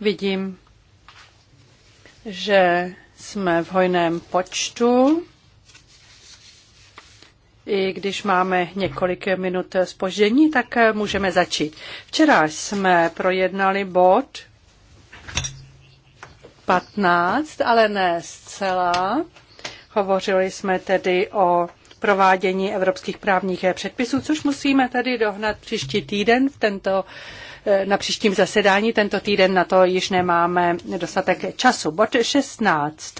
Vidím, že jsme v hojném počtu. I když máme několik minut spoždění, tak můžeme začít. Včera jsme projednali bod 15, ale ne zcela. Hovořili jsme tedy o provádění evropských právních předpisů, což musíme tedy dohnat příští týden v tento Eh, na příštím zasedání. Tento týden na to již nemáme dostatek času. Bod 16.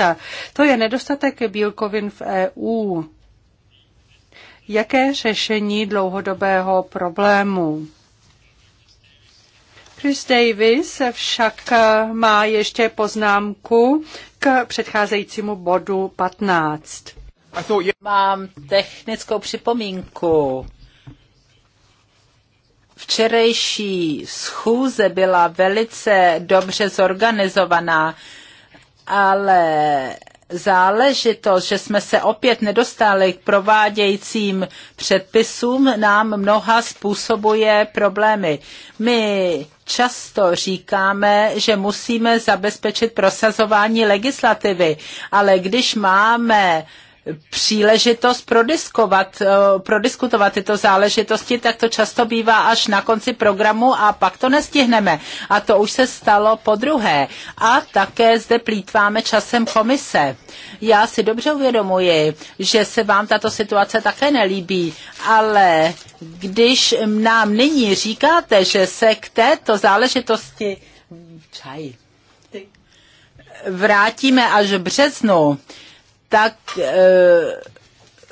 To je nedostatek bílkovin v EU. Jaké řešení dlouhodobého problému? Chris Davis však má ještě poznámku k předcházejícímu bodu 15. Mám technickou připomínku včerejší schůze byla velice dobře zorganizovaná, ale záležitost, že jsme se opět nedostali k provádějícím předpisům, nám mnoha způsobuje problémy. My často říkáme, že musíme zabezpečit prosazování legislativy, ale když máme příležitost prodiskovat, eh, prodiskutovat tyto záležitosti, tak to často bývá až na konci programu a pak to nestihneme. A to už se stalo po druhé. A také zde plítváme časem komise. Já si dobře uvědomuji, že se vám tato situace také nelíbí, ale když nám nyní říkáte, že se k této záležitosti vrátíme až v březnu, tak eh,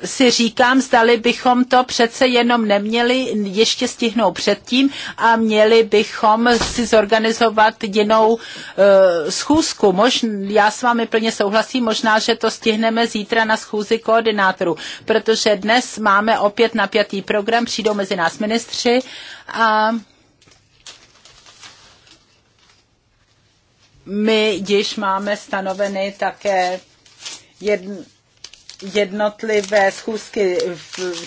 si říkám, zdali bychom to přece jenom neměli ještě stihnout předtím a měli bychom si zorganizovat jinou e, schůzku. Mož, já s vámi plně souhlasím, možná, že to stihneme zítra na schůzi koordinátorů, protože dnes máme opět napjatý program, přijdou mezi nás ministři a my již máme stanoveny také jednotlivé schůzky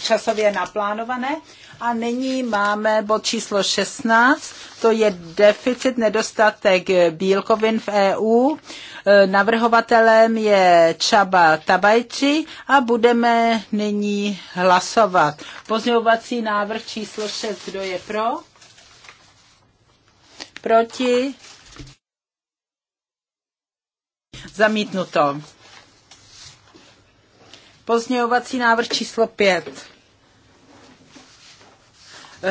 časově naplánované. A nyní máme bod číslo 16, to je deficit, nedostatek bílkovin v EU. E, navrhovatelem je Čaba Tabajči a budeme nyní hlasovat. Pozměňovací návrh číslo 6, kdo je pro? Proti? Zamítnuto. Pozměňovací návrh číslo 5.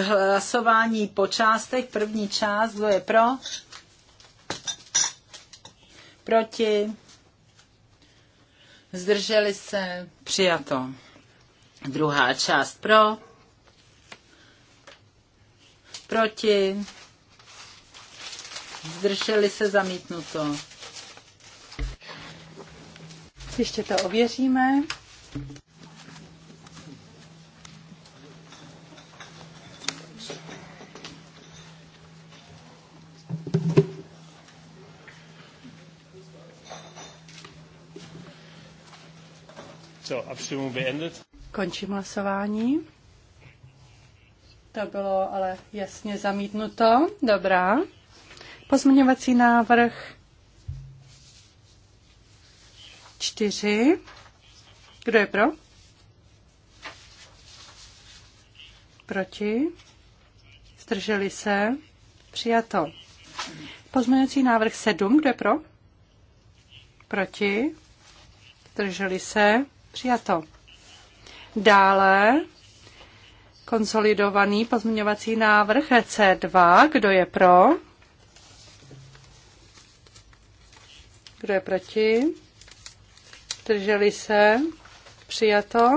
Hlasování po částech. První část, kdo je pro? Proti? Zdrželi se? Přijato. Druhá část pro? Proti? Zdrželi se zamítnuto. Ještě to ověříme. Končím hlasování. To bylo ale jasně zamítnuto. Dobrá. Pozměňovací návrh čtyři. Kdo je pro? Proti? Zdrželi se? Přijato. Pozměňovací návrh 7, kdo je pro? Proti? Zdrželi se? Přijato. Dále konsolidovaný pozměňovací návrh C2, kdo je pro? Kdo je proti? Zdrželi se? Přijato.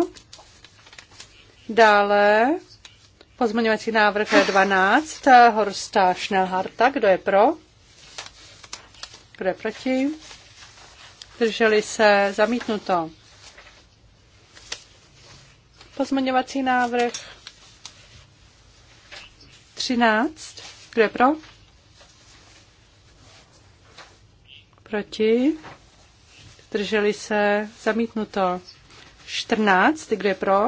Dále pozměňovací návrh 12 Horsta Schnellharta. Kdo je pro? Kdo je proti? Drželi se zamítnuto. Pozměňovací návrh 13. Kdo je pro? Proti? Drželi se zamítnuto. 14, kdo je pro?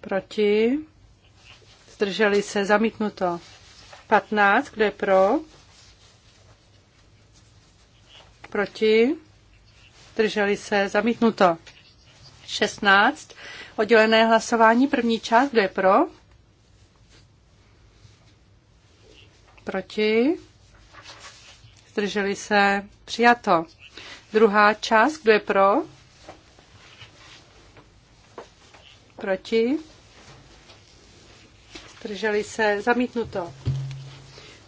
Proti? Zdrželi se, zamítnuto. 15, kdo je pro? Proti? Zdrželi se, zamítnuto. 16, oddělené hlasování, první část, kdo je pro? Proti? Zdrželi se, přijato. Druhá část, kdo je pro? Proti? Zdrželi se? Zamítnuto.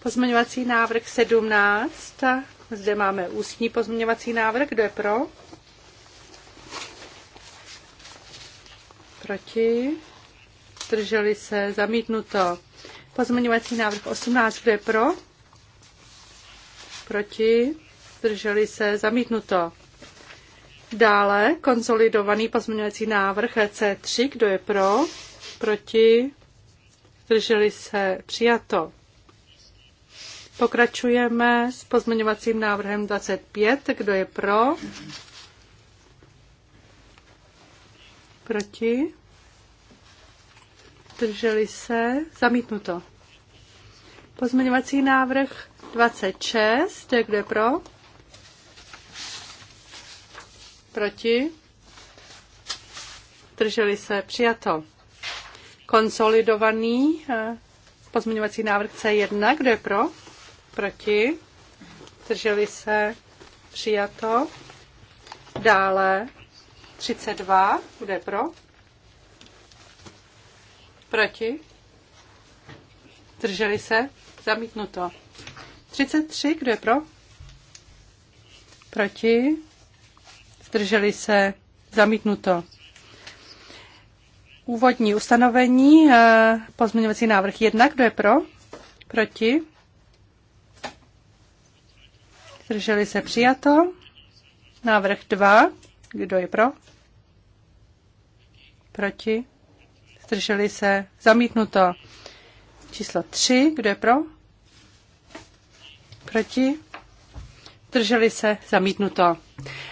Pozměňovací návrh 17. Zde máme ústní pozměňovací návrh. Kdo je pro? Proti? Zdrželi se? Zamítnuto. Pozměňovací návrh 18. Kdo je pro? Proti? zdrželi se, zamítnuto. Dále konsolidovaný pozměňovací návrh C3, kdo je pro, proti, zdrželi se, přijato. Pokračujeme s pozměňovacím návrhem 25, kdo je pro, proti, zdrželi se, zamítnuto. Pozměňovací návrh 26, kdo je pro, Proti? Drželi se. Přijato. Konsolidovaný eh, pozměňovací návrh C1. Kdo je pro? Proti? Drželi se. Přijato. Dále 32. Kdo je pro? Proti? Drželi se? Zamítnuto. 33. Kdo je pro? Proti? zdrželi se, zamítnuto. Úvodní ustanovení, eh, pozměňovací návrh 1, kdo je pro, proti, zdrželi se, přijato. Návrh 2, kdo je pro, proti, zdrželi se, zamítnuto. Číslo 3, kdo je pro, proti, zdrželi se, zamítnuto.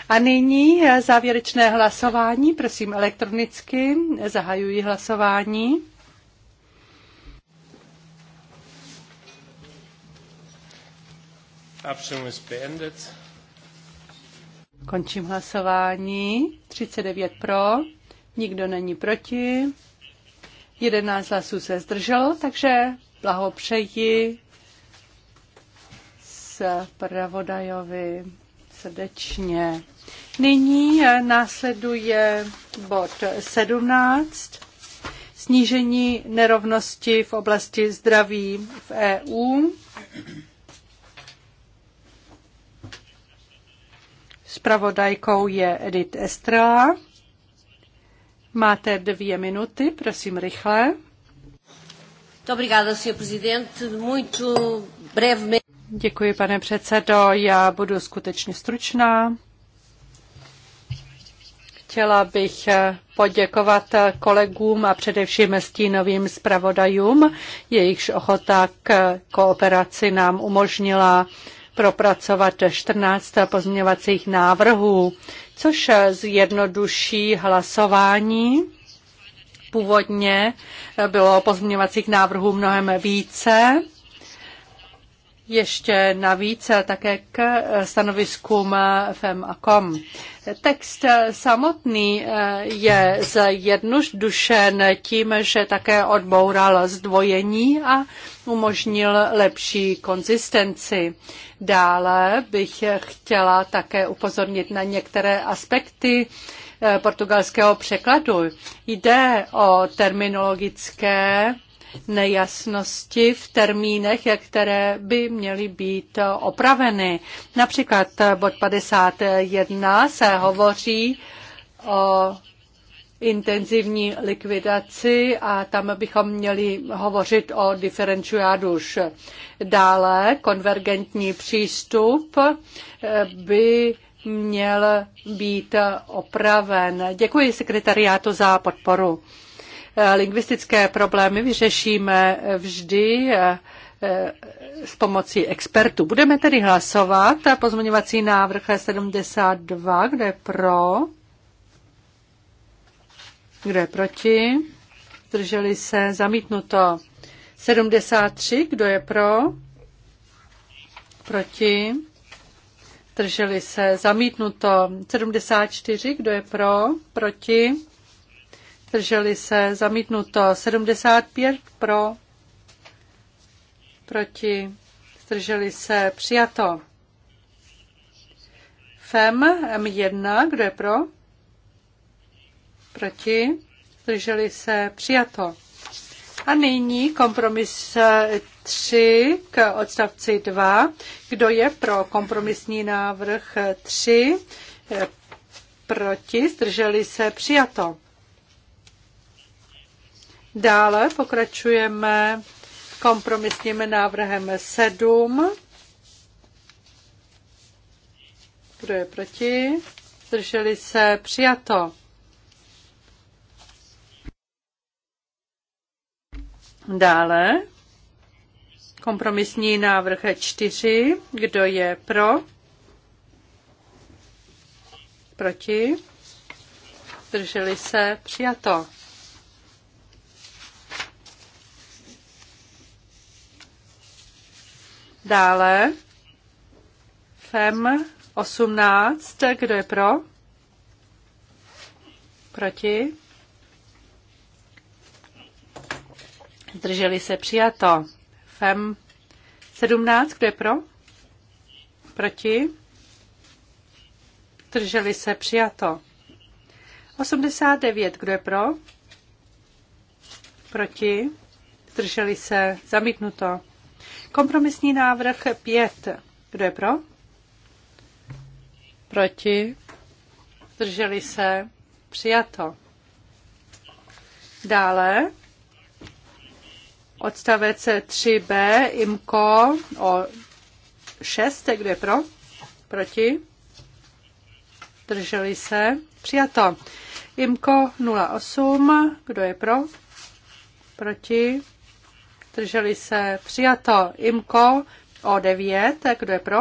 A nyní eh, závěrečné hlasování, prosím elektronicky, zahajuji hlasování. Končím hlasování. 39 pro, nikdo není proti. 11 hlasů se zdrželo, takže blahopřeji se pravodajovi srdečně. Nyní eh, následuje bod 17. Snížení nerovnosti v oblasti zdraví v EU. Spravodajkou je Edith Estrela. Máte dvě minuty, prosím rychle. Dobrý den, pane Presidente. Muito brevemente. Děkuji, pane předsedo. Já budu skutečně stručná. Chtěla bych poděkovat kolegům a především stínovým zpravodajům. Jejichž ochota k kooperaci nám umožnila propracovat 14 pozměňovacích návrhů, což zjednoduší hlasování. Původně bylo pozměňovacích návrhů mnohem více ještě navíc eh, také k eh, stanoviskům eh, FEM a KOM. Text samotný je zjednodušen tím, že také odboural zdvojení a umožnil lepší konzistenci. Dále bych chtěla také upozornit na některé aspekty portugalského překladu. Jde o terminologické nejasnosti v termínech, které by měly být opraveny. Například bod 51 se hovoří o intenzivní likvidaci a tam bychom měli hovořit o diferenciáduš. Dále konvergentní přístup by měl být opraven. Děkuji sekretariátu za podporu. Eh, lingvistické problémy vyřešíme vždy eh, eh, s pomocí expertů. Budeme tedy hlasovat. Pozměňovací návrh 72, kde je pro? Kdo je proti? Zdrželi se? Zamítnuto. 73. Kdo je pro? Proti? Zdrželi se? Zamítnuto. 74. Kdo je pro? Proti? zdrželi se, zamítnuto 75 pro, proti, zdrželi se, přijato. FEM M1, kdo je pro? Proti, zdrželi se, přijato. A nyní kompromis 3 eh, k odstavci 2. Kdo je pro kompromisní návrh 3? Eh, eh, proti, zdrželi se, přijato. Dále pokračujeme kompromisním návrhem 7. Kdo je proti? Zdrželi se přijato. Dále kompromisní návrh 4. Kdo je pro? Proti? Zdrželi se přijato. Dále FEM 18. Kdo je pro? Proti? Zdrželi se přijato. FEM 17. Kdo je pro? Proti? Zdrželi se přijato. 89. Kdo je pro? Proti? Zdrželi se zamítnuto. Kompromisní návrh 5. Kdo je pro? Proti? Zdrželi se? Přijato. Dále odstavec 3b IMKO o 6. Kdo je pro? Proti? Drželi se? Přijato. IMKO 08. Kdo je pro? Proti? Drželi se přijato IMKO o 9. Kdo je pro?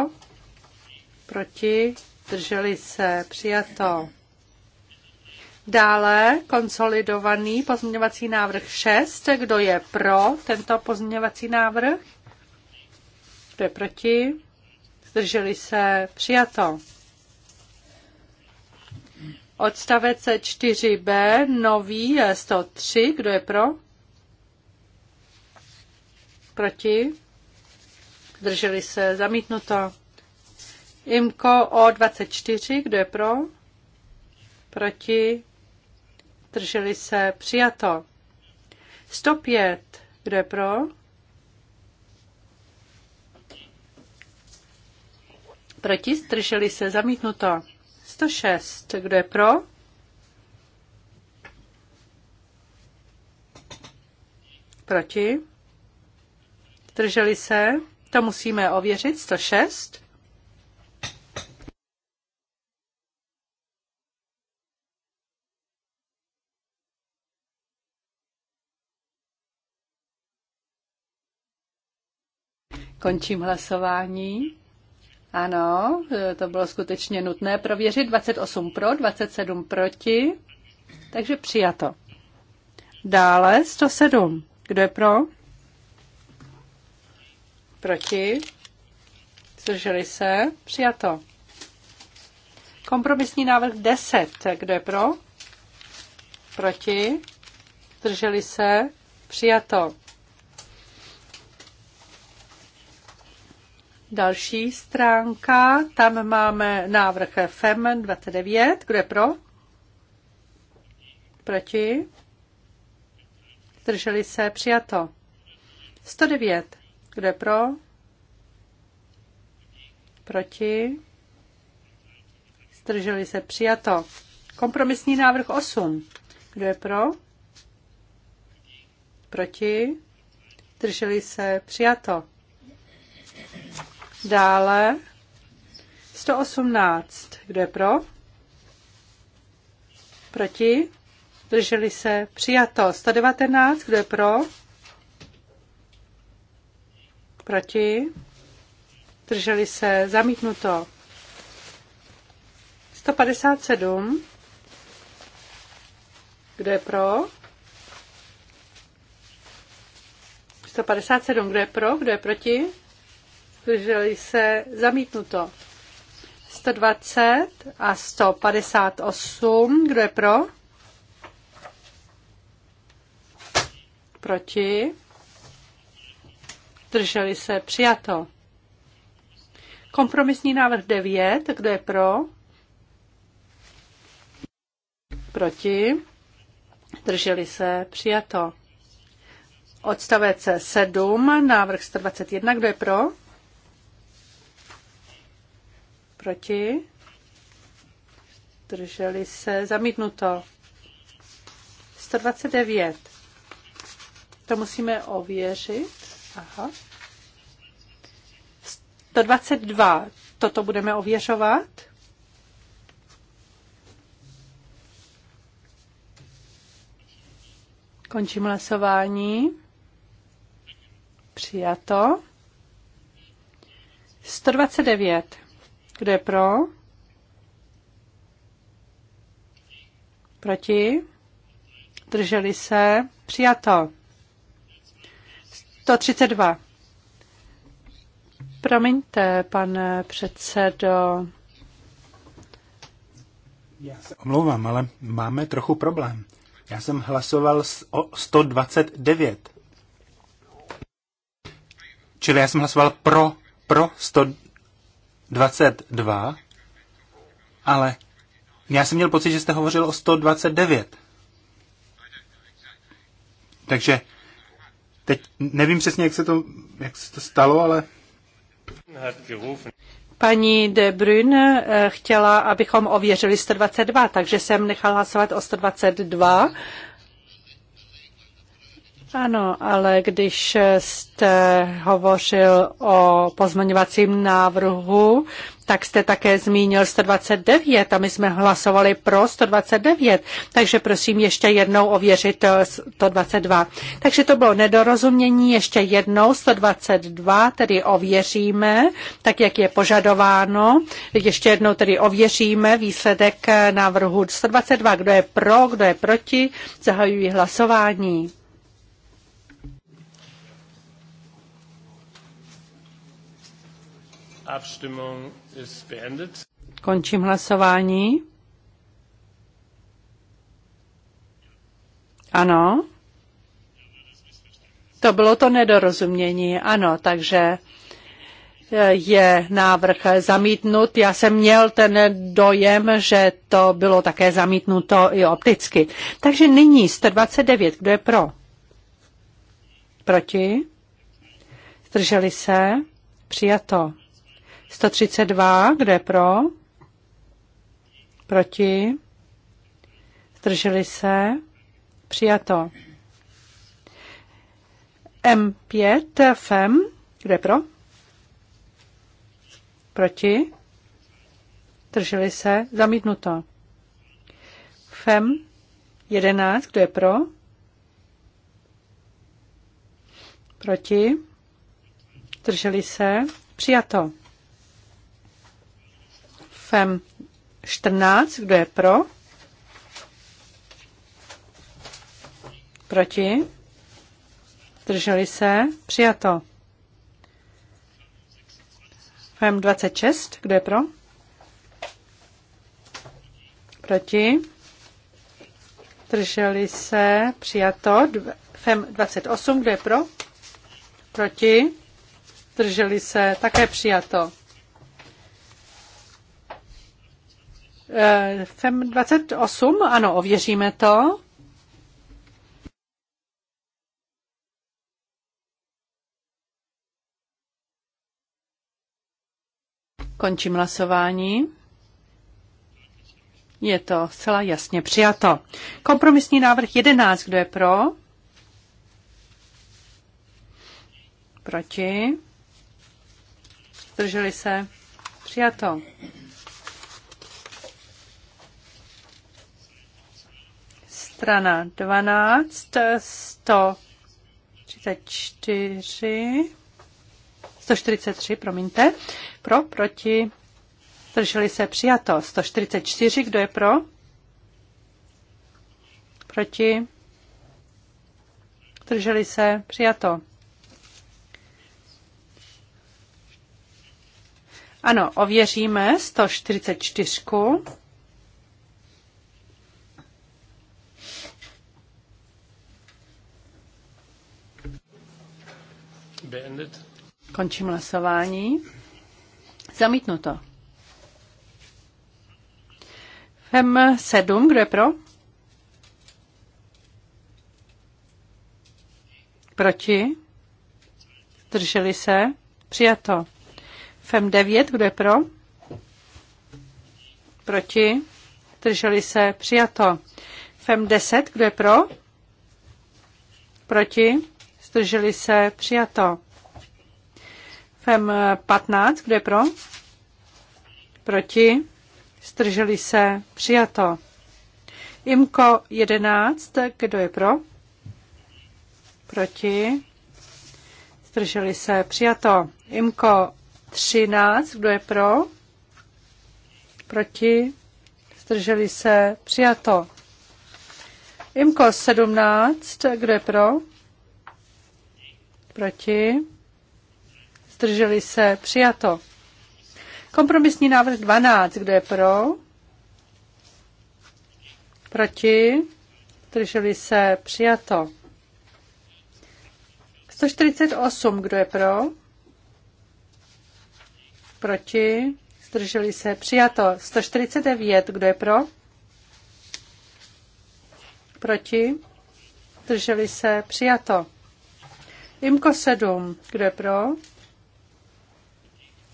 Proti? Drželi se přijato. Dále konsolidovaný pozměňovací návrh 6. Kdo je pro tento pozměňovací návrh? Kdo je proti? Zdrželi se přijato. Odstavec 4b, nový 103. Kdo je pro? Proti? Drželi se. Zamítnuto. Imko o 24. Kdo je pro? Proti? Drželi se. Přijato. 105. Kdo je pro? Proti? Zdrželi se. Zamítnuto. 106. Kdo je pro? Proti? Drželi se? To musíme ověřit. 106. Končím hlasování. Ano, to bylo skutečně nutné prověřit. 28 pro, 27 proti, takže přijato. Dále 107. Kdo je pro? Proti? Zdrželi se? Přijato. Kompromisní návrh 10. Kdo je pro? Proti? Zdrželi se? Přijato. Další stránka, tam máme návrh FEM 29. Kdo je pro? Proti? Zdrželi se? Přijato. 109. Kdo je pro? Proti? Zdrželi se přijato. Kompromisní návrh 8. Kdo je pro? Proti? Zdrželi se přijato. Dále 118. Kdo je pro? Proti? Zdrželi se přijato. 119. Kdo je pro? Proti? Drželi se. Zamítnuto. 157. Kdo je pro? 157. Kdo je pro? Kdo je proti? Drželi se. Zamítnuto. 120 a 158. Kdo je pro? Proti? zdrželi se, přijato. Kompromisní návrh 9, kdo je pro? Proti? Drželi se, přijato. Odstavec 7, návrh 121, kdo je pro? Proti? Drželi se, zamítnuto. 129. To musíme ověřit. Aha. 122. Toto budeme ověřovat. Končím hlasování. Přijato. 129. Kdo je pro? Proti? Drželi se? Přijato. 132. Promiňte, pane předsedo. Já se omlouvám, ale máme trochu problém. Já jsem hlasoval o 129. Čili já jsem hlasoval pro, pro 122, ale já jsem měl pocit, že jste hovořil o 129. Takže Teď nevím přesně, jak se to, jak se to stalo, ale... Paní de Bruyne eh, chtěla, abychom ověřili 122, takže jsem nechala hlasovat o 122. Ano, ale když jste hovořil o pozměňovacím návrhu tak jste také zmínil 129 a my jsme hlasovali pro 129, takže prosím ještě jednou ověřit 122. Eh, takže to bylo nedorozumění, ještě jednou 122, tedy ověříme, tak jak je požadováno. Ještě jednou tedy ověříme výsledek eh, návrhu 122, kdo je pro, kdo je proti, zahajují hlasování. Abstimmung Končím hlasování. Ano. To bylo to nedorozumění, ano, takže eh, je návrh zamítnut. Já jsem měl ten dojem, že to bylo také zamítnuto i opticky. Takže nyní 129, kdo je pro? Proti? Zdrželi se? Přijato. 132, kde pro? Proti? Zdrželi se? Přijato. M5 FM, e kde pro? Proti? Drželi se? Zamítnuto. FEM 11, kdo je pro? Proti? Drželi e se? Přijato paragrafem 14, kdo je pro? Proti? Zdrželi se? Přijato. Fem 26, kdo je pro? Proti? Zdrželi se? Přijato. Fem 28, kdo je pro? Proti? Zdrželi se? Také přijato. 28, eh, ano, ověříme to. Končím hlasování. Je to zcela jasně přijato. Kompromisní návrh 11, kdo je pro? Proti? Zdrželi se? Přijato. strana 12, 134, 143, promiňte, pro, proti, zdrželi se přijato, 144, kdo je pro, proti, zdrželi se přijato. Ano, ověříme 144. beendet. Končím hlasování. Zamítnuto. FEM 7, kdo je pro? Proti? Drželi se? Přijato. FEM 9, kdo je pro? Proti? Drželi se? Přijato. FEM 10, kdo je pro? Proti? zdrželi se, přijato. FEM 15, eh, kdo je pro? Proti, zdrželi se, přijato. IMKO 11, kdo je pro? Proti, zdrželi se, přijato. IMKO 13, kdo je pro? Proti, zdrželi se, přijato. IMKO 17, kdo je pro? Proti? Zdrželi se? Přijato. Kompromisní návrh 12. Kdo je pro? Proti? Zdrželi se? Přijato. 148. Kdo je pro? Proti? Zdrželi se? Přijato. 149. Kdo je pro? Proti? Zdrželi se? Přijato. Imko 7. Kdo je pro?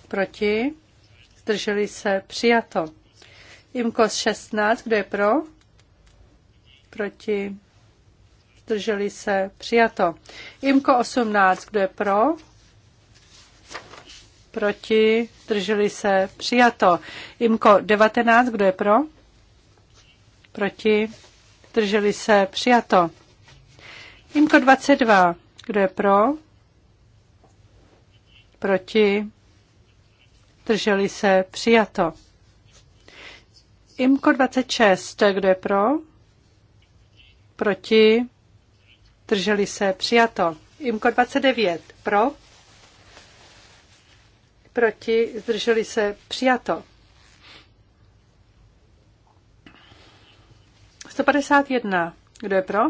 Proti? Zdrželi se? Přijato. Imko 16. Kdo je pro? Proti? Zdrželi se? Přijato. Imko 18. Kdo je pro? Proti? Zdrželi se? Přijato. Imko 19. Kdo je pro? Proti? Zdrželi se? Přijato. Imko 22. Kdo je pro? Proti? Drželi se? Přijato. IMKO 26. Kdo je pro? Proti? Drželi se? Přijato. IMKO 29. Pro? Proti? Zdrželi se? Přijato. 151. Kdo je pro?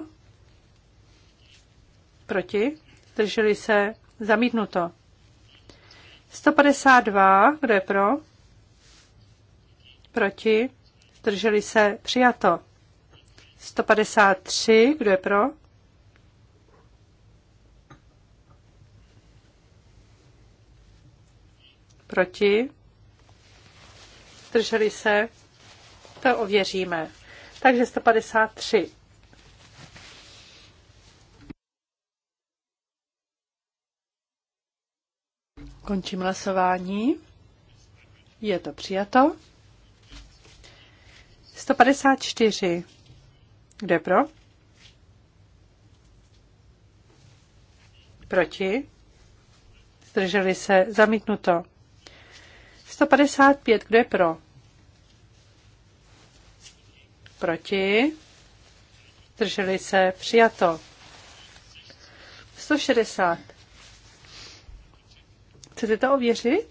Proti? Zdrželi se? Zamítnuto. 152. Kdo je pro? Proti? Zdrželi se? Přijato. 153. Kdo je pro? Proti? Zdrželi se? To ověříme. Takže 153. Končím hlasování. Je to přijato. 154. Kde pro? Proti? Zdrželi se. Zamítnuto. 155. Kde pro? Proti? Zdrželi se. Přijato. 160. Chcete to ověřit?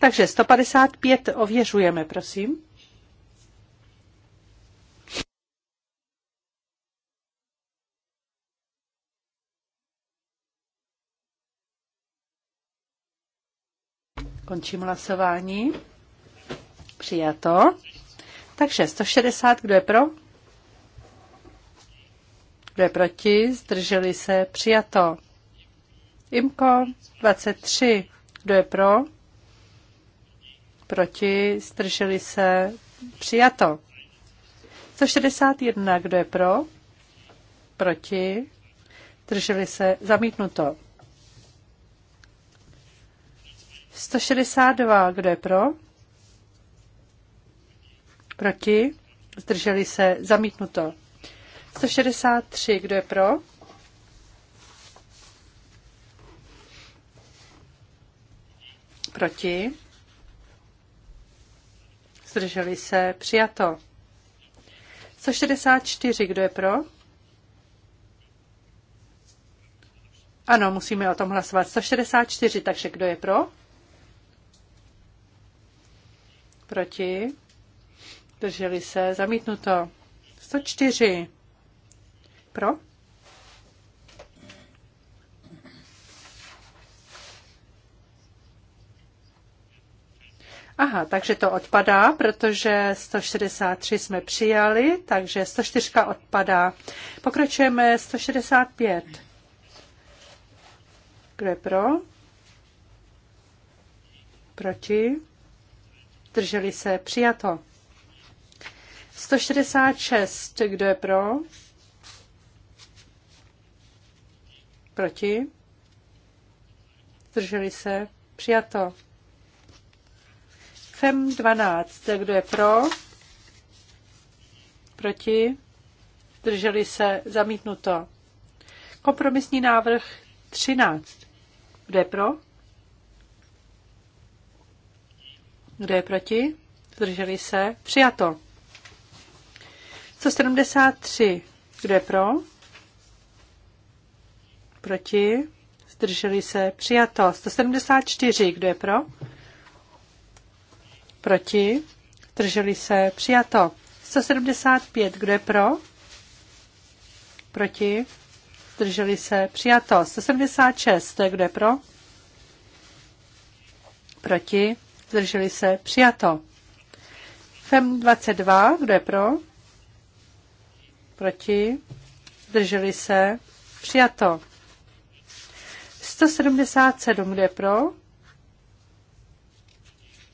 Takže 155 ověřujeme, prosím. Končím hlasování. Přijato. Takže 160, kdo je pro? Kdo je proti? Zdrželi se? Přijato. IMKO 23. Kdo je pro? Proti? stržili se? Přijato. 161. Kdo je pro? Proti? stržili se? Zamítnuto. 162. Kdo je pro? Proti? Zdrželi se? Zamítnuto. 163. Kdo je pro? Proti? Zdrželi se? Přijato. 164, kdo je pro? Ano, musíme o tom hlasovat. 164, takže kdo je pro? Proti? Drželi se? Zamítnuto. 104. Pro? Aha, takže to odpadá, protože 163 jsme přijali, takže 104 odpadá. Pokračujeme 165. Kdo je pro? Proti? Drželi se, přijato. 166, kdo je pro? Proti? Drželi se, přijato. FEM 12. Kdo je pro? Proti? Zdrželi se? Zamítnuto. Kompromisní návrh 13. Kdo je pro? Kdo je proti? Zdrželi se? Přijato. 173. Kdo je pro? Proti? Zdrželi se? Přijato. 174. Kdo je pro? Proti? Drželi se? Přijato. 175. Kdo je pro? Proti? Drželi se? Přijato. 176. Kdo je pro? Proti? drželi se? Přijato. FEM 22. Kdo je pro? Proti? drželi se? Přijato. 177. Kdo je pro?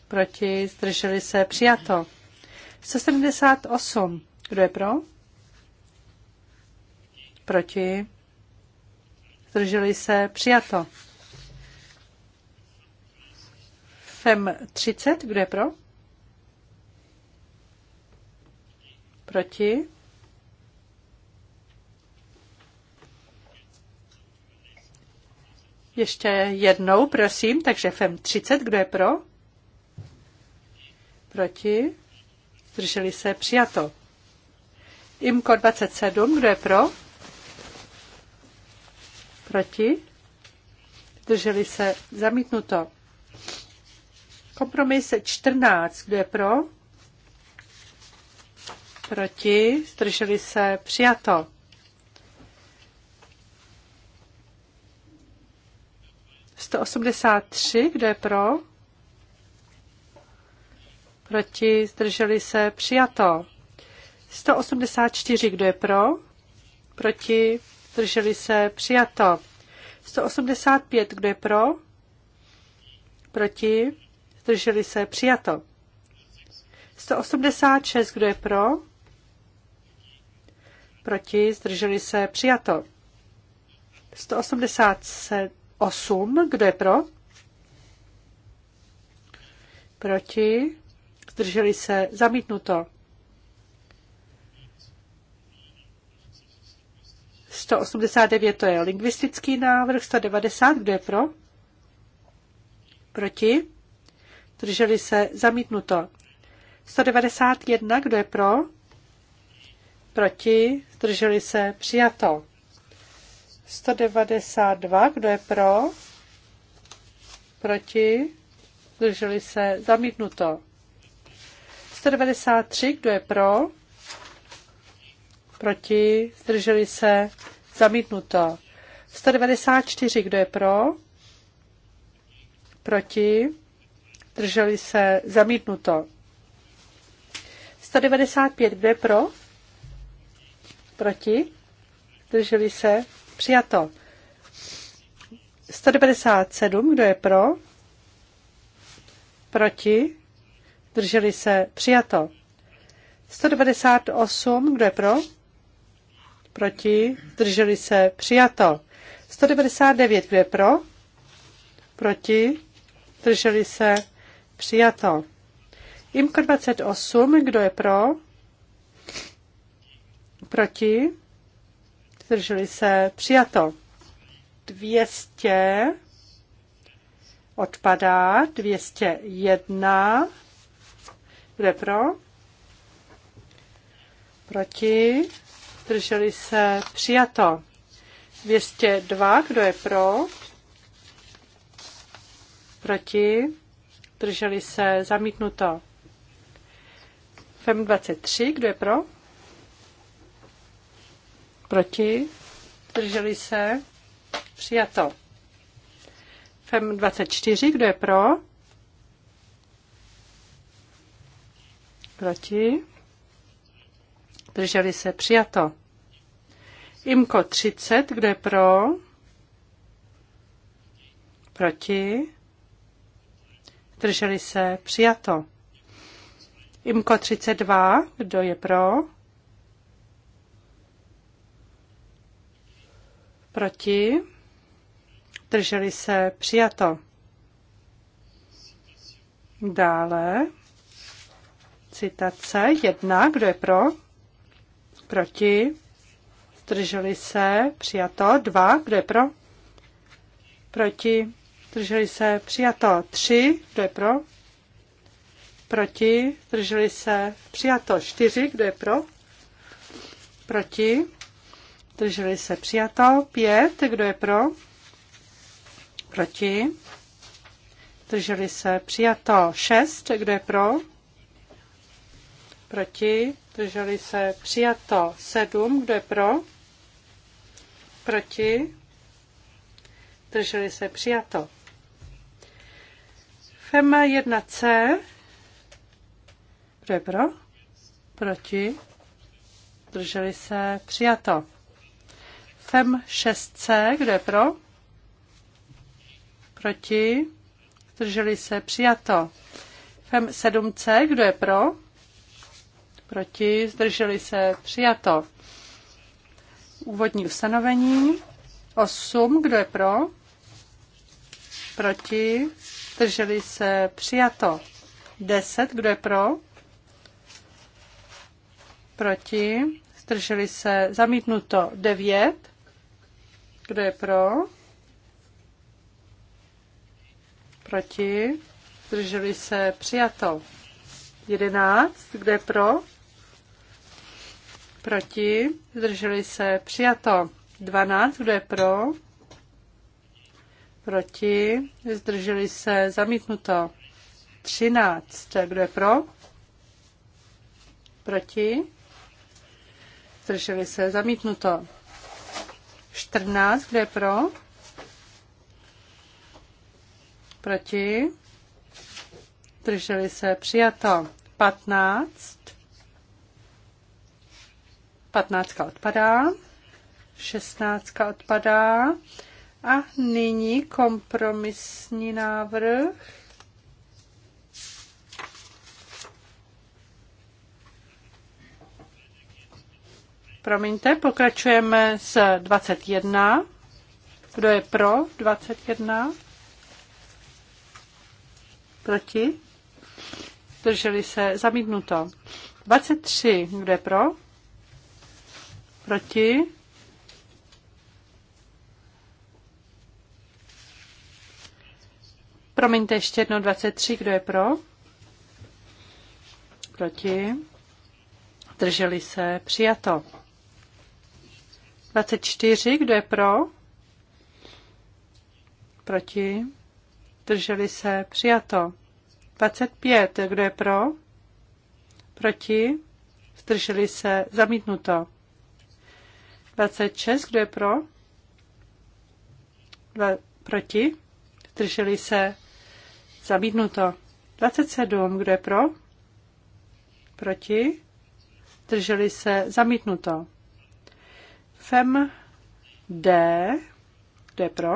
Proti? Zdrželi se? Přijato. 178. Kdo je pro? Proti? Zdrželi se? Přijato. FEM 30. Kdo je pro? Proti? Ještě jednou, prosím, takže FEM 30, kdo je pro? Proti? Zdrželi se? Přijato. IMKO 27. Kdo je pro? Proti? Zdrželi se? Zamítnuto. Kompromis 14. Kdo je pro? Proti? Zdrželi se? Přijato. Sto osmdesát tři, kdo je pro? proti, zdrželi se, přijato. 184, kdo je pro, proti, zdrželi se, přijato. 185, kdo je pro, proti, zdrželi se, přijato. 186, kdo je pro, proti, zdrželi se, přijato. 188, kdo je pro? Proti, zdrželi se, zamítnuto. 189 to je lingvistický návrh, 190, kdo je pro? Proti? Drželi se, zamítnuto. 191, kdo je pro? Proti? Zdrželi se, přijato. 192, kdo je pro? Proti? Drželi se, zamítnuto. 193, kdo je pro? Proti? Zdrželi se? Zamítnuto. 194, kdo je pro? Proti? Zdrželi se? Zamítnuto. 195, kdo je pro? Proti? Zdrželi se? Přijato. 197, kdo je pro? Proti? Drželi se přijato. 198, kdo je pro? Proti? Drželi se přijato. 199, kdo je pro? Proti? Drželi se přijato. Imko 28, kdo je pro? Proti? Drželi se přijato. 200 odpadá, 201 kdo pro? Proti? Drželi se? Přijato. 202. Kdo je pro? Proti? Drželi se? Zamítnuto. FEM 23. Kdo je pro? Proti? Drželi se? Přijato. FEM 24. Kdo je pro? Proti? Drželi se přijato. Imko 30, kdo je pro? Proti? Drželi se přijato. Imko 32, kdo je pro? Proti? Drželi se přijato. Dále citace. Jedna, kdo je pro? Proti? Zdrželi se? Přijato. Dva, kdo je pro? Proti? Zdrželi se? Přijato. Tři, kdo je pro? Proti? Zdrželi se? Přijato. Čtyři, kdo je pro? Proti? Zdrželi se? Přijato. Pět, kdo je pro? Proti? Drželi se? Přijato. Šest, kdo je pro? Proti? Drželi se. Přijato. Sedm. Kdo je pro? Proti? Drželi se. Přijato. Fema 1C. Kdo je pro? Proti? Drželi se. Přijato. FEM 6C. Kdo je pro? Proti? Drželi se. Přijato. FEM 7C. Kdo je pro? Proti proti, zdrželi se, přijato. Úvodní ustanovení 8, kdo je pro, proti, zdrželi se, přijato. 10, kdo je pro, proti, zdrželi se, zamítnuto 9, kdo je pro, proti, zdrželi se, přijato. 11, kdo je pro, Proti? Zdrželi se. Přijato. 12. Kdo je pro? Proti? Zdrželi se. Zamítnuto. 13. Kdo je pro? Proti? Zdrželi se. Zamítnuto. 14. Kdo je pro? Proti? Zdrželi se. Přijato. 15. 15 odpadá, 16 odpadá a nyní kompromisní návrh. Promiňte, pokračujeme s 21. Kdo je pro 21? Proti? Drželi se zamítnuto. 23. Kdo je pro? Proti? Promiňte ještě jedno 23, kdo je pro? Proti? Drželi se, přijato. 24, kdo je pro? Proti? Drželi se, přijato. 25, kdo je pro? Proti? Zdrželi se, zamítnuto. 26, kdo je pro? Dva, proti? Zdrželi se? Zamítnuto. 27, kdo je pro? Proti? Zdrželi se? Zamítnuto. FEM D, kdo je pro?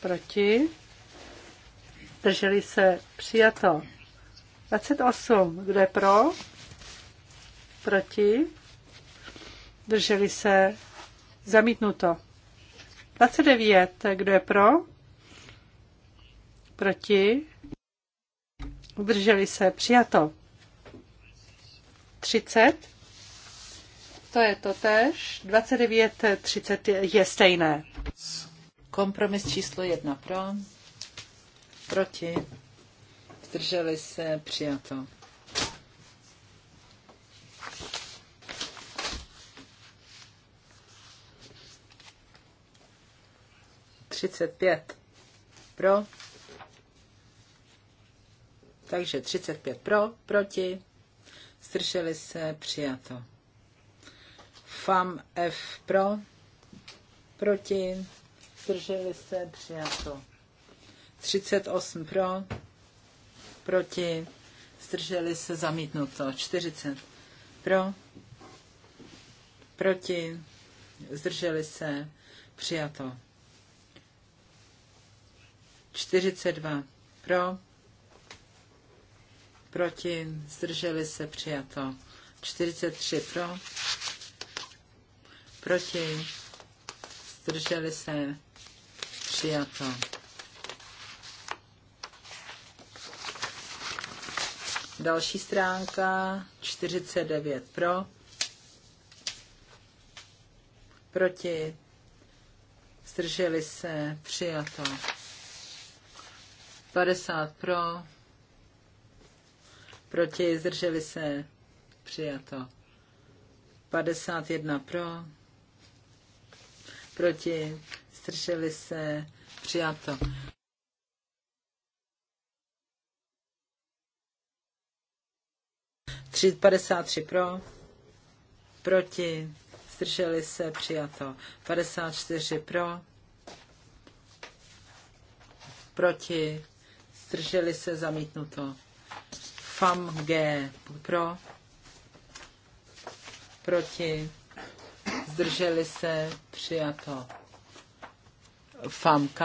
Proti? Zdrželi se? Přijato. 28, kdo je pro? Proti? zdrželi se, zamítnuto. 29, kdo je pro, proti, zdrželi se, přijato. 30, to je to tež, 29, 30 je stejné. Kompromis číslo 1 pro, proti, zdrželi se, přijato. 35 pro. Takže 35 pro, proti. Zdrželi se, přijato. FAM F pro, proti. Zdrželi se, přijato. 38 pro, proti. Zdrželi se, zamítnuto. 40 pro, proti. Zdrželi se, přijato. 42 pro, proti, zdrželi se, přijato. 43 pro, proti, zdrželi se, přijato. Další stránka, 49 pro, proti, zdrželi se, přijato. 50 pro, proti, zdrželi se, přijato. 51 pro, proti, zdrželi se, přijato. Tři, 53 pro, proti, zdrželi se, přijato. 54 pro, proti, zdrželi se, zamítnuto. FAM G pro, proti, zdrželi se, přijato. FAM K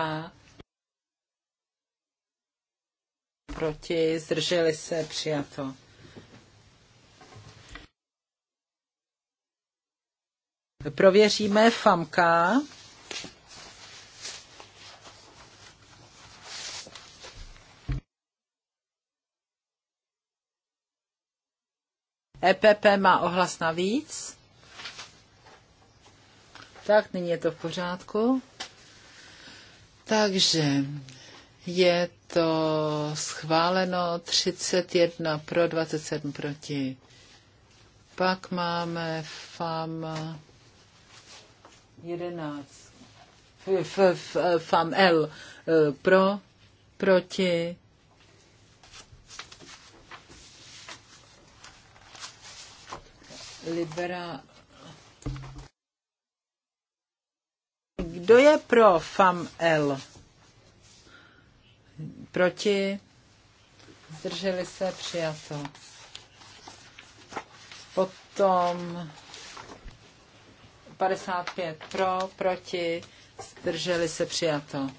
proti, zdrželi se, přijato. Prověříme FAMKA. EPP má ohlas navíc. Tak, nyní je to v pořádku. Takže je to schváleno 31 pro 27 proti. Pak máme FAM 11. F, F, FAM L eh, pro, proti, Libera... Kdo je pro FAM L? Proti? Zdrželi se přijato. Potom 55 pro, proti, zdrželi se přijato.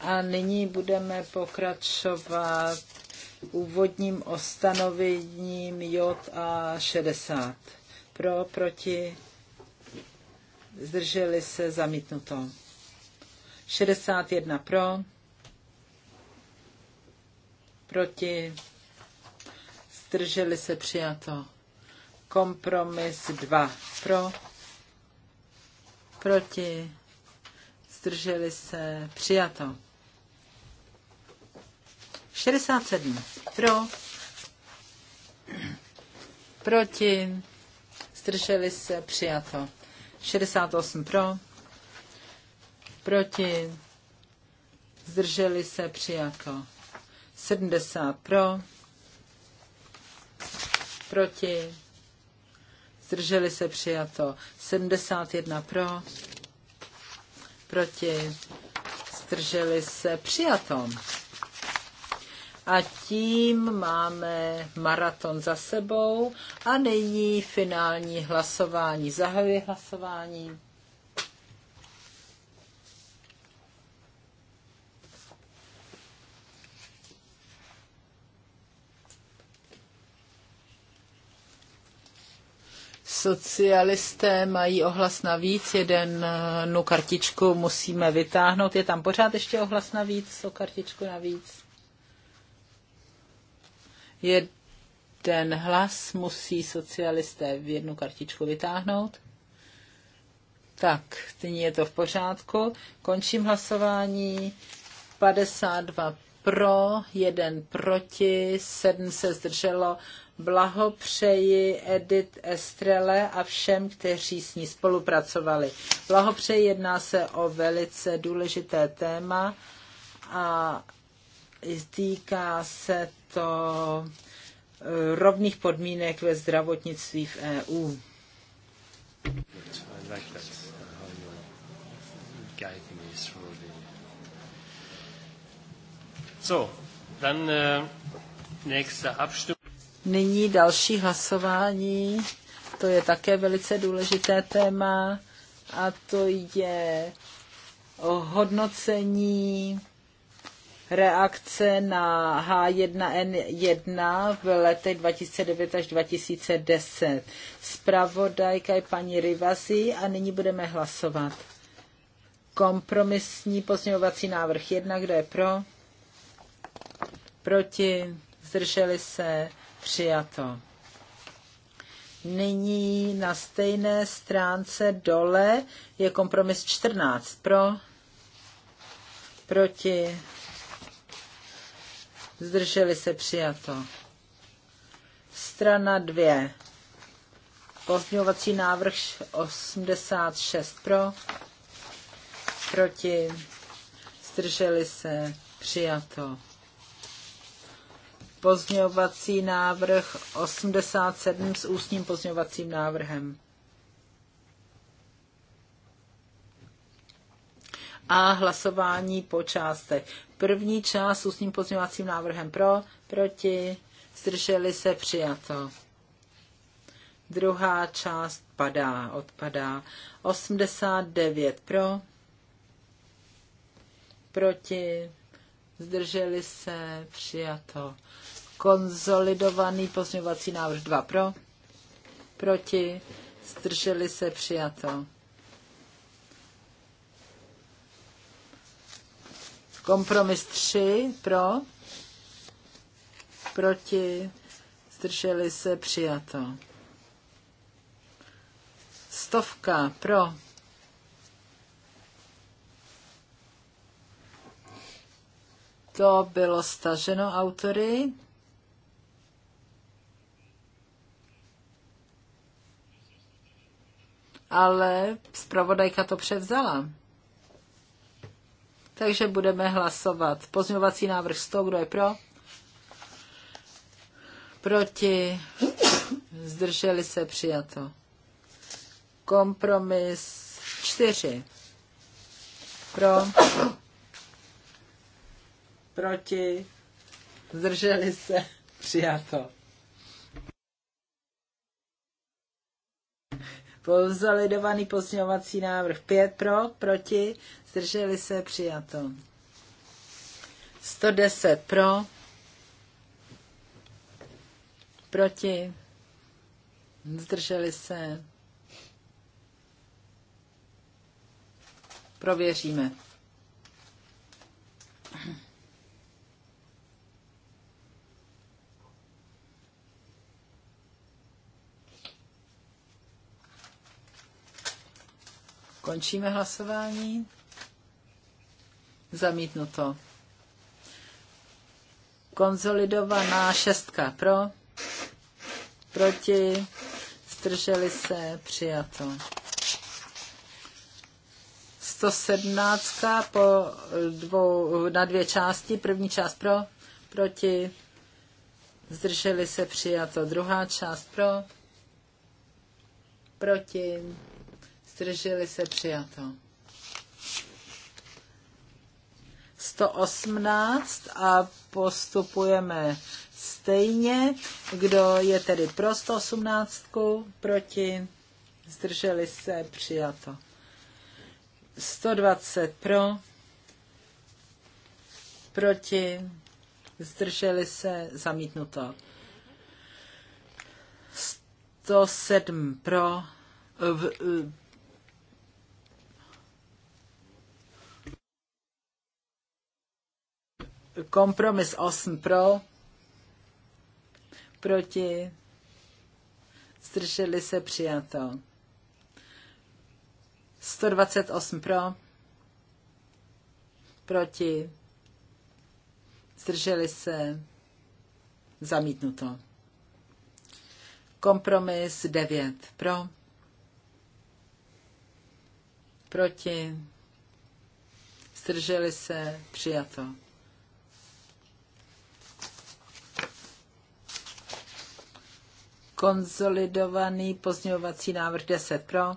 A nyní budeme pokračovat úvodním ostanovením J a 60 Pro, proti, zdrželi se, zamítnuto. 61 pro, proti, zdrželi se, přijato. Kompromis 2 pro, proti, zdrželi se, přijato. 67 pro, proti, zdrželi se, přijato. 68 pro, proti, zdrželi se, přijato. 70 pro, proti, zdrželi se, přijato. 71 pro, proti, zdrželi se, přijato. A tím máme maraton za sebou a nyní finální hlasování. Zahajuji hlasování. socialisté mají ohlas navíc, jeden no, kartičku musíme vytáhnout. Je tam pořád ještě ohlas navíc, o kartičku navíc. Jeden hlas musí socialisté v jednu kartičku vytáhnout. Tak, nyní je to v pořádku. Končím hlasování. 52 pro, jeden proti, sedm se zdrželo. Blahopřeji Edith Estrele a všem, kteří s ní spolupracovali. Blahopřeji, jedná se o velice důležité téma a týká se to eh, rovných podmínek ve zdravotnictví v EU. So, äh, Nyní další hlasování. To je také velice důležité téma a to je o hodnocení reakce na H1N1 v letech 2009 až 2010. Spravodajka je paní Rivasi a nyní budeme hlasovat. Kompromisní pozměňovací návrh 1, kdo je pro? Proti? Zdrželi se? Přijato. Nyní na stejné stránce dole je kompromis 14 pro, proti zdrželi se přijato. Strana 2. Pozměňovací návrh 86 pro, proti, zdrželi se přijato. Pozměňovací návrh 87 s ústním pozměňovacím návrhem. a hlasování po částech. První část s ústním pozměňovacím návrhem pro, proti, zdrželi se přijato. Druhá část padá, odpadá. 89 pro, proti, zdrželi se, přijato. Konzolidovaný pozměňovací návrh 2 pro, proti, zdrželi se, přijato. Kompromis 3 pro, proti, zdrželi se, přijato. Stovka pro. To bylo staženo autory. Ale zpravodajka to převzala takže budeme hlasovat. Pozměňovací návrh 100, kdo je pro? Proti? Zdrželi se přijato. Kompromis 4. Pro? Proti? Zdrželi se přijato. Pozalidovaný pozměňovací návrh 5 pro, proti, zdrželi se, přijato. 110 pro, proti, zdrželi se. Prověříme. Končíme hlasování. Zamítnuto. Konzolidovaná šestka pro, proti, zdrželi se, přijato. 117 po dvou, na dvě části. První část pro, proti, zdrželi se, přijato. Druhá část pro, proti, zdrželi se, přijato. 118 a postupujeme stejně. Kdo je tedy pro 118, proti, zdrželi se, přijato. 120 pro, proti, zdrželi se, zamítnuto. 107 pro, v, Kompromis 8 pro, proti, zdrželi se přijato. 128 pro, proti, zdrželi se, zamítnuto. Kompromis 9 pro, proti, zdrželi se, přijato. Konzolidovaný pozměňovací návrh 10 pro.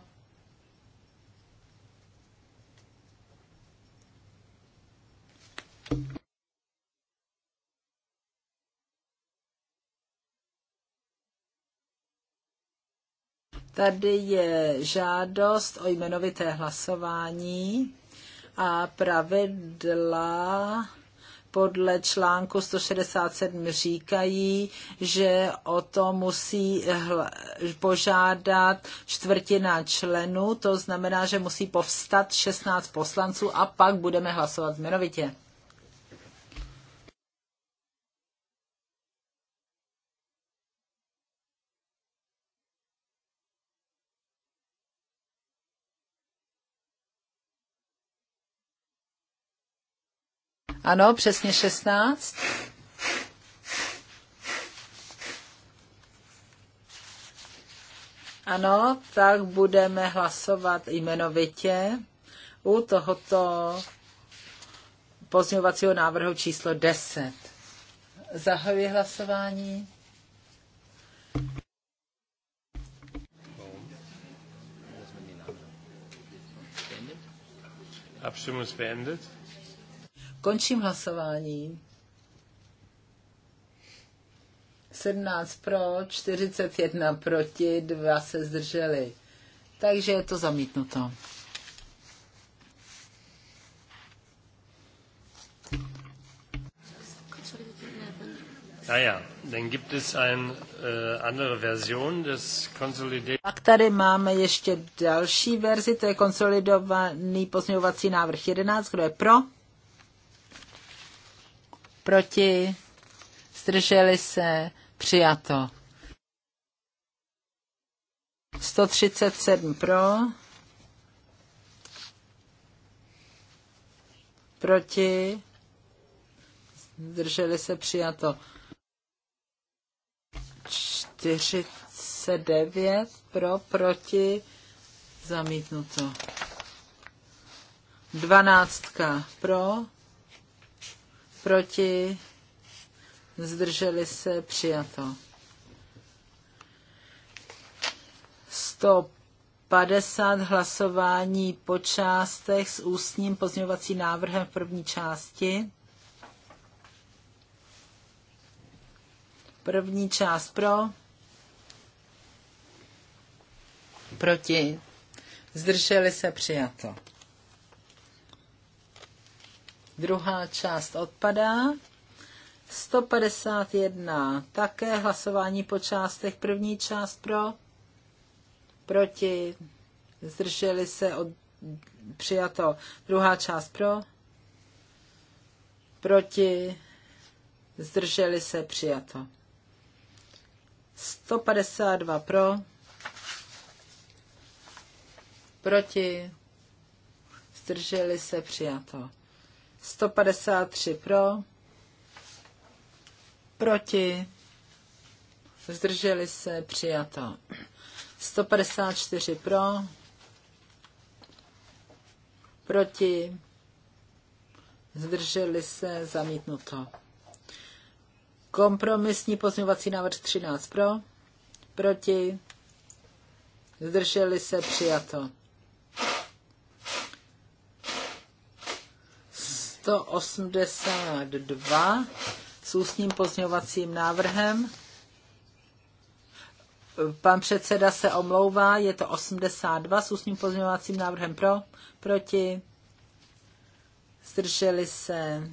Tady je žádost o jmenovité hlasování a pravidla podle článku 167 říkají, že o to musí požádat čtvrtina členů, to znamená, že musí povstat 16 poslanců a pak budeme hlasovat jmenovitě. Ano, přesně 16. Ano, tak budeme hlasovat jmenovitě u tohoto pozměňovacího návrhu číslo 10. Zahajuji hlasování. Abstimmung ist beendet. Končím hlasování. 17 pro, 41 proti, dva se zdrželi. Takže je to zamítnuto. Naja, dann gibt es äh, andere Version des Consolidated. Pak tady máme ještě další verzi, to je konsolidovaný pozměňovací návrh 11. Kdo je pro? proti, zdrželi se, přijato. 137 pro, proti, zdrželi se, přijato. 49 pro, proti, zamítnuto. Dvanáctka pro, proti, zdrželi se, přijato. 150 hlasování po částech s ústním pozměňovacím návrhem v první části. První část pro, proti, zdrželi se, přijato. Druhá část odpadá. 151. Také hlasování po částech. První část pro, proti, zdrželi se od, přijato. Druhá část pro, proti, zdrželi se přijato. 152 pro, proti, zdrželi se přijato. 153 pro, proti, zdrželi se, přijato. 154 pro, proti, zdrželi se, zamítnuto. Kompromisní pozměňovací návrh 13 pro, proti, zdrželi se, přijato. 182 s ústním pozňovacím návrhem. Pan předseda se omlouvá, je to 82 s ústním pozměňovacím návrhem pro, proti, zdrželi se,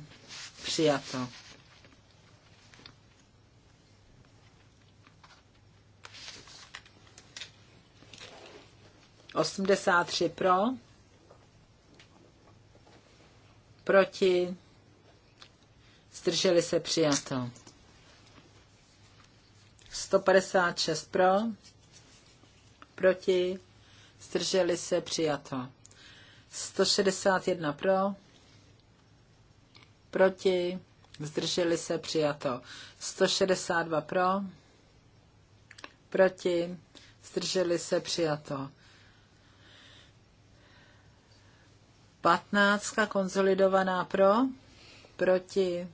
přijato. Osmdesát tři pro, proti, zdrželi se přijato. 156 pro, proti, zdrželi se přijato. 161 pro, proti, zdrželi se přijato. 162 pro, proti, zdrželi se přijato. 15. konsolidovaná pro, proti,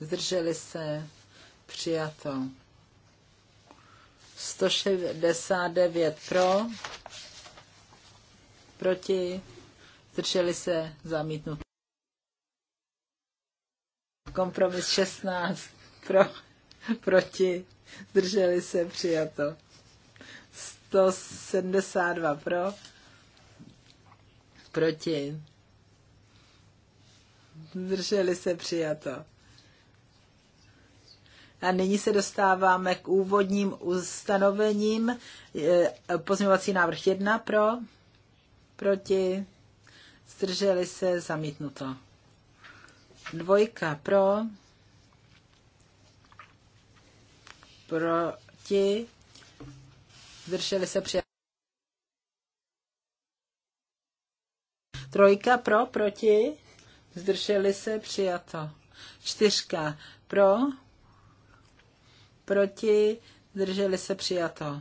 zdrželi se, přijato. 169 pro, proti, zdrželi se, zamítnut. Kompromis 16 pro, proti, zdrželi se, přijato. 172 pro, Proti. Zdrželi se přijato. A nyní se dostáváme k úvodním ustanovením. E, pozměňovací návrh 1 pro, proti, zdrželi se, zamítnuto. Dvojka pro, proti, zdrželi se, přijat. Trojka pro, proti, zdrželi se, přijato. Čtyřka pro, proti, zdrželi se, přijato.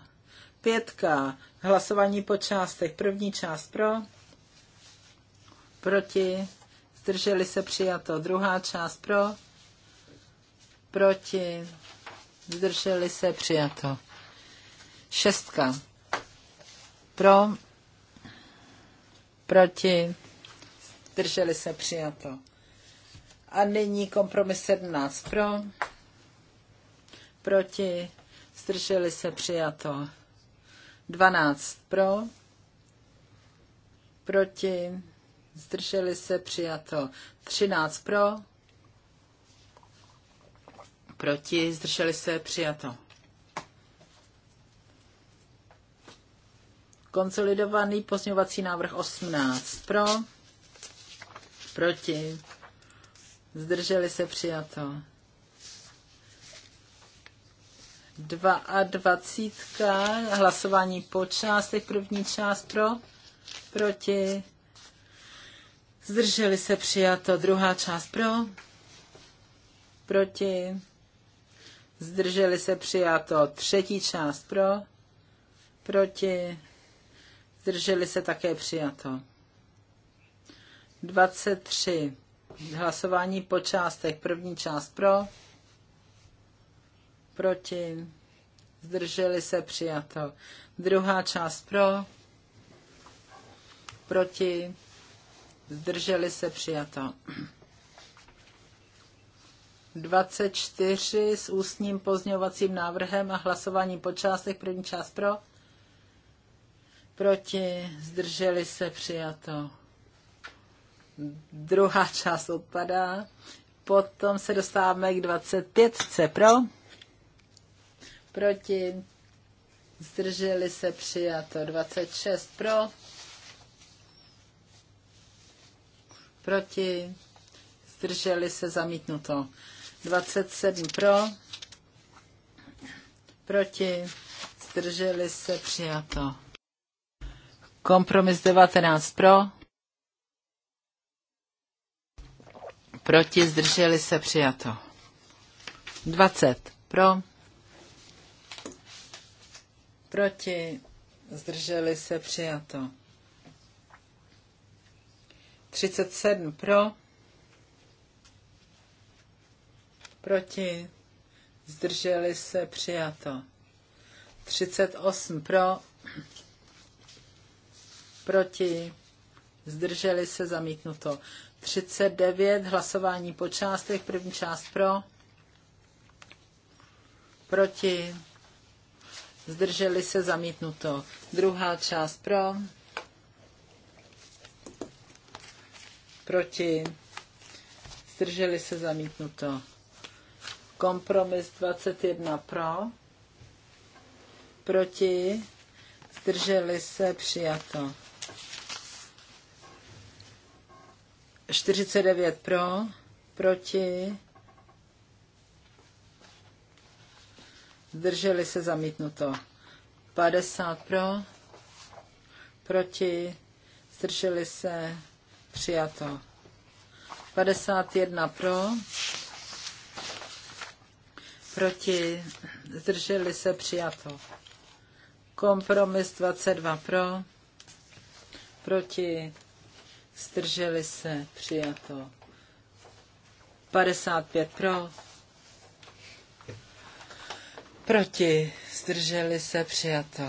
Pětka, hlasování po částech. První část pro, proti, zdrželi se, přijato. Druhá část pro, proti, zdrželi se, přijato. Šestka. Pro, proti, Drželi se přijato. A nyní kompromis 17 pro, proti, zdrželi se přijato. 12 pro, proti, zdrželi se přijato. 13 pro, proti, zdrželi se přijato. Konsolidovaný pozměňovací návrh 18 pro, proti, zdrželi se přijato. 22. Hlasování po částech. První část pro, proti. Zdrželi se přijato. Druhá část pro, proti. Zdrželi se přijato. Třetí část pro, proti zdrželi se také přijato. 23. Hlasování po částech. První část pro, proti, zdrželi se přijato. Druhá část pro, proti, zdrželi se přijato. 24 s ústním pozměňovacím návrhem a hlasování po částech. První část pro, proti, zdrželi se, přijato. Druhá část odpadá. Potom se dostáváme k 25. Pro, proti, zdrželi se, přijato. 26. Pro, proti, zdrželi se, zamítnuto. 27 pro, proti, zdrželi se, přijato. Kompromis 19 pro. Proti zdrželi se přijato. 20 pro. Proti zdrželi se přijato. 37 pro. Proti zdrželi se přijato. 38 pro proti, zdrželi se, zamítnuto. 39, hlasování po částech, první část pro, proti, zdrželi se, zamítnuto. Druhá část pro, proti, zdrželi se, zamítnuto. Kompromis 21 pro, proti, zdrželi se, přijato. 49 pro, proti, zdrželi se zamítnuto. 50 pro, proti, zdrželi se přijato. 51 pro, proti, zdrželi se přijato. Kompromis 22 pro, proti, Zdrželi se. Přijato. 55 pro. Proti. Zdrželi se. Přijato.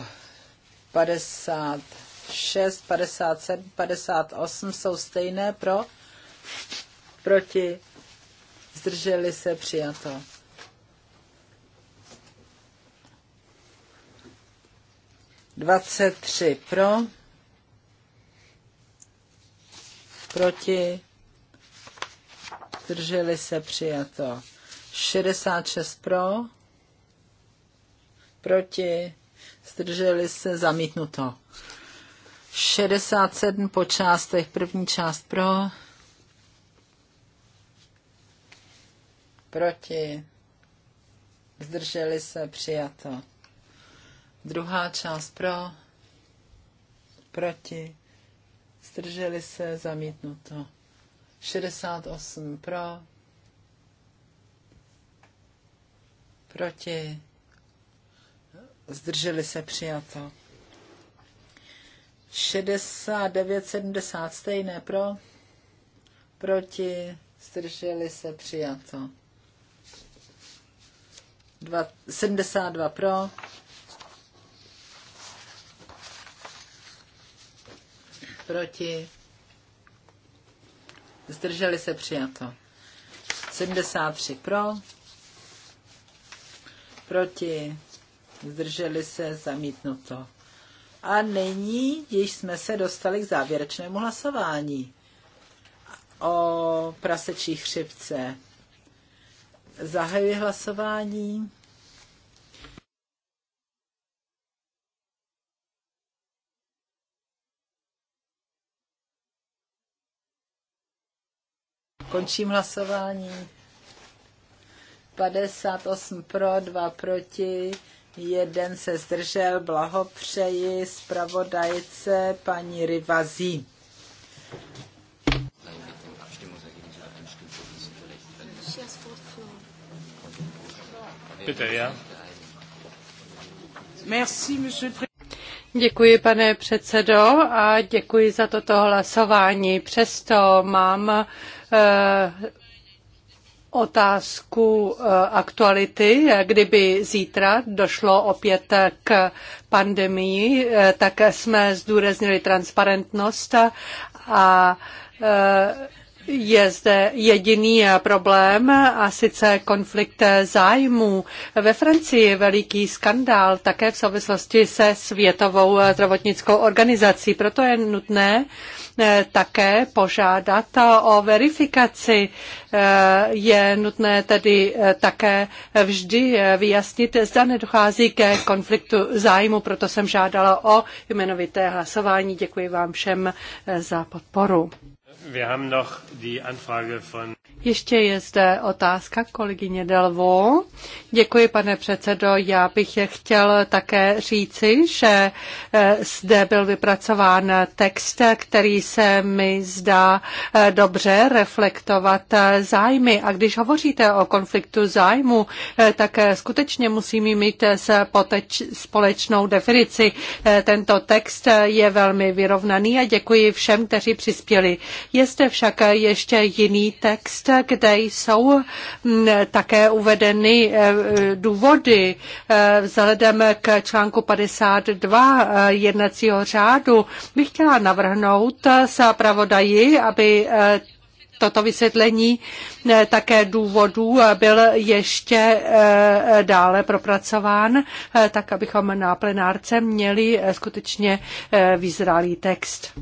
56, 57, 58 jsou stejné pro. Proti. Zdrželi se. Přijato. Dvacet tři pro proti, zdrželi se přijato. 66 pro, proti, zdrželi se zamítnuto. 67 po částech, první část pro, proti, zdrželi se přijato. Druhá část pro, proti, zdrželi se, zamítnuto. 68 pro, proti, zdrželi se, přijato. 69, 70 stejné pro, proti, zdrželi se, přijato. 72 pro, proti, zdrželi se přijato. 73 pro, proti, zdrželi se zamítnuto. A nyní když jsme se dostali k závěrečnému hlasování o prasečí chřipce. Zahajuji hlasování. Končím hlasování. 58 pro, 2 proti, jeden se zdržel. Blahopřeji zpravodajce paní Rivazí. Děkuji, pane předsedo, a děkuji za toto hlasování. Přesto mám Eh, otázku eh, aktuality. Kdyby zítra došlo opět k pandemii, eh, tak jsme zdůraznili transparentnost a je zde jediný problém a sice konflikt zájmů. Ve Francii veliký skandál také v souvislosti se Světovou zdravotnickou organizací. Proto je nutné eh, také požádat o verifikaci. Eh, je nutné tedy eh, také vždy vyjasnit, zda nedochází ke konfliktu zájmu. Proto jsem žádala o jmenovité hlasování. Děkuji vám všem za podporu. Wir haben noch die Anfrage von ještě je zde otázka kolegyně Delvo. Děkuji, pane předsedo. Já bych je chtěl také říci, že eh, zde byl vypracován text, který se mi zdá eh, dobře reflektovat eh, zájmy. A když hovoříte o konfliktu zájmu, tak skutečně musíme mít společnou definici. Tento text je velmi vyrovnaný a děkuji všem, kteří přispěli. Je zde však ještě jiný text, kde jsou mm, také uvedeny eh, důvody eh, vzhledem k článku 52 eh, jednacího řádu, bych chtěla navrhnout se pravodaji, aby toto vysvětlení také důvodů byl ještě dále propracován, tak abychom na plenárce měli skutečně vyzrálý text.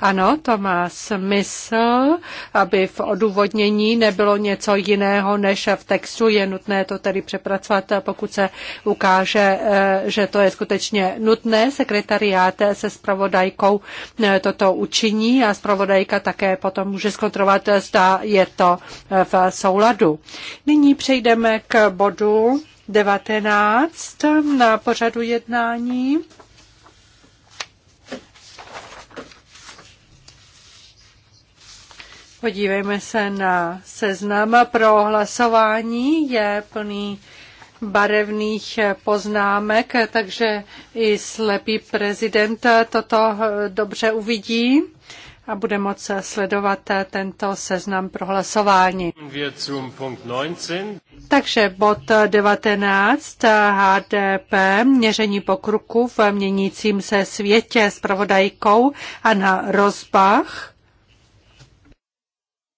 Ano, to má smysl, aby v odůvodnění nebylo něco jiného než v textu. Je nutné to tedy přepracovat, pokud se ukáže, eh, že to je skutečně nutné. Sekretariát se spravodajkou eh, toto učiní a spravodajka také potom může zkontrolovat, zda je to eh, v souladu. Nyní přejdeme k bodu 19 na pořadu jednání. Podívejme se na seznam pro hlasování. Je plný barevných poznámek, takže i slepý prezident toto dobře uvidí a bude moci sledovat tento seznam pro hlasování. Takže bod 19 HDP, měření pokruku v měnícím se světě s pravodajkou Anna Rozbach.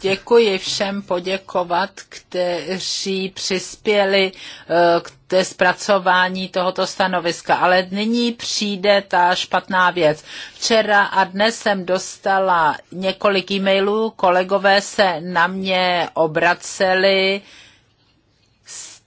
Děkuji všem poděkovat, kteří přispěli eh, k té zpracování tohoto stanoviska. Ale nyní přijde ta špatná věc. Včera a dnes jsem dostala několik e-mailů, kolegové se na mě obraceli,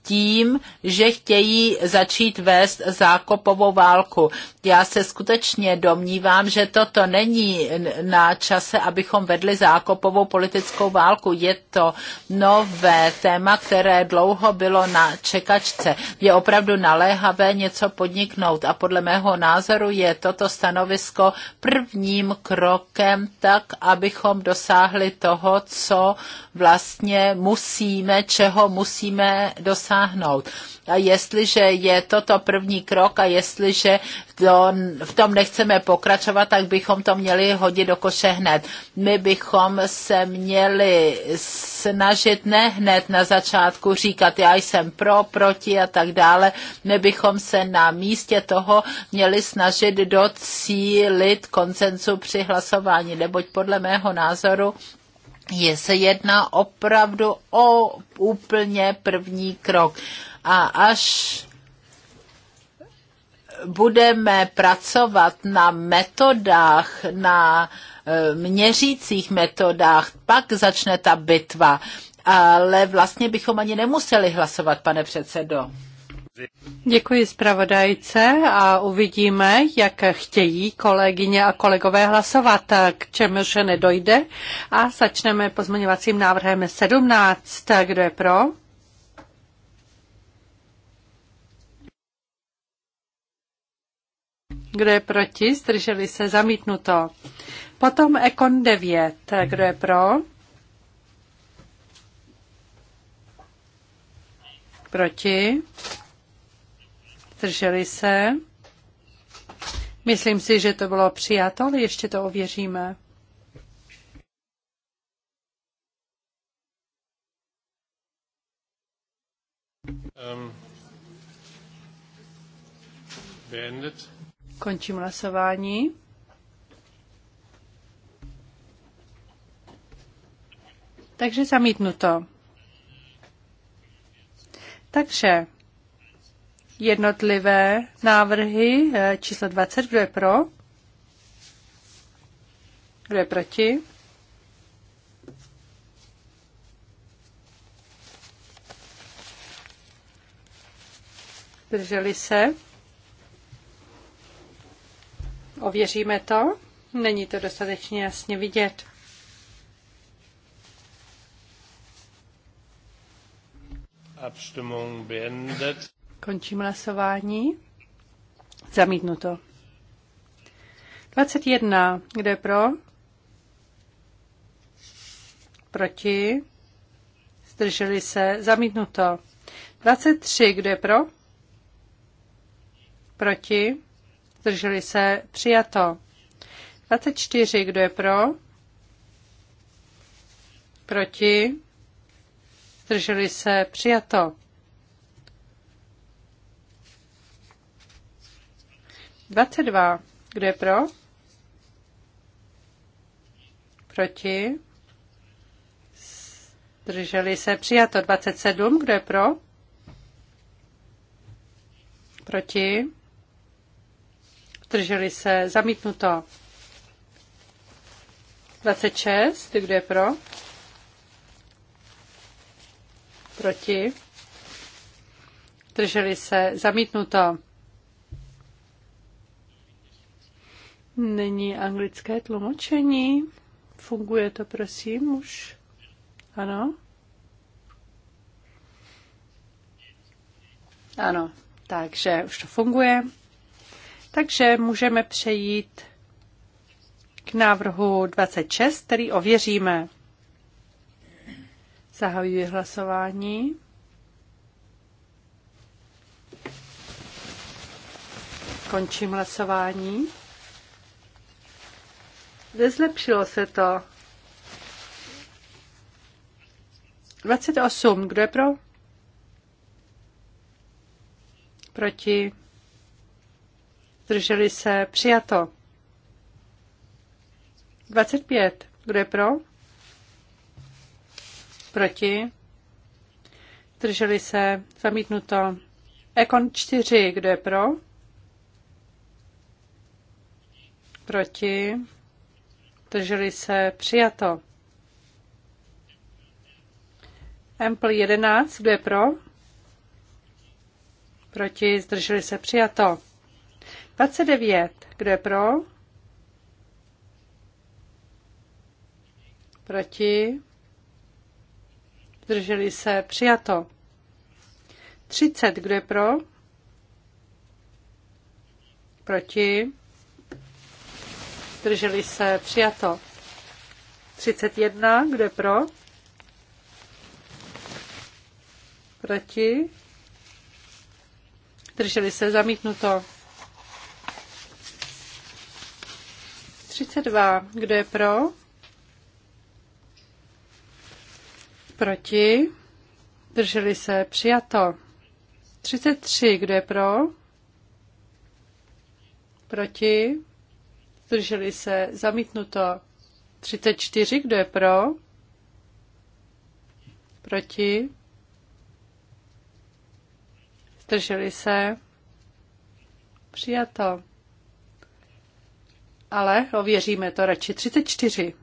tím, že chtějí začít vést zákopovou válku. Já se skutečně domnívám, že toto není na čase, abychom vedli zákopovou politickou válku. Je to nové téma, které dlouho bylo na čekačce. Je opravdu naléhavé něco podniknout a podle mého názoru je toto stanovisko prvním krokem tak, abychom dosáhli toho, co vlastně musíme, čeho musíme dosáhnout dosáhnout. A jestliže je toto první krok a jestliže to, v tom nechceme pokračovat, tak bychom to měli hodit do koše hned. My bychom se měli snažit ne hned na začátku říkat, já jsem pro, proti a tak dále. My bychom se na místě toho měli snažit docílit konsenzu při hlasování, neboť podle mého názoru je, se jedná opravdu o úplně první krok. A až budeme pracovat na metodách, na e, měřících metodách, pak začne ta bitva. Ale vlastně bychom ani nemuseli hlasovat, pane předsedo. Děkuji zpravodajce a uvidíme, jak chtějí kolegyně a kolegové hlasovat, k čemuž nedojde. A začneme pozměňovacím návrhem 17. Kdo je pro? Kdo je proti? Zdrželi se zamítnuto. Potom Ekon 9. Kdo je pro? Proti? zdrželi se. Myslím si, že to bylo přijato, ale ještě to ověříme. Um, Končím hlasování. Takže zamítnuto. Takže jednotlivé návrhy eh, číslo 20. Kdo je pro? Kdo je proti? Drželi se? Ověříme to? Není to dostatečně jasně vidět. Abstimmung beendet. Končím hlasování. Zamítnuto. 21. Kdo je pro? Proti? Zdrželi se? Zamítnuto. 23. Kdo je pro? Proti? Zdrželi se? Přijato. 24. Kdo je pro? Proti? Zdrželi se? Přijato. 22. Kdo je pro? Proti? Drželi se. Přijato 27. Kdo je pro? Proti? Drželi se. Zamítnuto. 26. Kdo je pro? Proti? Drželi se. Zamítnuto. Není anglické tlumočení. Funguje to, prosím, už? Ano? Ano, takže už to funguje. Takže můžeme přejít k návrhu 26, který ověříme. Zahajuji hlasování. Končím hlasování. Nezlepšilo se to. 28. Kdo je pro? Proti? Zdrželi se? Přijato. 25. Kdo je pro? Proti? Zdrželi se? Zamítnuto. Ekon 4. Kdo je pro? Proti? Drželi se přijato. Empl 11, kdo je pro? Proti, zdrželi se přijato. 29, kdo je pro? Proti, zdrželi se přijato. 30, kdo je pro? Proti, zdrželi se, přijato. 31, kde pro? Proti? drželi se, zamítnuto. 32, kdo je pro? Proti? Drželi se, přijato. 33, kdo je pro? Proti? Zdrželi se. Zamítnuto. 34. Kdo je pro? Proti? Zdrželi se. Přijato. Ale ověříme to radši. 34.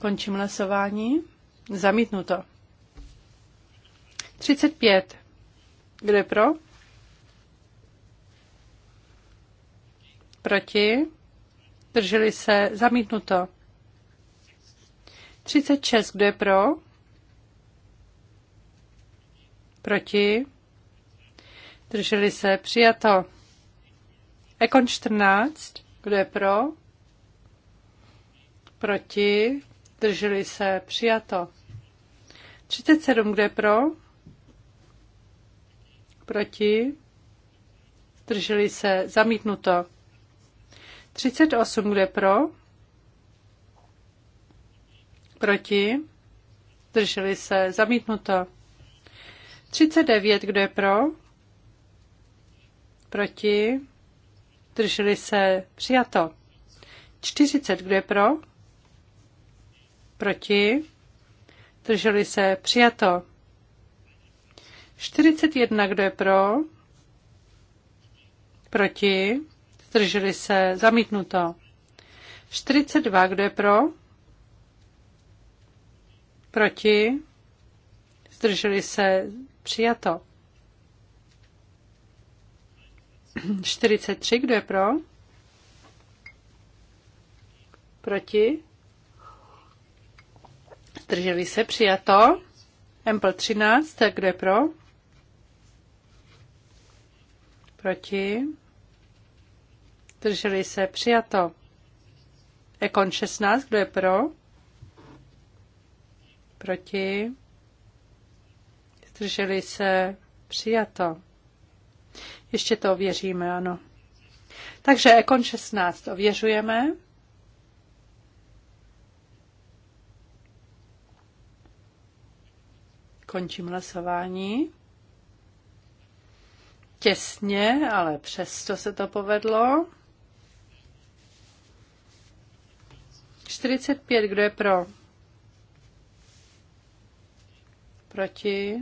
Končím hlasování. Zamítnuto. 35. Kdo je pro? Proti? Drželi se? Zamítnuto. 36. Kdo je pro? Proti? Drželi se? Přijato. Ekon 14. Kdo je pro? Proti? Drželi se? Přijato. 37. Kdo je pro? Proti? Zdrželi se. Zamítnuto. 38. Kdo je pro? Proti? Zdrželi se. Zamítnuto. 39. Kdo je pro? Proti? Zdrželi se. Přijato. 40. Kdo je pro? Proti? Drželi se přijato. 41, kdo je pro? Proti? Zdrželi se? Zamítnuto. 42, kdo je pro? Proti? Zdrželi se? Přijato. 43, kdo je pro? Proti? Zdrželi se? Přijato. Empl 13, kdo je pro? Proti? Drželi se přijato. Ekon 16, kdo je pro? Proti? Zdrželi se přijato. Ještě to ověříme, ano. Takže Ekon 16 ověřujeme. Končím hlasování těsně, ale přesto se to povedlo. 45, kdo je pro? Proti?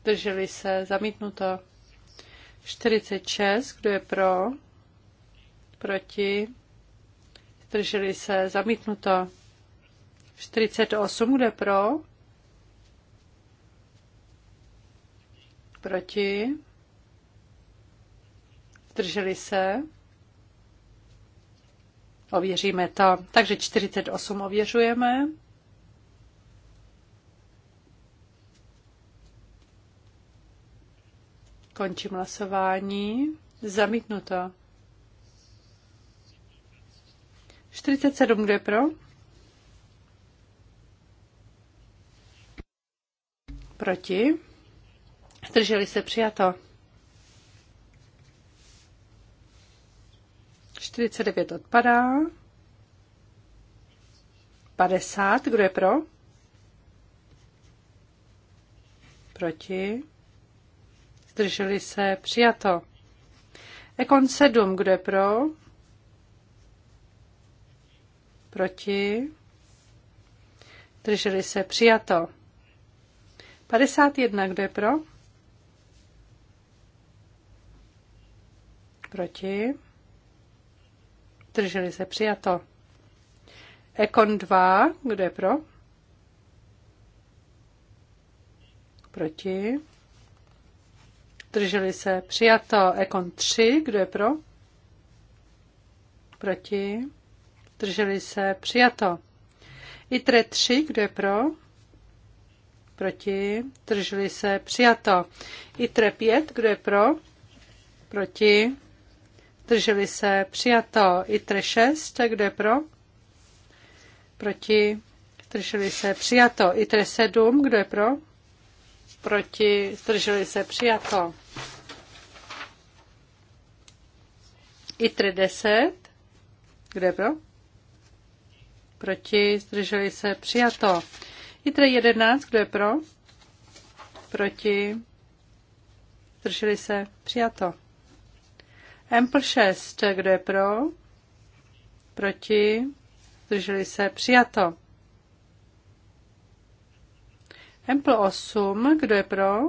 Zdrželi se, zamítnuto. 46, kdo je pro? Proti? Zdrželi se, zamítnuto. 48, kdo je pro? Proti? Zdrželi se? Ověříme to. Takže 48 ověřujeme. Končím hlasování. Zamítnuto. 47, kdo je pro? Proti? Zdrželi se přijato. 49 odpadá. 50, kdo je pro? Proti. Zdrželi se, přijato. Ekon 7, kdo je pro? Proti. Zdrželi se, přijato. 51, kdo je pro? Proti. Drželi se přijato. Ekon 2, kdo je pro? Proti. Drželi se přijato. Ekon 3, kdo je pro? Proti. Drželi se přijato. ITRE 3, kdo je pro? Proti. Drželi se přijato. ITRE 5, kdo je pro? Proti. Drželi se přijato ITR 6, kdo je pro? Proti? Zdrželi se přijato ITR 7, kdo je pro? Proti? Zdrželi se přijato. ITR 10, kdo je pro? Proti? Zdrželi se přijato. ITR 11, kdo je pro? Proti? Zdrželi se přijato. Empl 6, kdo je pro? Proti? Zdrželi se? Přijato. Empl 8, kdo je pro?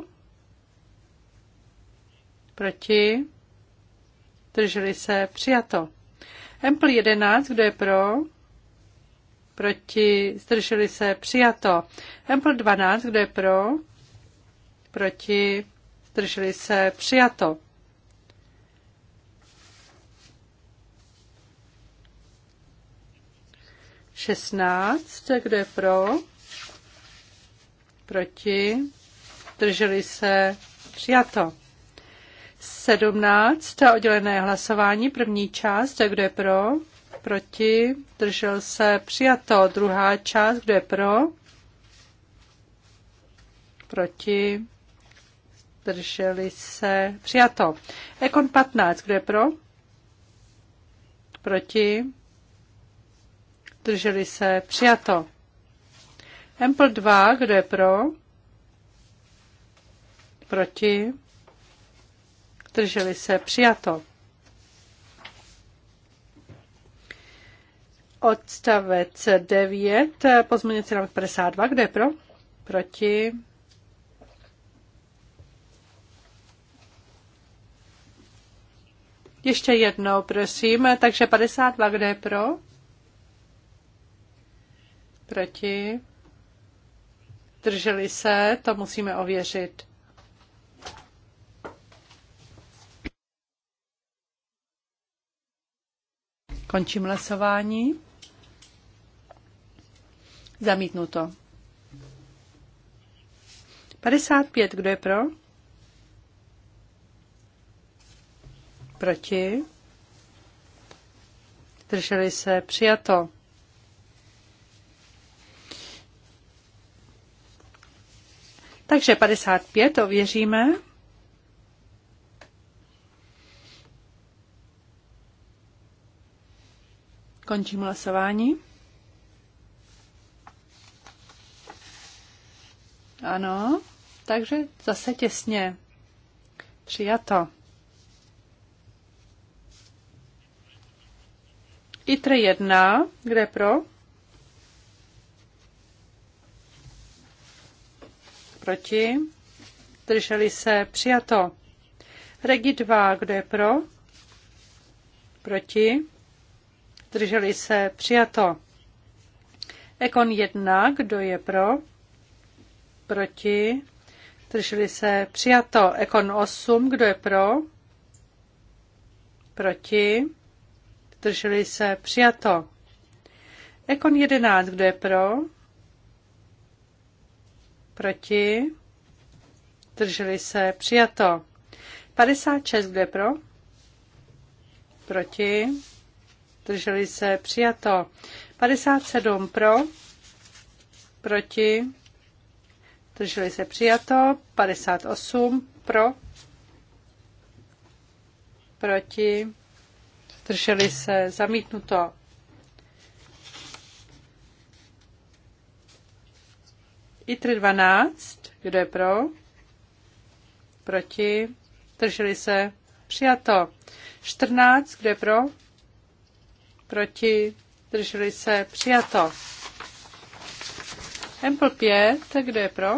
Proti? Zdrželi se? Přijato. Empl 11, kdo je pro? Proti? Zdrželi se? Přijato. Empl 12, kdo je pro? Proti? Zdrželi se? Přijato. 16. Kdo je pro? Proti? Drželi se? Přijato. 17. Oddělené hlasování. První část. Kdo je pro? Proti? Držel se? Přijato. Druhá část. Kdo je pro? Proti? Drželi se? Přijato. Ekon 15. Kdo je pro? Proti? Drželi se. Přijato. Empl 2, kdo je pro? Proti? Drželi se. Přijato. Odstavec 9, pozměňující návrh 52, kdo je pro? Proti? Ještě jednou, prosím. Takže 52, kde je pro? Proti? Drželi se? To musíme ověřit. Končím hlasování. Zamítnuto. 55. Kdo je pro? Proti? Drželi se. Přijato. Takže 55 ověříme. Končím hlasování. Ano, takže zase těsně. Přijato. ITRE 1, kde pro? Proti? Zdrželi se? Přijato. Regi 2. Kdo je pro? Proti? Zdrželi se? Přijato. Ekon 1. Kdo je pro? Proti? Zdrželi se? Přijato. Ekon 8. Kdo je pro? Proti? Zdrželi se? Přijato. Ekon 11. Kdo je pro? Proti? Drželi se. Přijato. 56, kde pro? Proti? Drželi se. Přijato. 57 pro? Proti? Drželi se. Přijato. 58 pro? Proti? Drželi se. Zamítnuto. ITR 12, kdo je pro? Proti? Drželi se? Přijato. 14, kdo je pro? Proti? Drželi se? Přijato. Ample 5, kdo je pro?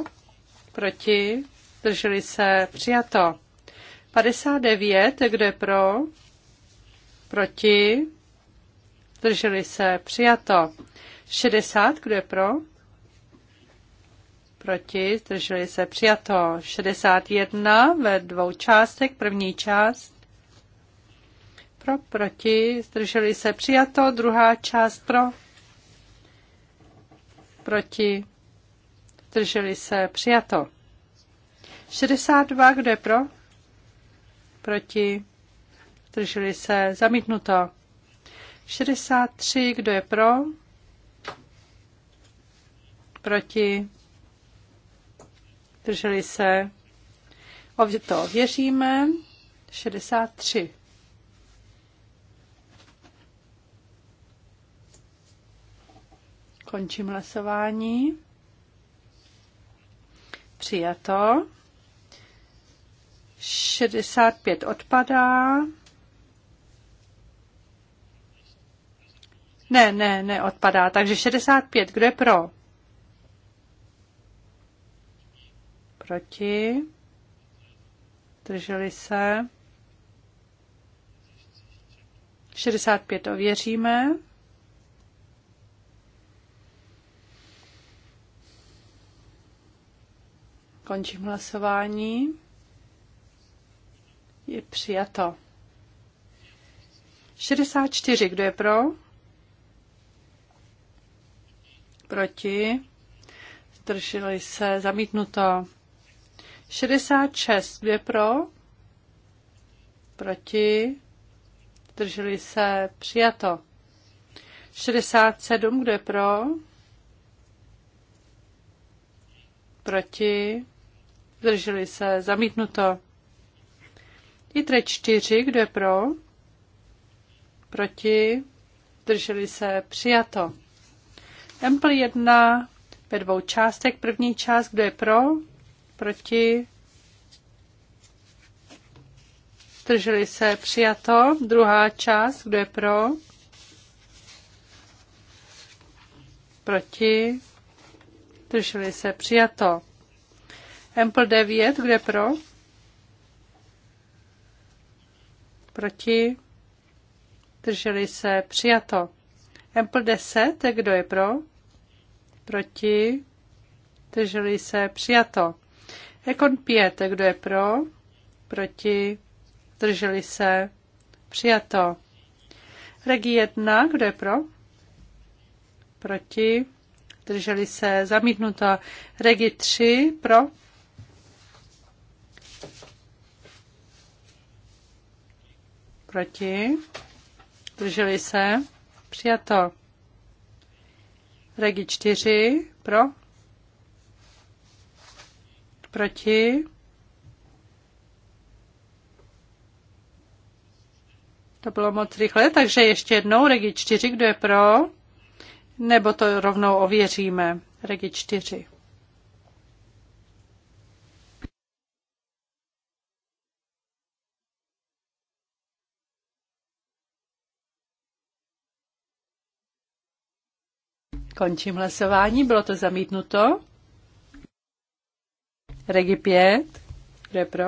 Proti? Drželi se? Přijato. 59, kdo je pro? Proti? Drželi se? Přijato. 60, kdo je pro? proti, zdrželi se přijato 61 ve dvou částech, první část pro, proti, zdrželi se přijato, druhá část pro, proti, zdrželi se přijato. 62, kdo je pro? Proti, zdrželi se zamítnuto. 63, kdo je pro? Proti, zdrželi se, Ovdě to věříme. 63. Končím hlasování. Přijato. 65 odpadá. Ne, ne, ne, odpadá. Takže 65, kdo je pro? Proti? Drželi se? 65 ověříme. Končím hlasování. Je přijato. 64. Kdo je pro? Proti? Zdrželi se. Zamítnuto. 66, dvě pro, proti, drželi se, přijato. 67, kdo je pro, proti, drželi se, zamítnuto. ITRE 4, kdo je pro, proti, drželi se, přijato. Empl 1 ve dvou částek, První část, kdo je pro, proti, Drželi se, přijato. Druhá část, kdo je pro, proti, Drželi se, přijato. Ample 9, kdo je pro, proti, Drželi se, přijato. Ample 10, kdo je pro, proti, Drželi se, přijato. Ekon 5, kdo je pro? Proti? Drželi se? Přijato. Regi 1, kdo je pro? Proti? Drželi se? Zamítnuto. Regi 3, pro? Proti? Drželi se? Přijato. Regi 4, pro? Proti? To bylo moc rychle, takže ještě jednou regi 4, kdo je pro? Nebo to rovnou ověříme. Regi 4. Končím hlasování, bylo to zamítnuto. Regi 5. Kdo je pro?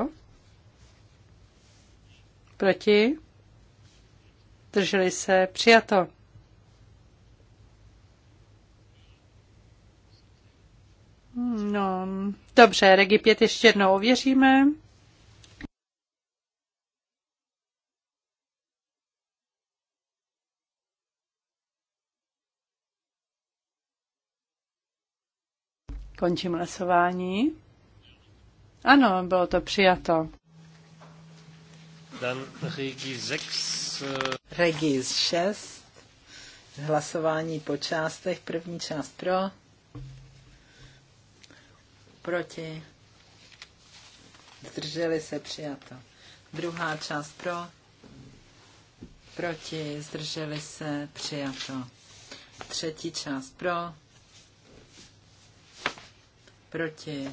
Proti? Drželi se. Přijato. No, dobře, Regi 5 ještě jednou ověříme. Končím lesování. Ano, bylo to přijato. Dan Regi 6. Eh, Regi 6. Hlasování po částech. První část pro. Proti. Zdrželi se přijato. Druhá část pro. Proti. Zdrželi se přijato. Třetí část pro. Proti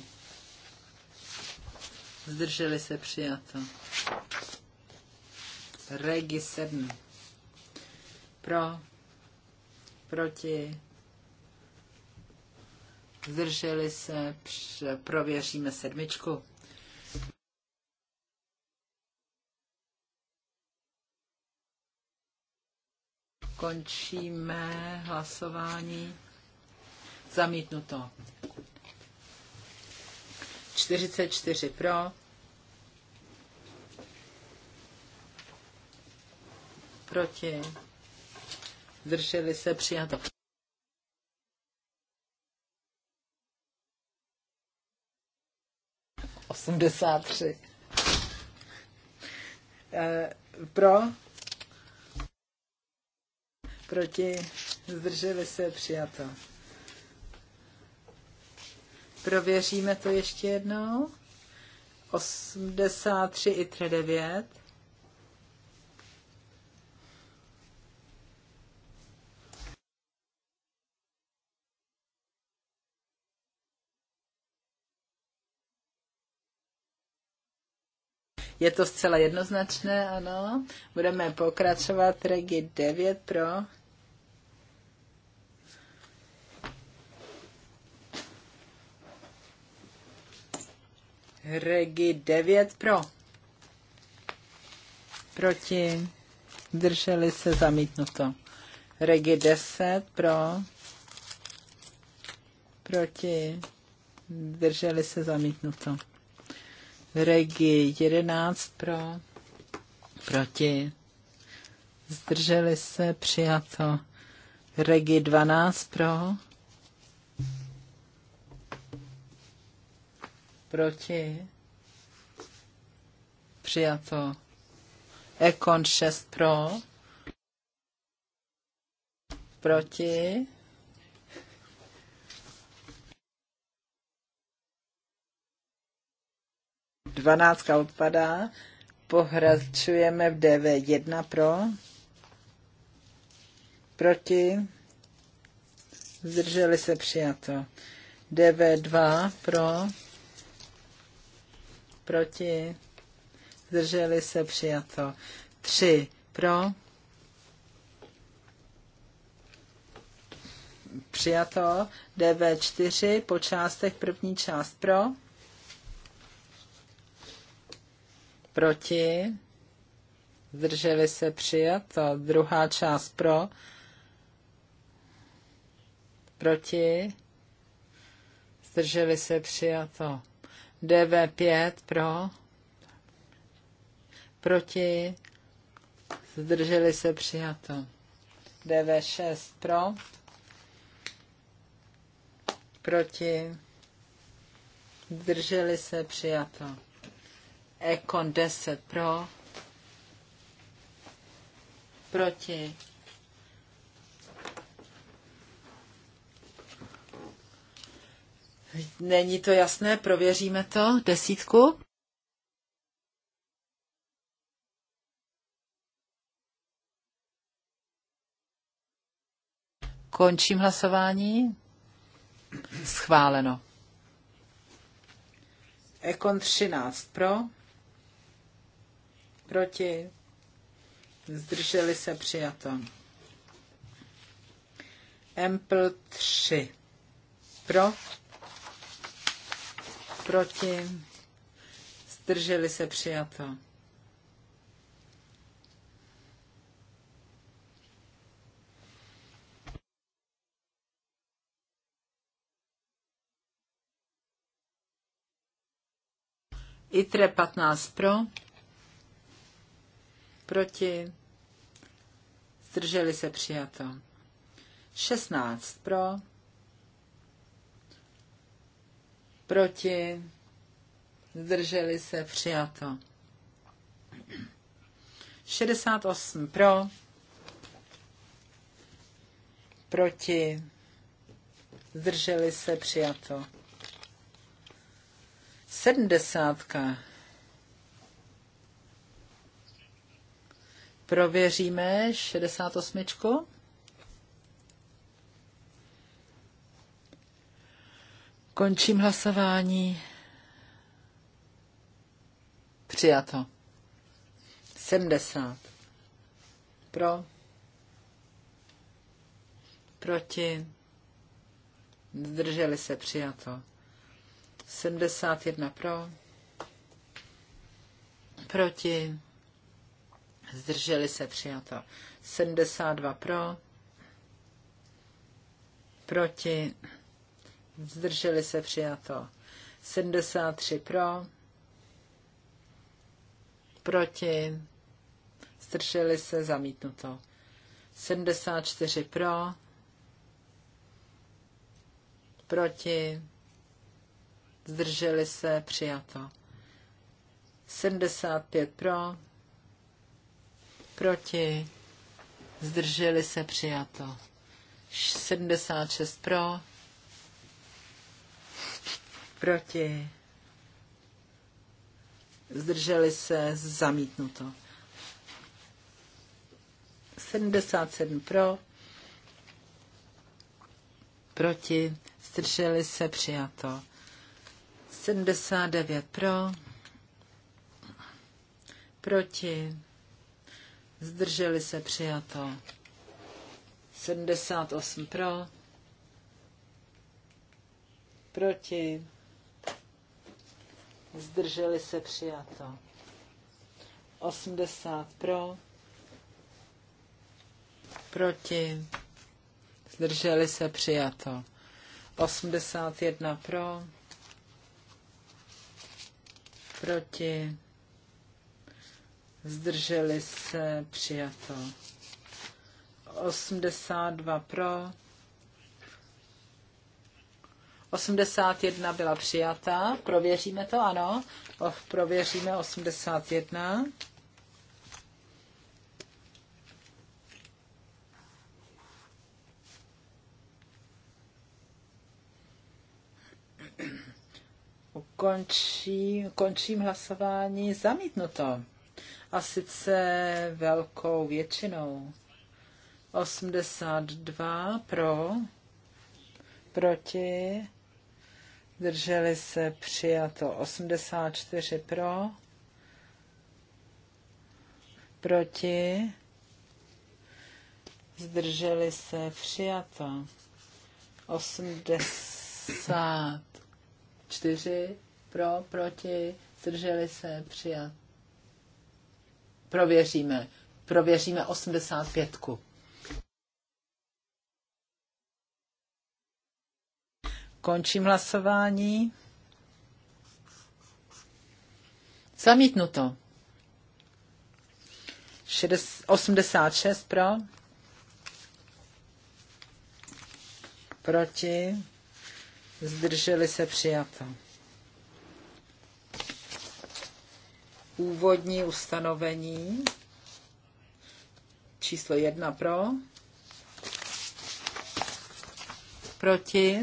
zdrželi se přijato. Regi 7. Pro, proti, zdrželi se, prověříme sedmičku. Končíme hlasování. Zamítnuto. 44 pro, proti, zdrželi se, přijato. Osmdesát eh, Pro? Proti? Zdrželi se, přijato. Prověříme to ještě jednou. 83 i 39. Je to zcela jednoznačné, ano. Budeme pokračovat. Regi 9 pro, Regi 9 pro. Proti. Drželi se zamítnuto. Regi 10 pro. Proti. Drželi se zamítnuto. Regi 11 pro. Proti. Zdrželi se přijato. Regi 12 pro. proti, přijato. Ekon 6 pro, proti, dvanáctka odpadá, pohračujeme v DV1 pro, proti, zdrželi se přijato, DV2 pro, proti, zdrželi se přijato. Tři pro, přijato. DV4 po částech první část pro, proti, zdrželi se přijato. Druhá část pro, proti, zdrželi se přijato. DV5 pro, proti, zdrželi se přijato. DV6 pro, proti, zdrželi se přijato. Ekon 10 pro, proti, Není to jasné, prověříme to. Desítku. Končím hlasování. Schváleno. Ekon 13 pro. Proti. Zdrželi se přijato. Empl 3 pro proti, zdrželi se přijato. ITRE 15 pro, proti, zdrželi se přijato. 16 pro, proti, zdrželi se, přijato. 68 pro, proti, zdrželi se, přijato. 70. Prověříme 68. Končím hlasování. Přijato. 70. Pro. Proti. Zdrželi se přijato. 71 pro. Proti. Zdrželi se přijato. 72 pro. Proti zdrželi se přijato. 73 pro, proti, zdrželi se zamítnuto. 74 pro, proti, zdrželi se přijato. 75 pro, proti, zdrželi se přijato. 76 pro, Proti. Zdrželi se zamítnuto. 77 pro. Proti. Zdrželi se přijato. 79 pro. Proti. Zdrželi se přijato. 78 pro. Proti zdrželi se přijato. 80 pro, proti, zdrželi se přijato. 81 pro, proti, zdrželi se přijato. 82 pro, 81 byla přijata. Prověříme to, ano. Oh, prověříme 81. Končí, končím hlasování zamítnuto. A sice velkou většinou. 82 pro, proti Drželi se přijato 84 pro. Proti. Zdrželi se přijato 84 pro, proti. Zdrželi se přijato. Prověříme. Prověříme 85. Končím hlasování. Zamítnuto. 86 pro. Proti. Zdrželi se přijato. Úvodní ustanovení. Číslo 1 pro. Proti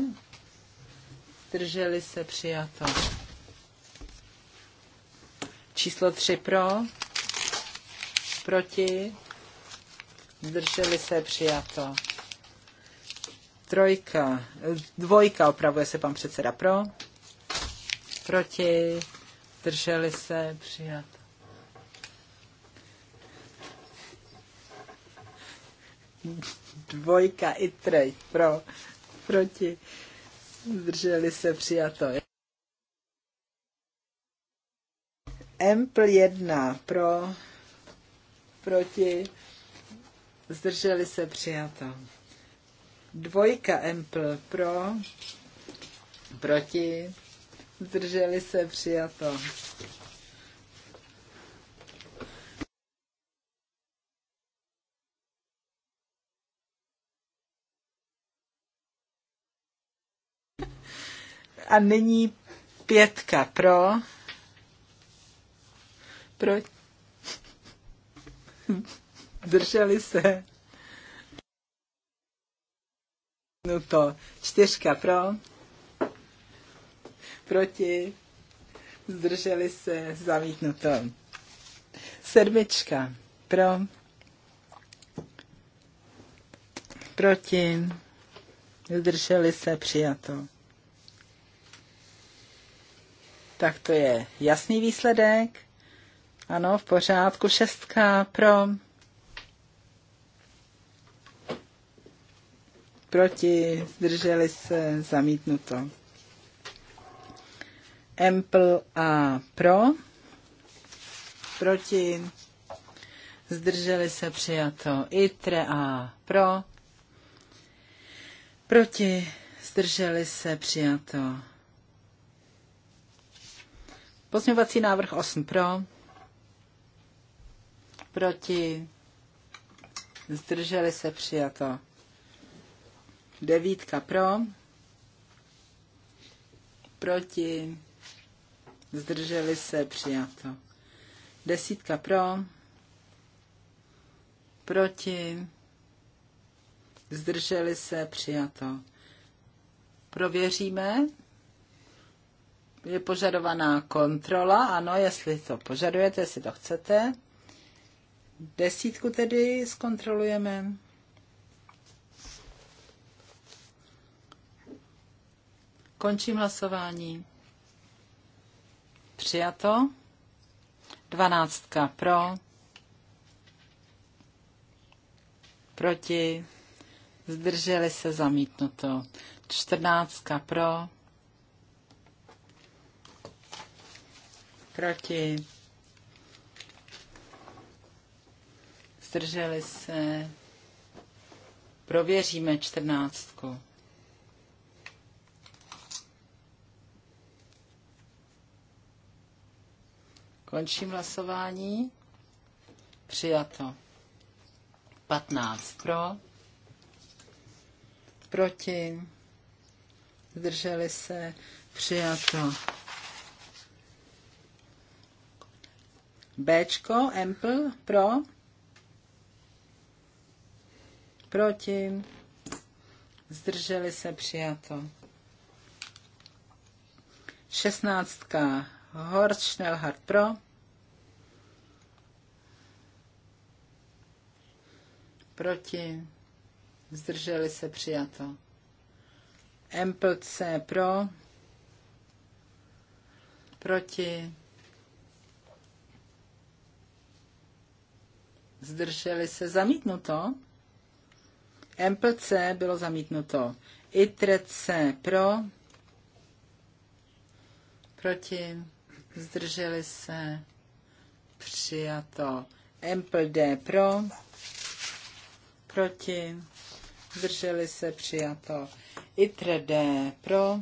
zdrželi se, přijato. Číslo 3 pro, proti, zdrželi se, přijato. Trojka, dvojka, opravuje se pan předseda pro, proti, zdrželi se, přijato. Dvojka i trej pro, proti Zdrželi se přijato. Empl 1 pro, proti, zdrželi se přijato. Dvojka Empl pro, proti, zdrželi se přijato. A nyní pětka pro. Pro. Drželi se. No to. Čtyřka pro. Proti. Zdrželi se. Zamítnuto. Sedmička pro. Proti. Zdrželi se. Přijato. Tak to je jasný výsledek. Ano, v pořádku. Šestka pro. Proti, zdrželi se, zamítnuto. Empl a pro. Proti, zdrželi se, přijato. Itre a pro. Proti, zdrželi se, přijato. Pozměňovací návrh 8 pro, proti, zdrželi se přijato. Devítka pro, proti, zdrželi se přijato. Desítka pro, proti, zdrželi se přijato. Prověříme je požadovaná kontrola, ano, jestli to požadujete, jestli to chcete. Desítku tedy zkontrolujeme. Končím hlasování. Přijato. Dvanáctka pro. Proti. Zdrželi se zamítnuto. Čtrnáctka pro Proti. Zdrželi se. Prověříme čtrnáctku. Končím hlasování. Přijato. 15 pro. Proti. Zdrželi se. Přijato. Bčko, Empl, pro, proti, zdrželi se přijato. Šestnáctka, Horst Schnellhardt pro, proti, zdrželi se přijato. Empl C pro, proti, zdrželi se zamítnuto. MPC bylo zamítnuto. ITREC pro, proti, zdrželi se, přijato. MPD pro, proti, zdrželi se, přijato. ITRD e pro,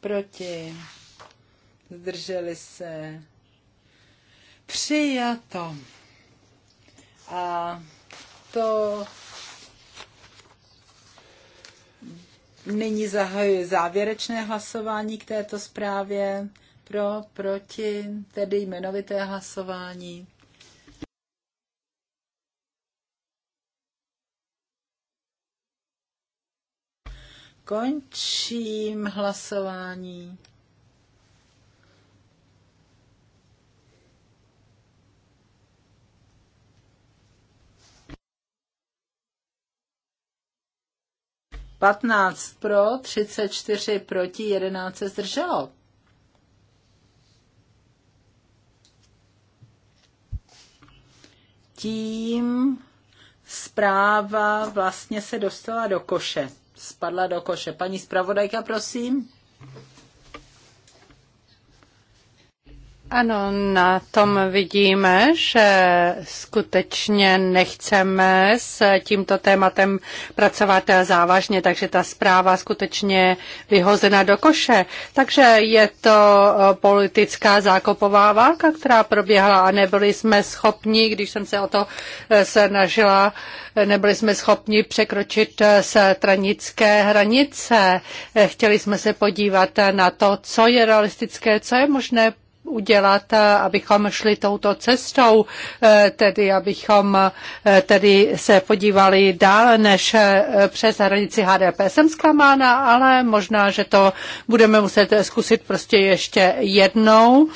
proti, zdrželi se, přijato. A to nyní zahajuji závěrečné hlasování k této zprávě. Pro, proti, tedy jmenovité hlasování. Končím hlasování. 15 pro, 34 proti, 11 se zdrželo. Tím zpráva vlastně se dostala do koše. Spadla do koše. Paní zpravodajka, prosím. Ano, na tom vidíme, že skutečně nechceme s tímto tématem pracovat závažně, takže ta zpráva skutečně vyhozena do koše. Takže je to politická zákopová válka, která proběhla a nebyli jsme schopni, když jsem se o to snažila, nebyli jsme schopni překročit se tranické hranice. Chtěli jsme se podívat na to, co je realistické, co je možné udělat, abychom šli touto cestou, eh, tedy abychom eh, tedy se podívali dál než eh, přes hranici HDP. Jsem zklamána, ale možná, že to budeme muset zkusit prostě ještě jednou.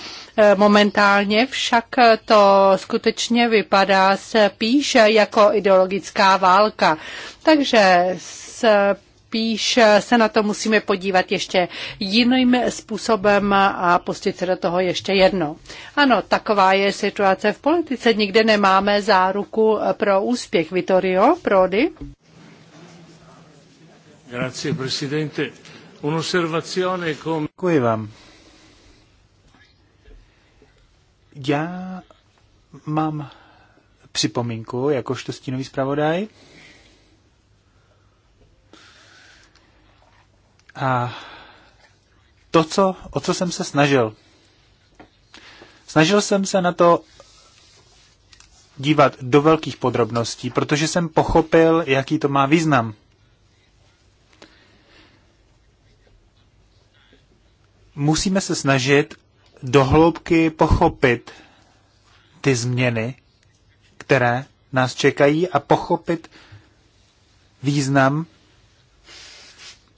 Momentálně však to skutečně vypadá spíše jako ideologická válka. Takže s spíš se na to musíme podívat ještě jiným způsobem a pustit se do toho ještě jedno. Ano, taková je situace v politice. Nikde nemáme záruku pro úspěch. Vittorio Prodi. Grazie, presidente. Un'osservazione come... Děkuji vám. Já mám připomínku, jakožto stínový zpravodaj. A to, co, o co jsem se snažil, snažil jsem se na to dívat do velkých podrobností, protože jsem pochopil, jaký to má význam. Musíme se snažit dohloubky pochopit ty změny, které nás čekají a pochopit význam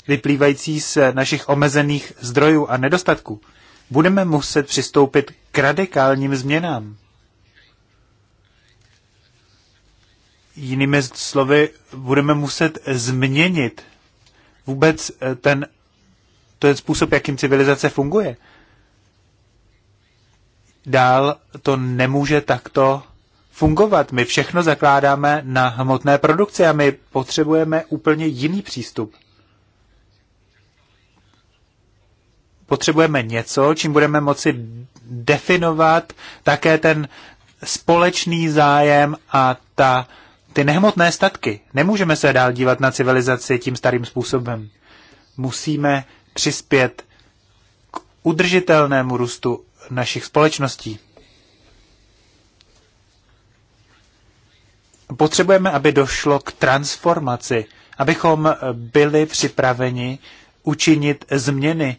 vyplývající z našich omezených zdrojů a nedostatků, budeme muset přistoupit k radikálním změnám. Jinými slovy, budeme muset změnit vůbec eh, ten, ten způsob, jakým civilizace funguje. Dál to nemůže takto fungovat. My všechno zakládáme na hmotné produkci a my potřebujeme úplně jiný přístup. potřebujeme něco, čím budeme moci definovat také ten společný zájem a ta, ty nehmotné statky. Nemůžeme se dál dívat na civilizaci tím starým způsobem. Musíme přispět k udržitelnému růstu našich společností. Potřebujeme, aby došlo k transformaci, abychom byli připraveni učinit změny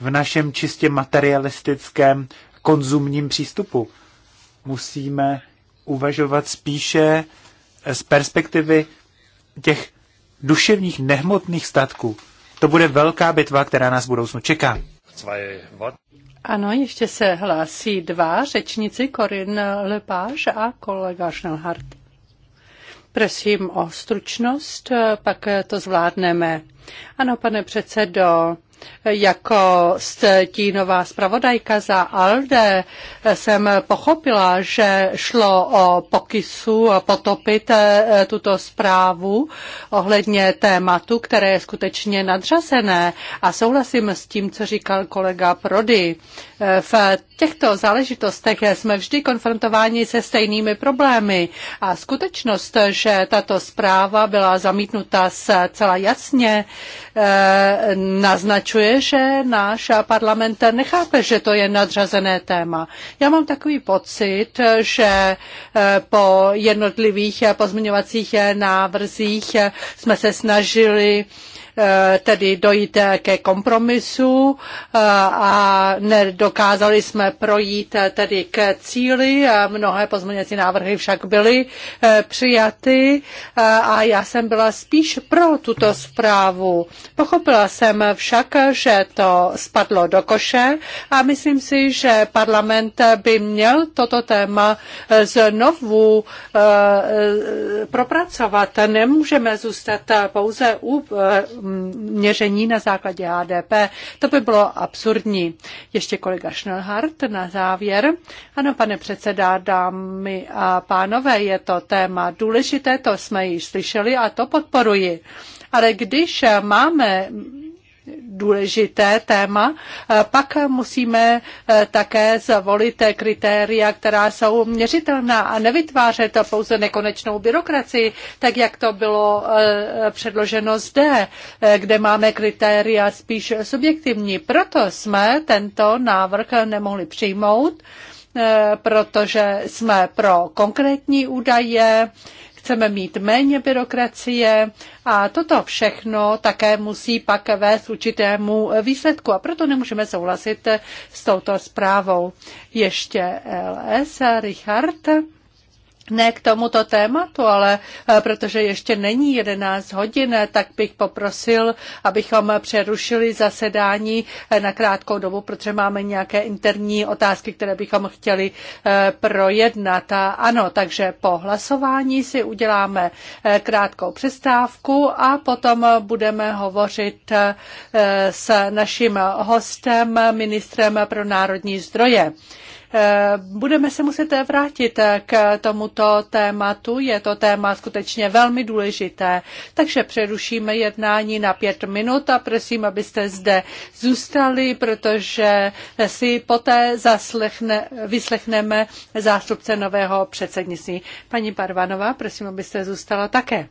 v našem čistě materialistickém konzumním přístupu. Musíme uvažovat spíše eh, z perspektivy těch duševních nehmotných statků. To bude velká bitva, která nás v budoucnu čeká. Ano, ještě se hlásí dva řečníci, Korin Lepáš a kolega Schnellhardt. Prosím o stručnost, eh, pak eh, to zvládneme. Ano, pane předsedo, jako stínová zpravodajka za ALDE jsem pochopila, že šlo o pokysu potopit eh, tuto zprávu ohledně tématu, které je skutečně nadřazené a souhlasím s tím, co říkal kolega Prody. V těchto záležitostech jsme vždy konfrontováni se stejnými problémy a skutečnost, že tato zpráva byla zamítnuta zcela jasně, eh, naznačuje, že náš parlament nechápe, že to je nadřazené téma. Já mám takový pocit, že eh, po jednotlivých pozměňovacích návrzích jsme se snažili Eh, tedy dojít ke kompromisu eh, a nedokázali jsme projít eh, tedy k cíli. Mnohé pozměňovací návrhy však byly přijaty a já jsem byla spíš pro tuto zprávu. Pochopila jsem však, že to spadlo do koše a myslím si, že parlament by měl toto téma znovu propracovat. Nemůžeme zůstat pouze u měření na základě HDP. To by bylo absurdní. Ještě kolega Schnellhardt na závěr. Ano, pane předseda, dámy a pánové, je to téma důležité, to jsme již slyšeli a to podporuji. Ale když máme důležité téma. Eh, Pak musíme eh, také zvolit kritéria, která jsou měřitelná a nevytvářet pouze nekonečnou byrokracii, tak jak to bylo eh, předloženo zde, kde máme kritéria spíš subjektivní. Proto jsme tento návrh nemohli přijmout protože jsme pro konkrétní údaje, chceme mít méně byrokracie a toto všechno také musí pak vést určitému výsledku a proto nemůžeme souhlasit s touto zprávou. Ještě LS, Richard ne k tomuto tématu, ale eh, protože ještě není 11 hodin, eh, tak bych poprosil, abychom přerušili zasedání eh, na krátkou dobu, protože máme nějaké interní otázky, které bychom chtěli projednat. A ano, takže po hlasování si uděláme krátkou přestávku a potom budeme hovořit s naším hostem, ministrem pro národní zdroje. Eh, budeme se muset vrátit eh, k tomuto tématu. Je to téma skutečně velmi důležité. Takže přerušíme jednání na pět minut a prosím, abyste zde zůstali, protože si poté zaslechne, vyslechneme zástupce nového předsednictví. Paní Parvanová, prosím, abyste zůstala také.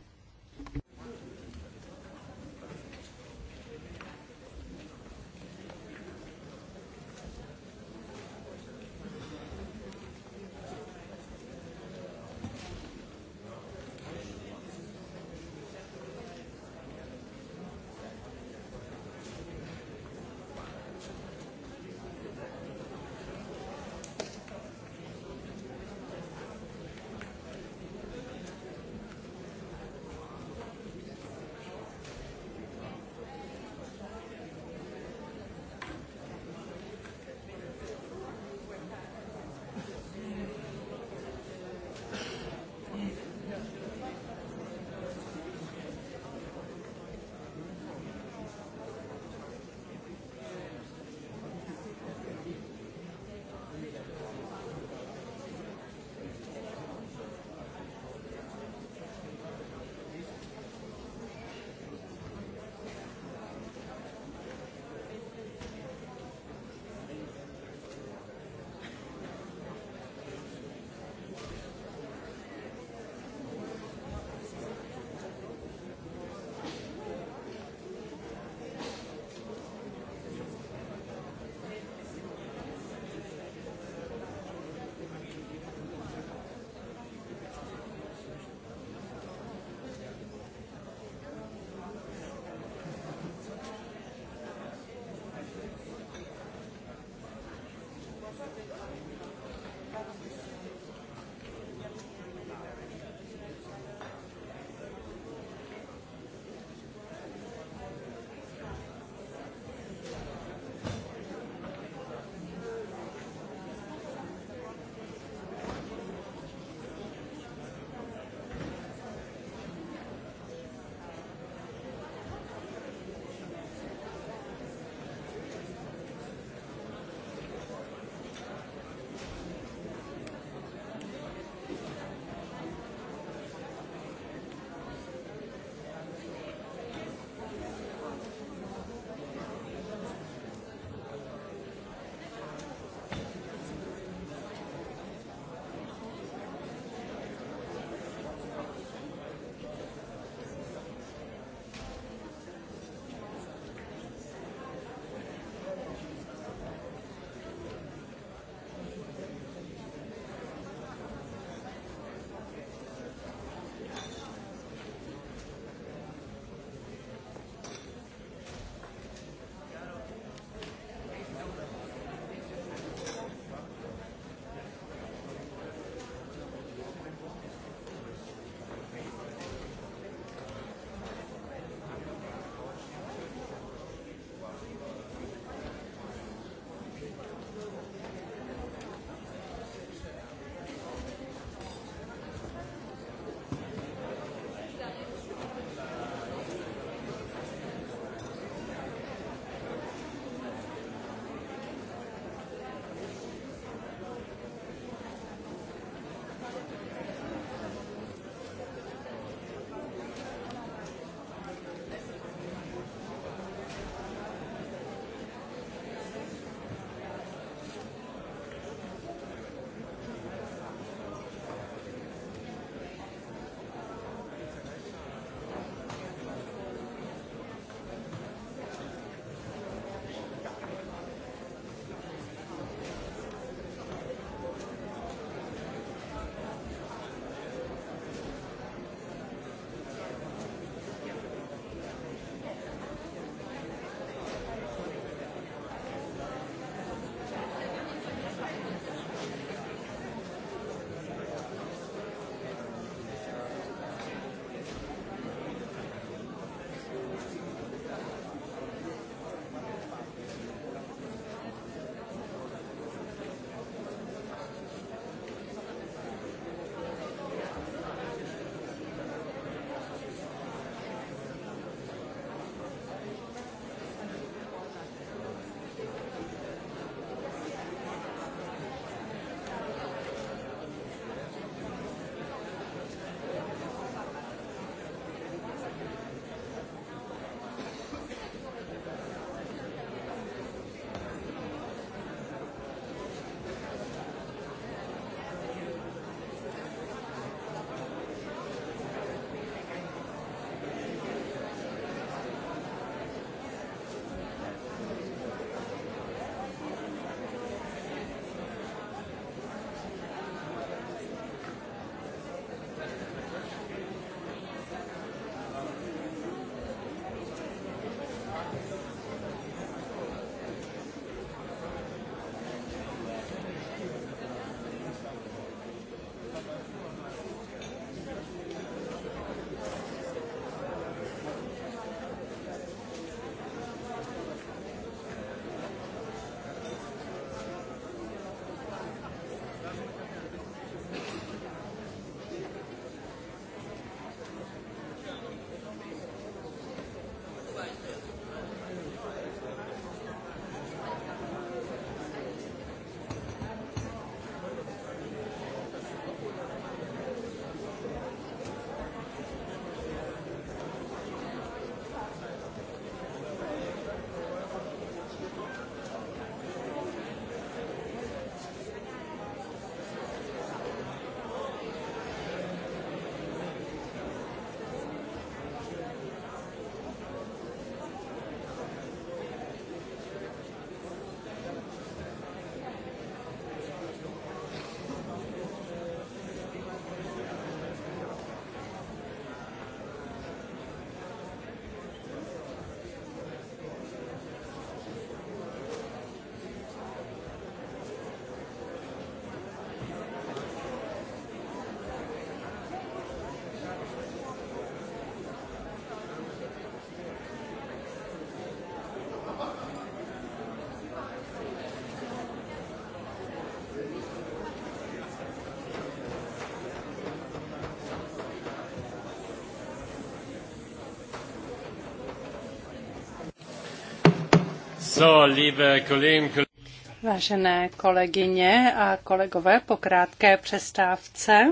Vážené kolegyně a kolegové, po krátké přestávce,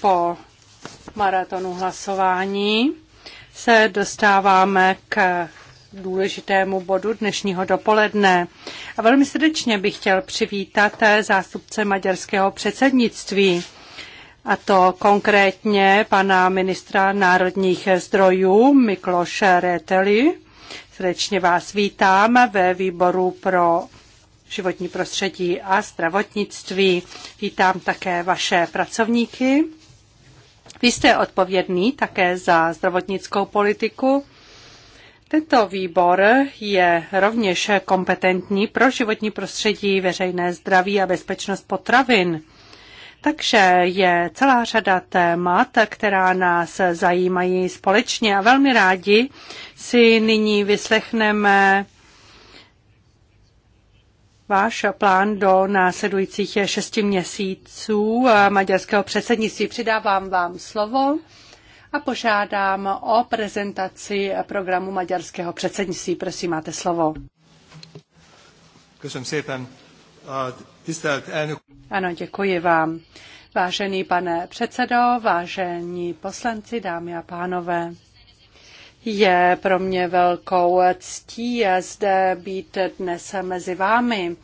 po maratonu hlasování, se dostáváme k důležitému bodu dnešního dopoledne. A velmi srdečně bych chtěl přivítat zástupce maďarského předsednictví a to konkrétně pana ministra národních zdrojů Mikloše Reteli Srdečně vás vítám ve výboru pro životní prostředí a zdravotnictví. Vítám také vaše pracovníky. Vy jste odpovědný také za zdravotnickou politiku. Tento výbor je rovněž kompetentní pro životní prostředí, veřejné zdraví a bezpečnost potravin. Takže je celá řada témat, která nás zajímají společně a velmi rádi si nyní vyslechneme váš plán do následujících šesti měsíců maďarského předsednictví. Přidávám vám slovo a požádám o prezentaci programu maďarského předsednictví. Prosím, máte slovo. Köszönöm ano, děkuji vám. Vážený pane předsedo, vážení poslanci, dámy a pánové. Je pro mě velkou ctí zde být dnes mezi vámi.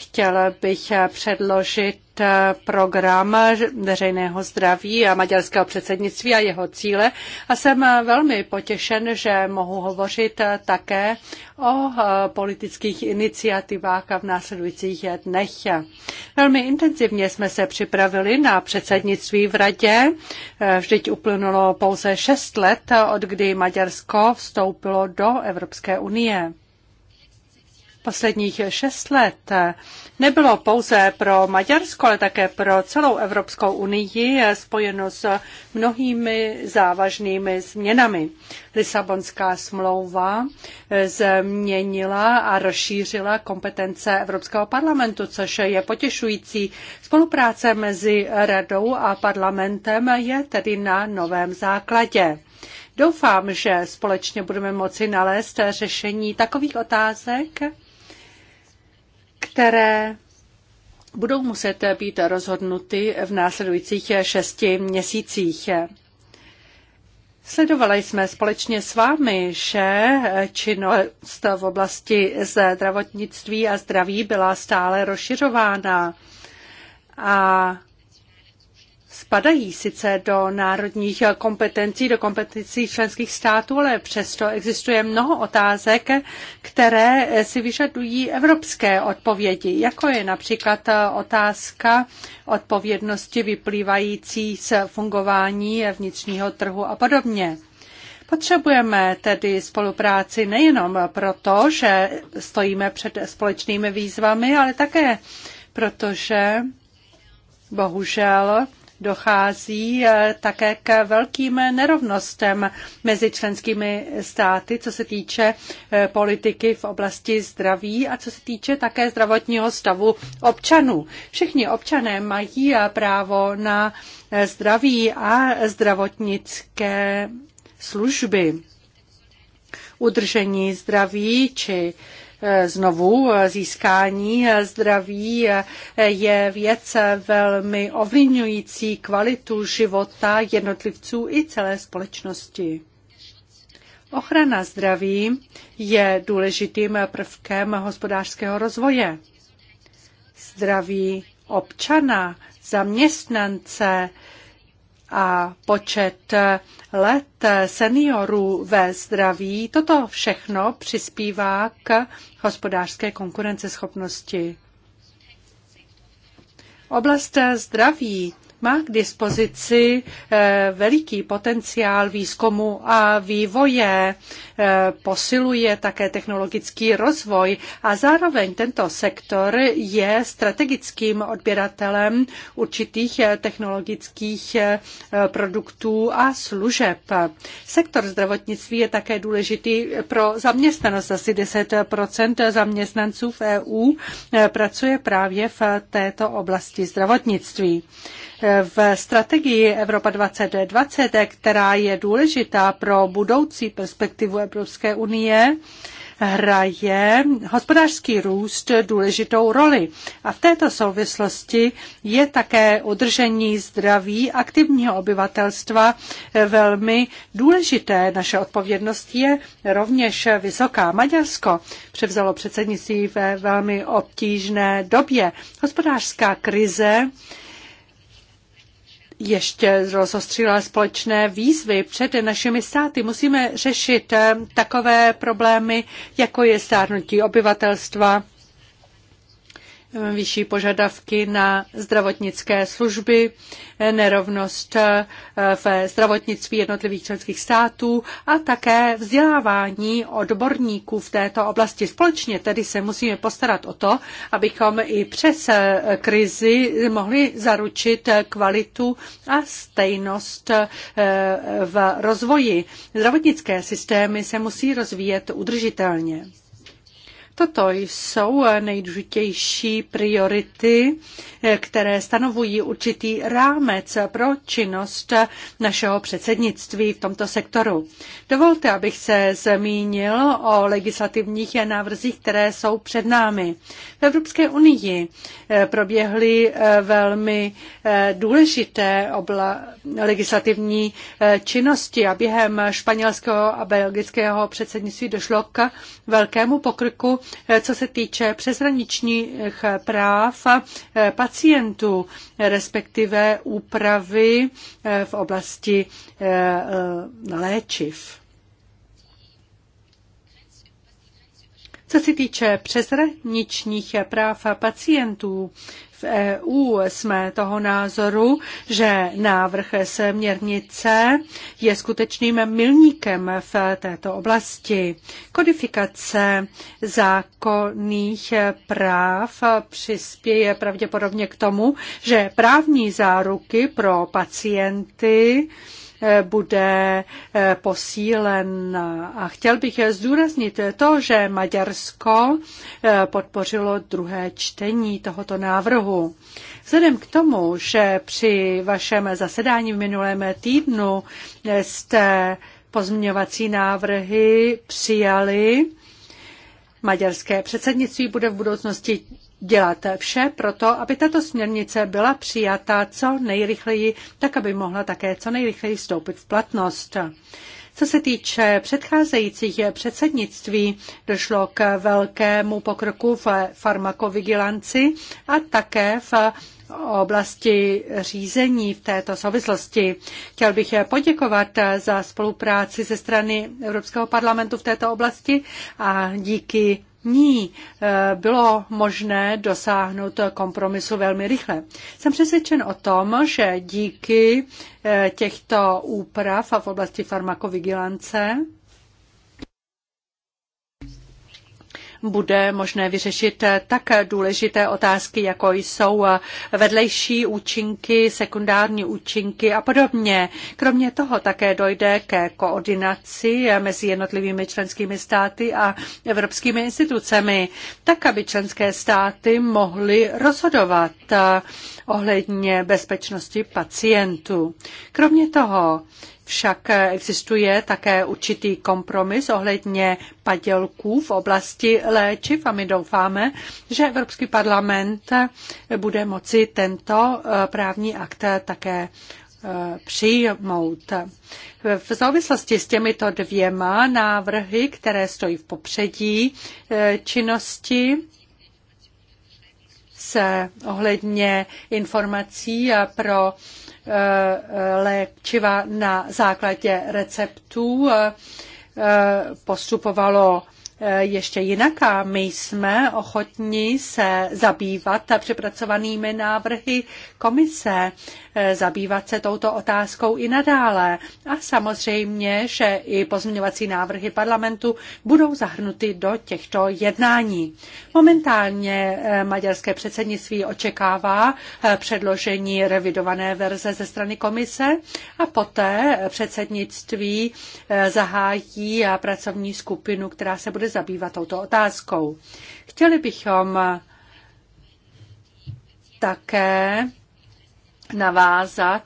Chtěla bych předložit eh, program veřejného zdraví a maďarského předsednictví a jeho cíle a jsem eh, velmi potěšen, že mohu hovořit eh, také o politických iniciativách a v následujících dnech. Velmi intenzivně jsme se připravili na předsednictví v radě. Vždyť uplynulo pouze šest let, od kdy Maďarsko vstoupilo do Evropské unie posledních šest let nebylo pouze pro Maďarsko, ale také pro celou Evropskou unii spojeno s mnohými závažnými změnami. Lisabonská smlouva změnila a rozšířila kompetence Evropského parlamentu, což je potěšující. Spolupráce mezi radou a parlamentem je tedy na novém základě. Doufám, že společně budeme moci nalézt řešení takových otázek, které budou muset být rozhodnuty v následujících šesti měsících. Sledovali jsme společně s vámi, že činnost v oblasti zdravotnictví a zdraví byla stále rozšiřována a spadají sice do národních kompetencí, do kompetencí členských států, ale přesto existuje mnoho otázek, které si vyžadují evropské odpovědi, jako je například otázka odpovědnosti vyplývající z fungování vnitřního trhu a podobně. Potřebujeme tedy spolupráci nejenom proto, že stojíme před společnými výzvami, ale také protože bohužel dochází eh, také k velkým nerovnostem mezi členskými státy, co se týče eh, politiky v oblasti zdraví a co se týče také zdravotního stavu občanů. Všichni občané mají eh, právo na zdraví a zdravotnické služby udržení zdraví či znovu získání zdraví je věc velmi ovlivňující kvalitu života jednotlivců i celé společnosti. Ochrana zdraví je důležitým prvkem hospodářského rozvoje. Zdraví občana, zaměstnance, a počet let seniorů ve zdraví, toto všechno přispívá k hospodářské konkurenceschopnosti. Oblast zdraví má k dispozici eh, veliký potenciál výzkumu a vývoje, eh, posiluje také technologický rozvoj a zároveň tento sektor je strategickým odběratelem určitých eh, technologických produktů a služeb. Sektor zdravotnictví je také důležitý pro zaměstnanost. Asi 10 zaměstnanců v EU pracuje právě v této oblasti zdravotnictví. V strategii Evropa 2020, která je důležitá pro budoucí perspektivu Evropské unie, hraje hospodářský růst důležitou roli. A v této souvislosti je také udržení zdraví aktivního obyvatelstva velmi důležité. Naše odpovědnost je rovněž vysoká. Maďarsko převzalo předsednictví ve velmi obtížné době. Hospodářská krize ještě rozostřila společné výzvy před našimi státy. Musíme řešit eh, takové problémy, jako je stárnutí obyvatelstva, vyšší požadavky na zdravotnické služby, eh, nerovnost eh, ve zdravotnictví jednotlivých členských států a také vzdělávání odborníků v této oblasti. Společně tedy se musíme postarat o to, abychom i přes eh, krizi mohli zaručit kvalitu a stejnost v rozvoji. Zdravotnické systémy se musí rozvíjet udržitelně. Toto jsou eh, nejdůležitější priority které stanovují určitý rámec pro činnost našeho předsednictví v tomto sektoru. Dovolte, abych se zmínil o legislativních návrzích, které jsou před námi. V Evropské unii eh, proběhly eh, velmi eh, důležité obla legislativní činnosti a během španělského a belgického předsednictví došlo k velkému pokrku, co se týče přeshraničních práv pacientů, respektive úpravy eh, v oblasti eh, eh, léčiv. Co se týče přeshraničních práv pacientů, v EU jsme toho názoru, že návrh směrnice je skutečným milníkem v této oblasti. Kodifikace zákonných práv přispěje pravděpodobně k tomu, že právní záruky pro pacienty bude eh, posílen. A chtěl bych zdůraznit to, že Maďarsko eh, podpořilo druhé čtení tohoto návrhu. Vzhledem k tomu, že při vašem zasedání v minulém týdnu eh, jste pozměňovací návrhy přijali, Maďarské předsednictví bude v budoucnosti dělat vše pro to, aby tato směrnice byla přijata co nejrychleji, tak aby mohla také co nejrychleji vstoupit v platnost. Co se týče předcházejících předsednictví, došlo k velkému pokroku v farmakovigilanci a také v oblasti řízení v této souvislosti. Chtěl bych poděkovat za spolupráci ze strany Evropského parlamentu v této oblasti a díky ní eh, bylo možné dosáhnout kompromisu velmi rychle. Jsem přesvědčen o tom, že díky eh, těchto úprav v oblasti farmakovigilance bude možné vyřešit tak důležité otázky, jako jsou vedlejší účinky, sekundární účinky a podobně. Kromě toho také dojde ke koordinaci mezi jednotlivými členskými státy a evropskými institucemi, tak aby členské státy mohly rozhodovat ohledně bezpečnosti pacientů. Kromě toho však existuje také určitý kompromis ohledně padělků v oblasti léčiv a my doufáme, že Evropský parlament bude moci tento eh, právní akt také eh, přijmout. V souvislosti s těmito dvěma návrhy, které stojí v popředí eh, činnosti, se ohledně informací pro léčiva na základě receptů eh, eh, postupovalo Eh, ještě jinak a my jsme ochotni se zabývat přepracovanými návrhy komise, eh, zabývat se touto otázkou i nadále. A samozřejmě, že i pozměňovací návrhy parlamentu budou zahrnuty do těchto jednání. Momentálně eh, maďarské předsednictví očekává předložení revidované verze ze strany komise a poté předsednictví zahájí pracovní skupinu, která se bude zabývat touto otázkou. Chtěli bychom také navázat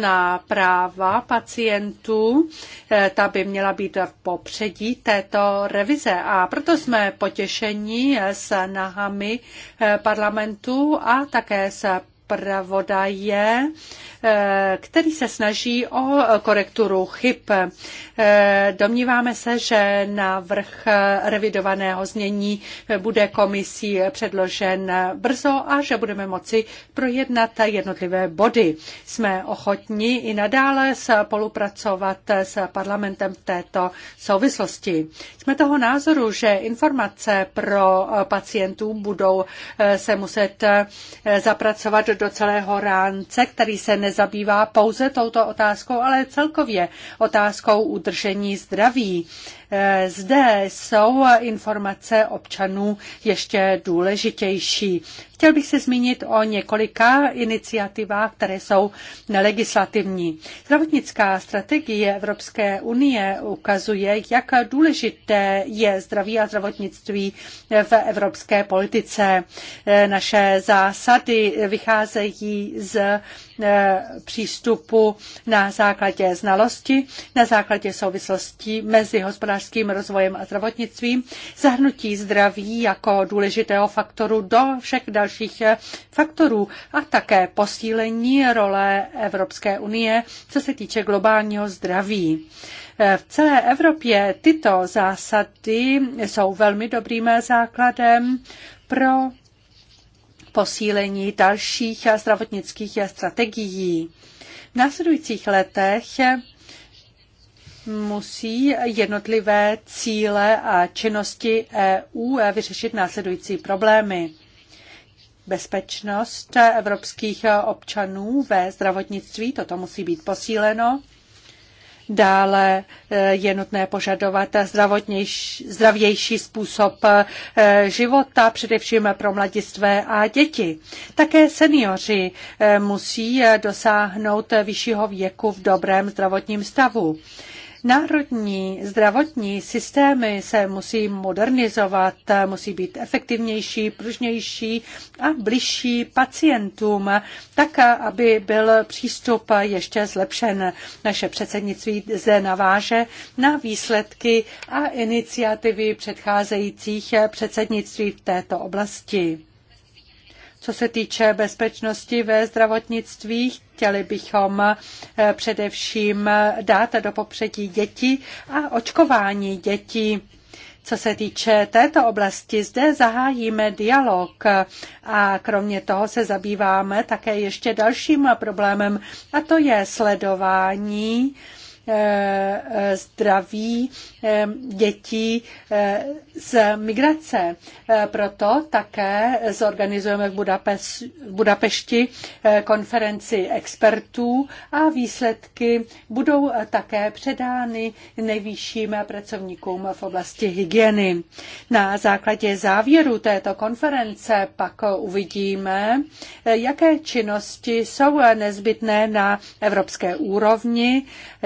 na práva pacientů. Eh, ta by měla být v popředí této revize a proto jsme potěšeni s nahami eh, parlamentu a také s zpravodaje, eh, který se snaží o korekturu chyb. Eh, domníváme se, že návrh revidovaného znění bude komisí předložen brzo a že budeme moci projednat jednotlivé body. Jsme ochotni i nadále spolupracovat s parlamentem v této souvislosti. Jsme toho názoru, že informace pro pacientů budou eh, se muset zapracovat do celého rámce, který se nezabývá pouze touto otázkou, ale celkově otázkou udržení zdraví. Eh, zde jsou informace občanů ještě důležitější. Chtěl bych se zmínit o několika iniciativách, které jsou legislativní. Zdravotnická strategie Evropské unie ukazuje, jak důležité je zdraví a zdravotnictví v evropské politice. Naše zásady vycházejí z eh, přístupu na základě znalosti, na základě souvislostí mezi hospodářským rozvojem a zdravotnictvím, zahrnutí zdraví jako důležitého faktoru do všech dalších dalších eh, faktorů a také posílení role Evropské unie, co se týče globálního zdraví. Eh, v celé Evropě tyto zásady jsou velmi dobrým základem pro posílení dalších zdravotnických strategií. V následujících letech musí jednotlivé cíle a činnosti EU vyřešit následující problémy bezpečnost evropských občanů ve zdravotnictví, toto musí být posíleno. Dále eh, je nutné požadovat zdravější způsob eh, života, především pro mladistvé a děti. Také seniori eh, musí dosáhnout vyššího věku v dobrém zdravotním stavu. Národní zdravotní systémy se musí modernizovat, musí být efektivnější, pružnější a bližší pacientům, tak, aby byl přístup ještě zlepšen. Naše předsednictví zde naváže na výsledky a iniciativy předcházejících předsednictví v této oblasti. Co se týče bezpečnosti ve zdravotnictví, chtěli bychom eh, především eh, dát do popředí děti a očkování dětí. Co se týče této oblasti, zde zahájíme dialog a kromě toho se zabýváme také ještě dalším problémem, a to je sledování eh, zdraví dětí z migrace. E, proto také zorganizujeme v, Budapeš, v Budapešti e, konferenci expertů a výsledky budou také předány nejvyšším pracovníkům v oblasti hygieny. Na základě závěru této konference pak uvidíme, e, jaké činnosti jsou nezbytné na evropské úrovni.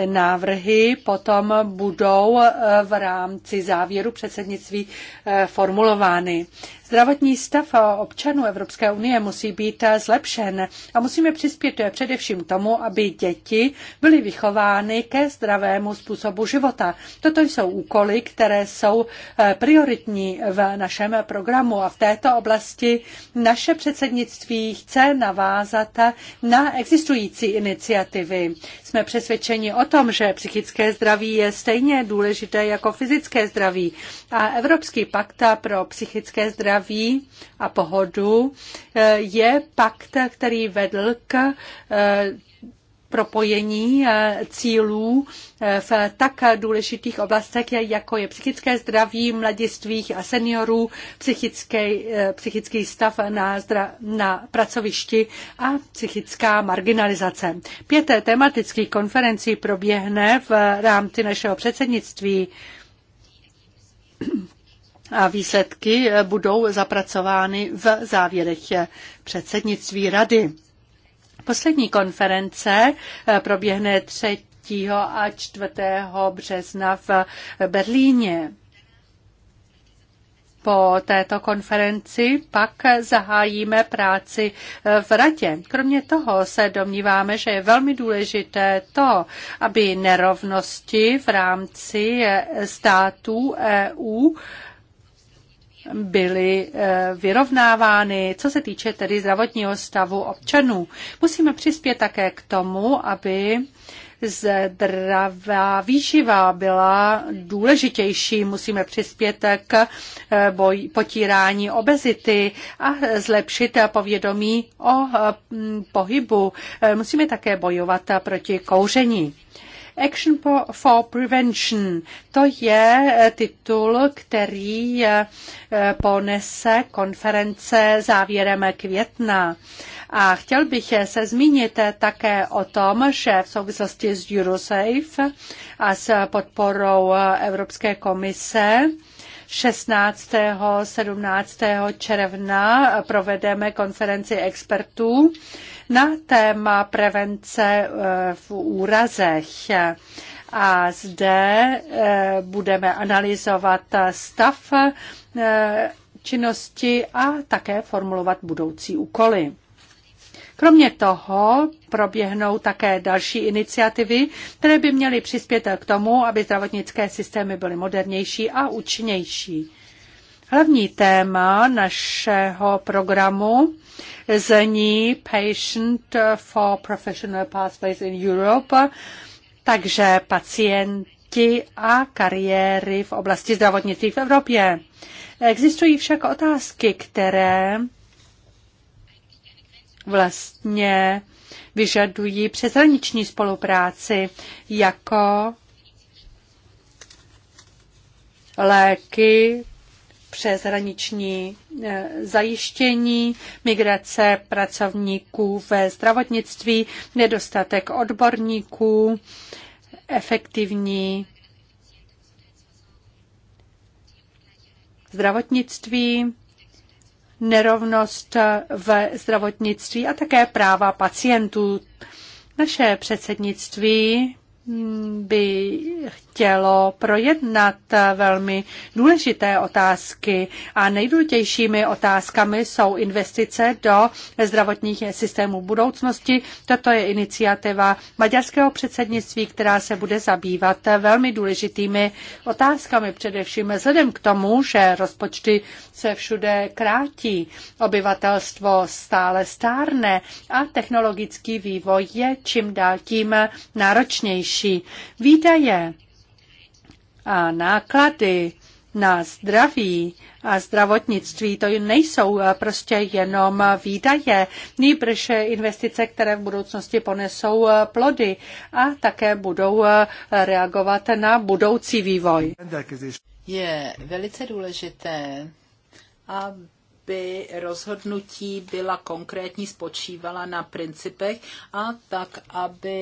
Návrhy potom budou v rámci závěru předsednictví Eh, formulovány. Zdravotní stav občanů Evropské unie musí být zlepšen a musíme přispět především tomu, aby děti byly vychovány ke zdravému způsobu života. Toto jsou úkoly, které jsou eh, prioritní v našem programu a v této oblasti naše předsednictví chce navázat na existující iniciativy. Jsme přesvědčeni o tom, že psychické zdraví je stejně důležité jako fyzické zdraví a Evropský pakt pro psychické zdraví zdraví a pohodu eh, je pakt, který vedl k eh, propojení eh, cílů v tak důležitých oblastech, jako je psychické zdraví mladistvých a seniorů, psychický, psychický stav na, zdra, na pracovišti a psychická marginalizace. Pěté tematický konferenci proběhne v rámci našeho předsednictví a výsledky eh, budou zapracovány v závěrech eh, předsednictví rady. Poslední konference eh, proběhne 3. a 4. března v Berlíně. Po této konferenci pak zahájíme práci v radě. Kromě toho se domníváme, že je velmi důležité to, aby nerovnosti v rámci států EU byly eh, vyrovnávány, co se týče tedy zdravotního stavu občanů. Musíme přispět také k tomu, aby zdravá výživa byla důležitější. Musíme přispět k eh, boj, potírání obezity a zlepšit povědomí o eh, pohybu. Musíme také bojovat proti kouření. Action for Prevention, to je eh, titul, který eh, eh, ponese konference závěrem května. A chtěl bych se zmínit také o tom, že v souvislosti s Eurosafe a s podporou Evropské komise 16. 17. června provedeme konferenci expertů na téma prevence eh, v úrazech a zde eh, budeme analyzovat stav eh, činnosti a také formulovat budoucí úkoly. Kromě toho proběhnou také další iniciativy, které by měly přispět k tomu, aby zdravotnické systémy byly modernější a účinnější. Hlavní téma našeho programu a ní Patient for Professional Pathways in Europe, takže pacienti a kariéry v oblasti zdravotnictví v Evropě. Existují však otázky, které vlastně vyžadují přeshraniční spolupráci jako léky přeshraniční eh, zajištění migrace pracovníků ve zdravotnictví, nedostatek odborníků, efektivní zdravotnictví, nerovnost v zdravotnictví a také práva pacientů. Naše předsednictví by chtělo projednat velmi důležité otázky a nejdůležitějšími otázkami jsou investice do zdravotních systémů budoucnosti. Toto je iniciativa maďarského předsednictví, která se bude zabývat velmi důležitými otázkami, především vzhledem k tomu, že rozpočty se všude krátí, obyvatelstvo stále stárne a technologický vývoj je čím dál tím náročnější vyšší Výdaje a náklady na zdraví a zdravotnictví to nejsou eh, prostě jenom výdaje, nýbrž investice, které v budoucnosti ponesou eh, plody a také budou eh, reagovat na budoucí vývoj. Je velice důležité, aby aby rozhodnutí byla konkrétní, spočívala na principech a tak, aby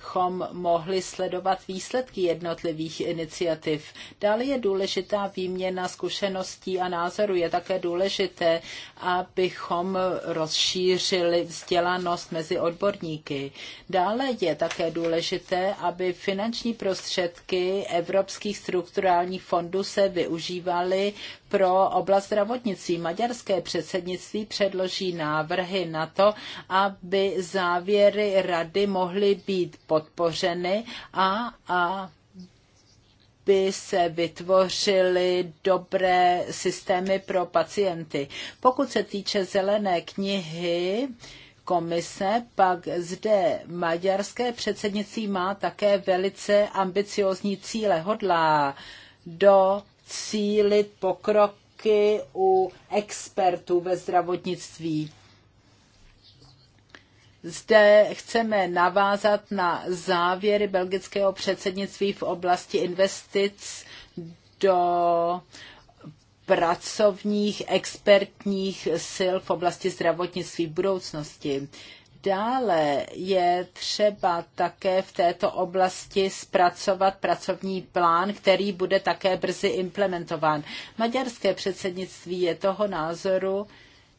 abychom mohli sledovat výsledky jednotlivých iniciativ. Dále je důležitá výměna zkušeností a názorů. Je také důležité, abychom rozšířili vzdělanost mezi odborníky. Dále je také důležité, aby finanční prostředky evropských strukturálních fondů se využívaly pro oblast zdravotnictví. Maďarské předsednictví předloží návrhy na to, aby závěry rady mohly být podpořeny a aby se vytvořily dobré systémy pro pacienty. Pokud se týče zelené knihy, komise, pak zde maďarské předsednictví má také velice ambiciozní cíle. Hodlá do cílit pokroky u expertů ve zdravotnictví. Zde chceme navázat na závěry belgického předsednictví v oblasti investic do pracovních expertních sil v oblasti zdravotnictví v budoucnosti. Dále je třeba také v této oblasti zpracovat pracovní plán, který bude také brzy implementován. Maďarské předsednictví je toho názoru,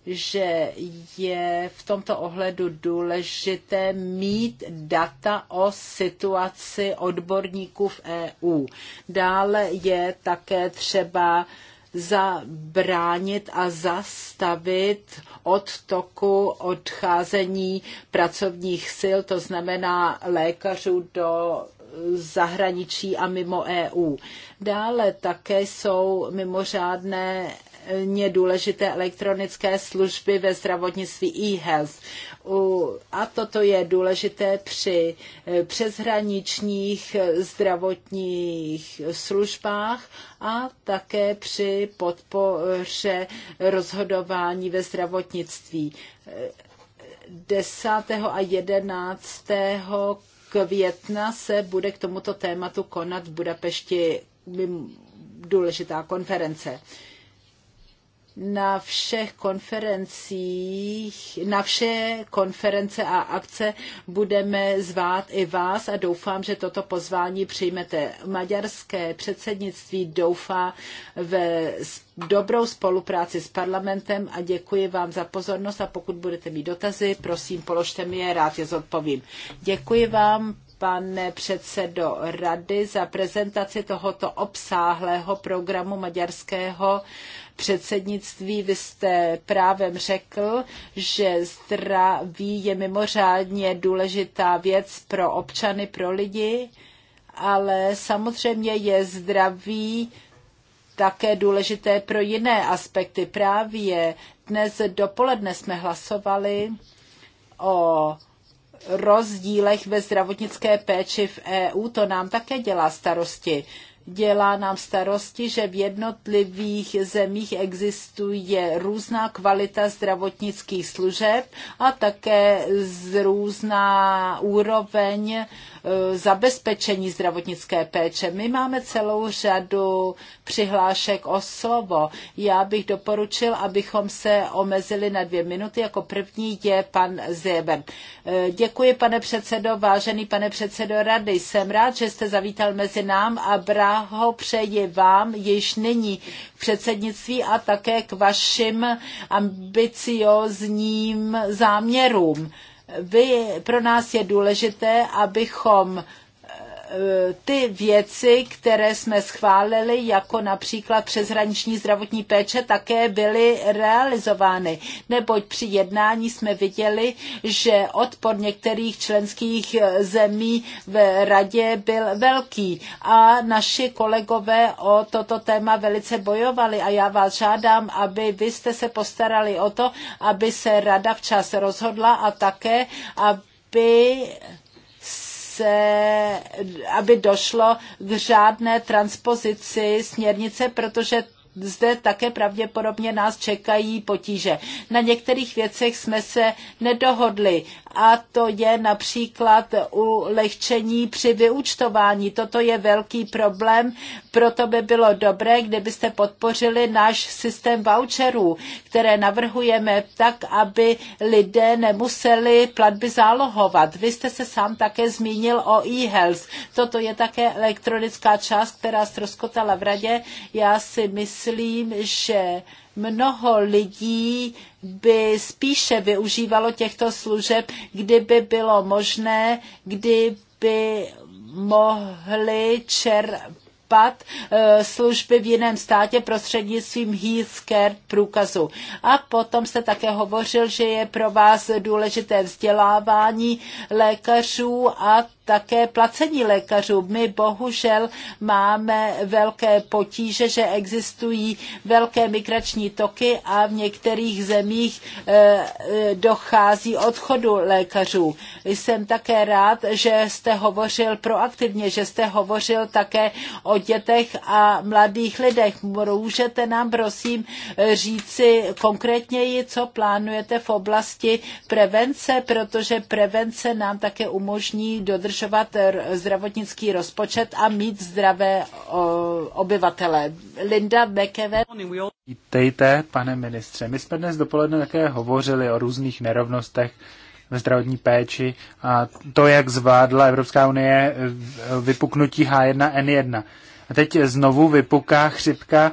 že je v tomto ohledu důležité mít data o situaci odborníků v EU. Dále je také třeba zabránit a zastavit odtoku odcházení pracovních sil, to znamená lékařů do zahraničí a mimo EU. Dále také jsou mimořádné nesmírně důležité elektronické služby ve zdravotnictví e-health. A toto je důležité při eh, přeshraničních eh, zdravotních službách a také při podpoře rozhodování ve zdravotnictví. 10. Eh, a 11. května se bude k tomuto tématu konat v Budapešti důležitá konference na všech konferencích, na vše konference a akce budeme zvát i vás a doufám, že toto pozvání přijmete. Maďarské předsednictví doufá ve dobrou spolupráci s parlamentem a děkuji vám za pozornost a pokud budete mít dotazy, prosím, položte mi je, rád je zodpovím. Děkuji vám, pane předsedo rady, za prezentaci tohoto obsáhlého programu maďarského předsednictví. Vy jste právem řekl, že zdraví je mimořádně důležitá věc pro občany, pro lidi, ale samozřejmě je zdraví také důležité pro jiné aspekty. Právě dnes dopoledne jsme hlasovali o rozdílech ve zdravotnické péči v EU, to nám také dělá starosti dělá nám starosti, že v jednotlivých zemích existuje různá kvalita zdravotnických služeb a také z různá úroveň Eh, zabezpečení zdravotnické péče. My máme celou řadu přihlášek o slovo. Já bych doporučil, abychom se omezili na dvě minuty. Jako první je pan Zeben. Eh, děkuji, pane předsedo, vážený pane předsedo rady. Jsem rád, že jste zavítal mezi nám a bráho přeji vám již nyní v předsednictví a také k vašim ambiciozním záměrům vy, pro nás je důležité, abychom ty věci, které jsme schválili, jako například přeshraniční zdravotní péče, také byly realizovány. Neboť při jednání jsme viděli, že odpor některých členských eh, zemí v radě byl velký a naši kolegové o toto téma velice bojovali a já vás žádám, aby vy jste se postarali o to, aby se rada včas rozhodla a také, aby se, aby došlo k řádné transpozici směrnice, protože zde také pravděpodobně nás čekají potíže. Na některých věcech jsme se nedohodli a to je například ulehčení při vyúčtování. Toto je velký problém, proto by bylo dobré, kdybyste podpořili náš systém voucherů, které navrhujeme tak, aby lidé nemuseli platby zálohovat. Vy jste se sám také zmínil o e-health. Toto je také elektronická část, která ztroskotala v radě. Já si myslím, že mnoho lidí by spíše využívalo těchto služeb, kdyby bylo možné, kdyby mohli čerpat eh, služby v jiném státě prostřednictvím healthcare průkazu. A potom se také hovořil, že je pro vás důležité vzdělávání lékařů a také placení lékařů. My bohužel máme velké potíže, že existují velké migrační toky a v některých zemích eh, eh, dochází odchodu lékařů. Jsem také rád, že jste hovořil proaktivně, že jste hovořil také o dětech a mladých lidech. Můžete nám prosím říci konkrétněji, co plánujete v oblasti prevence, protože prevence nám také umožní dodržet dodržovat zdravotnický rozpočet a mít zdravé obyvatele. Linda Bekeve. Vítejte, pane ministře. My jsme dnes dopoledne také hovořili o různých nerovnostech ve zdravotní péči a to, jak zvládla Evropská unie e, vypuknutí H1N1. A teď znovu vypuká chřipka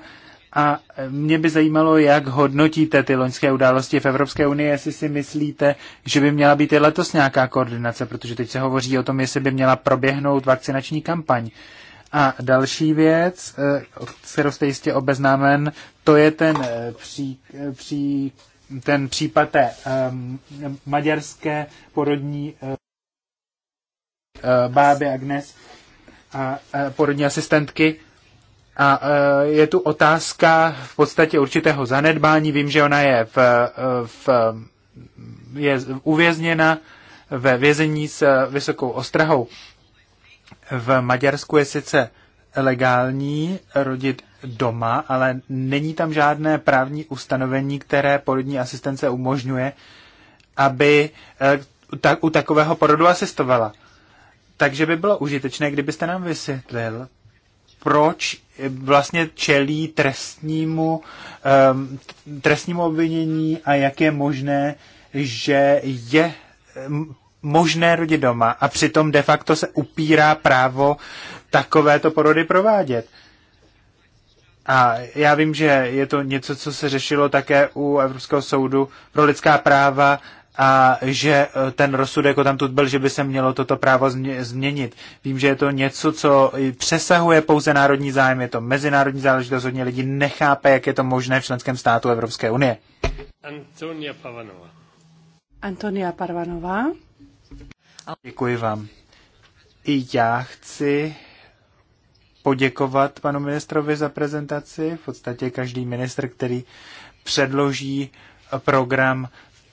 a mě by zajímalo, jak hodnotíte ty loňské události v Evropské unii, jestli si myslíte, že by měla být i letos nějaká koordinace, protože teď se hovoří o tom, jestli by měla proběhnout vakcinační kampaň. A další věc, s eh, kterou jste jistě obeznámen, to je ten, eh, pří, eh, pří, ten případ té um, maďarské porodní uh, báby Agnes a uh, porodní asistentky. A eh, je tu otázka v podstatě určitého zanedbání. Vím, že ona je, v, eh, v, eh, je uvězněna ve vězení s vysokou ostrahou. V Maďarsku je sice legální rodit doma, ale není tam žádné právní ustanovení, které porodní asistence umožňuje, aby u takového porodu asistovala. Takže by bylo užitečné, kdybyste nám vysvětlil, proč vlastně čelí trestnímu, trestnímu obvinění a jak je možné, že je možné rodit doma a přitom de facto se upírá právo takovéto porody provádět. A já vím, že je to něco, co se řešilo také u Evropského soudu pro lidská práva a že eh, ten rozsudek o tamtud byl, že by se mělo toto právo změnit. Vím, že je to něco, co přesahuje pouze národní zájem, je to mezinárodní záležitost, hodně lidí nechápe, jak je to možné v členském státu Evropské unie. Antonia Parvanova. Antonia Parvanova. Děkuji vám. I já chci poděkovat panu ministrovi za prezentaci. V podstatě každý ministr, který předloží program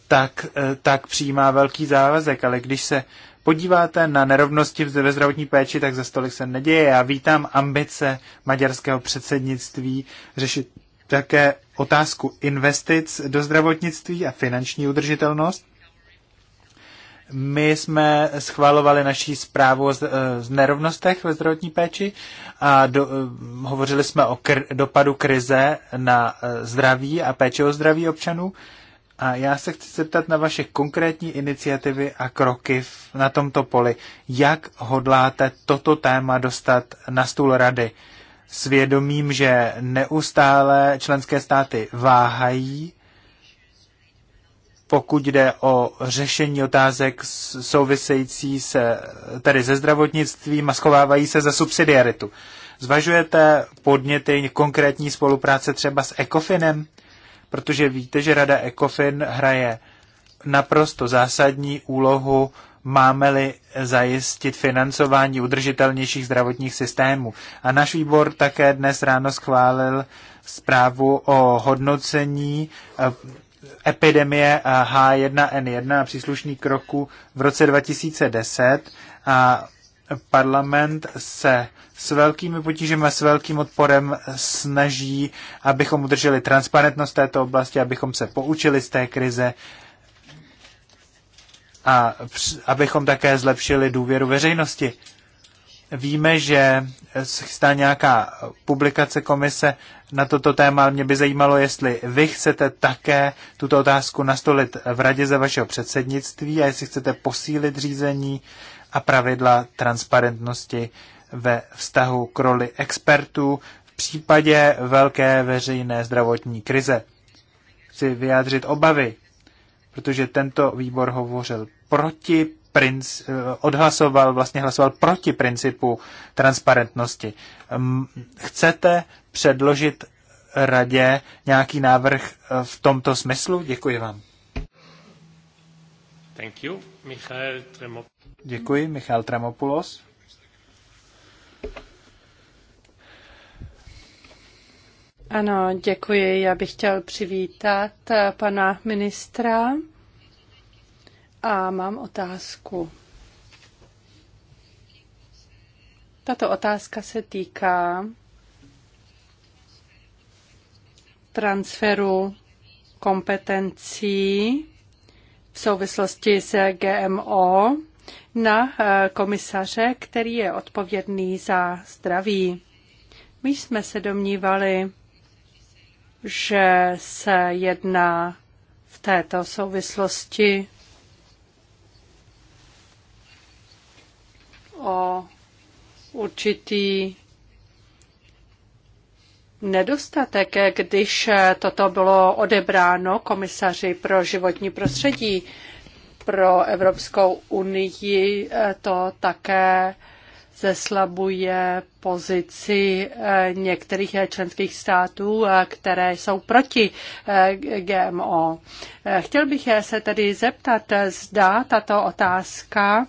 tak, eh, tak přijímá velký závazek, ale když se podíváte na nerovnosti ve zdravotní péči, tak za stolik se neděje. Já vítám ambice maďarského předsednictví řešit také otázku investic do zdravotnictví a finanční udržitelnost. My jsme schvalovali naší zprávu o eh, nerovnostech ve zdravotní péči a do, eh, hovořili jsme o kr, dopadu krize na zdraví a péči o zdraví občanů. Uh, a já se chci zeptat na vaše konkrétní iniciativy a kroky na tomto poli. Jak hodláte toto téma dostat na stůl rady? Svědomím, že neustále členské státy váhají, pokud jde o řešení otázek související se tedy se zdravotnictvím a schovávají se za subsidiaritu. Zvažujete podněty konkrétní spolupráce třeba s ECOFINem? protože víte, že Rada ECOFIN hraje naprosto zásadní úlohu, máme-li zajistit financování udržitelnějších zdravotních systémů. A náš výbor také dnes ráno schválil zprávu o hodnocení eh, epidemie H1N1 a příslušných kroků v roce 2010 a parlament se s velkými potížemi, s velkým odporem snaží, abychom udrželi transparentnost této oblasti, abychom se poučili z té krize a abychom také zlepšili důvěru veřejnosti. Víme, že chystá nějaká publikace komise na toto téma, mě by zajímalo, jestli vy chcete také tuto otázku nastolit v radě za vašeho předsednictví a jestli chcete posílit řízení a pravidla transparentnosti ve vztahu k roli expertů v případě velké veřejné zdravotní krize. Chci vyjádřit obavy, protože tento výbor hovořil proti princ, odhlasoval, vlastně hlasoval proti principu transparentnosti. Chcete předložit radě nějaký návrh e, v tomto smyslu? Děkuji vám. Thank you. Michael Děkuji, Michal Tramopoulos. Ano, děkuji. Já bych chtěl přivítat eh, pana ministra a mám otázku. Tato otázka se týká transferu kompetencí v souvislosti s GMO na eh, komisaře, který je odpovědný za zdraví. My jsme se domnívali, že se jedná v této souvislosti o určitý nedostatek, když toto bylo odebráno komisaři pro životní prostředí pro Evropskou unii eh, to také zeslabuje pozici eh, některých eh, členských států, které jsou proti GMO. Chtěl bych se tedy zeptat, zda tato otázka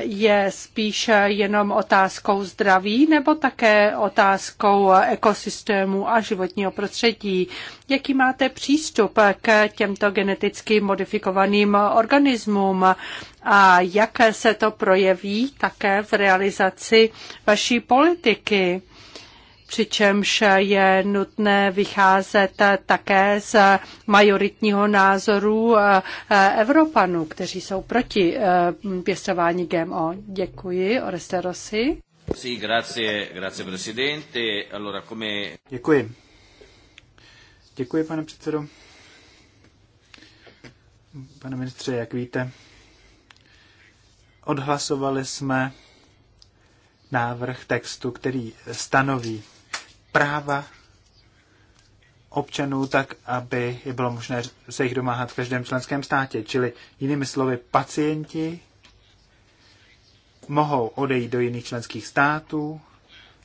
je spíš jenom otázkou zdraví nebo také otázkou ekosystému a životního prostředí. Jaký máte přístup k těmto geneticky modifikovaným organismům a jak se to projeví také v realizaci vaší politiky? přičemž je nutné vycházet také z majoritního názoru eh, eh, Evropanů, kteří jsou proti eh, pěstování GMO. Děkuji, Oreste Rossi. Sí, grazie, grazie presidente. Allora, come... Děkuji. Děkuji, pane předsedo. Pane ministře, jak víte, odhlasovali jsme návrh textu, který stanoví práva občanů tak, aby je bylo možné se jich domáhat v každém členském státě. Čili jinými slovy, pacienti mohou odejít do jiných členských států,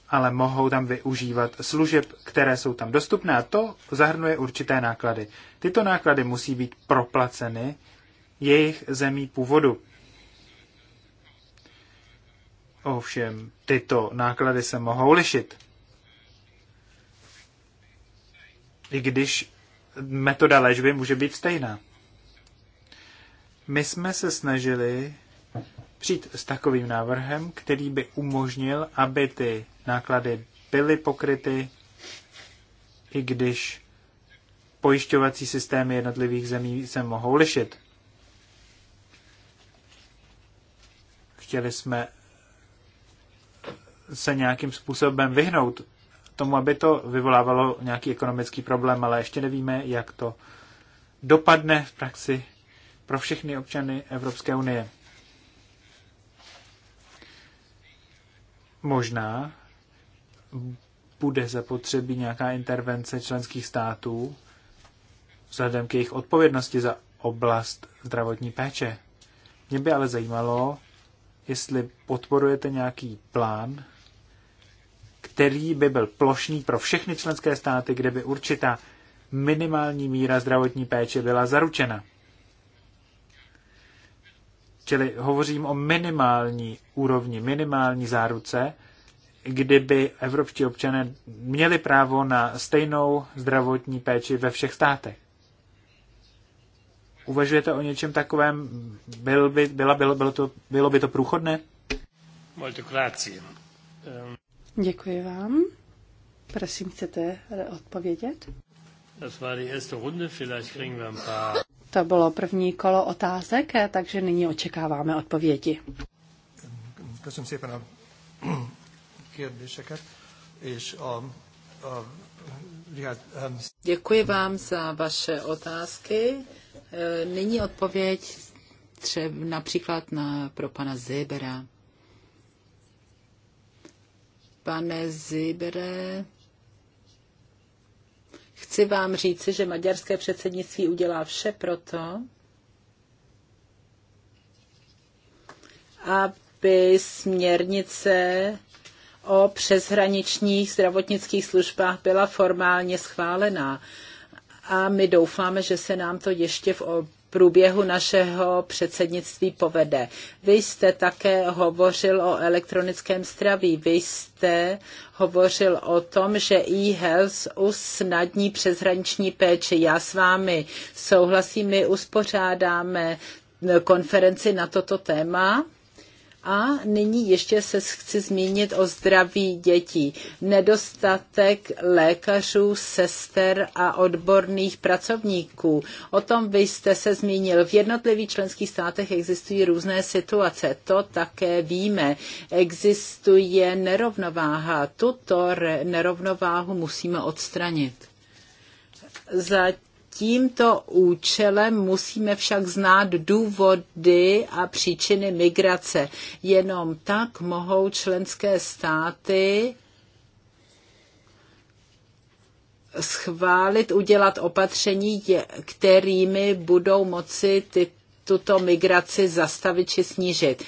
ale mohou tam využívat služeb, které jsou tam dostupné a to zahrnuje určité náklady. Tyto náklady musí být proplaceny jejich zemí původu. Ovšem, tyto náklady se mohou lišit. i když metoda léčby může být stejná. My jsme se snažili přijít s takovým návrhem, který by umožnil, aby ty náklady byly pokryty, i když pojišťovací systémy jednotlivých zemí se mohou lišit. Chtěli jsme se nějakým způsobem vyhnout tomu, aby to vyvolávalo nějaký ekonomický problém, ale ještě nevíme, jak to dopadne v praxi pro všechny občany Evropské unie. Možná bude zapotřebí nějaká intervence členských států vzhledem k jejich odpovědnosti za oblast zdravotní péče. Mě by ale zajímalo, jestli podporujete nějaký plán který by byl plošný pro všechny členské státy, kde by určitá minimální míra zdravotní péče byla zaručena. Čili hovořím o minimální úrovni, minimální záruce, kdyby evropští občané měli právo na stejnou zdravotní péči ve všech státech. Uvažujete o něčem takovém? Byl by, byla, bylo, bylo, to, bylo by to průchodné? Molto grazie. Děkuji vám. Prosím, chcete odpovědět? Das war die erste Runde, vielleicht kriegen wir ein paar... To bylo první kolo otázek, takže nyní očekáváme odpovědi. Köszönöm szépen a kérdéseket, és a, a Děkuji vám za vaše otázky. E, nyní odpověď třeba například na, pro pana Zebera. Pane Zibre, chci vám říci, že maďarské předsednictví udělá vše proto, aby směrnice o přeshraničních zdravotnických službách byla formálně schválená. A my doufáme, že se nám to ještě v průběhu našeho předsednictví povede. Vy jste také hovořil o elektronickém straví. vy jste hovořil o tom, že e-health usnadní přeshraniční péči. Já s vámi souhlasím, my uspořádáme konferenci na toto téma a nyní ještě se chci zmínit o zdraví dětí. Nedostatek lékařů, sester a odborných pracovníků. O tom vy jste se zmínil. V jednotlivých členských státech existují různé situace. To také víme. Existuje nerovnováha. Tuto nerovnováhu musíme odstranit. Za tímto účelem musíme však znát důvody a příčiny migrace. Jenom tak mohou členské státy schválit, udělat opatření, kterými budou moci ty, tuto migraci zastavit či snížit.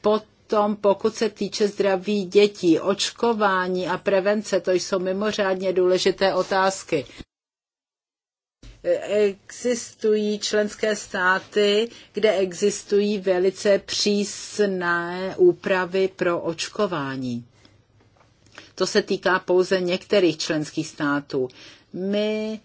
Potom, pokud se týče zdraví dětí, očkování a prevence, to jsou mimořádně důležité otázky existují členské státy, kde existují velice přísné úpravy pro očkování. To se týká pouze některých členských států. My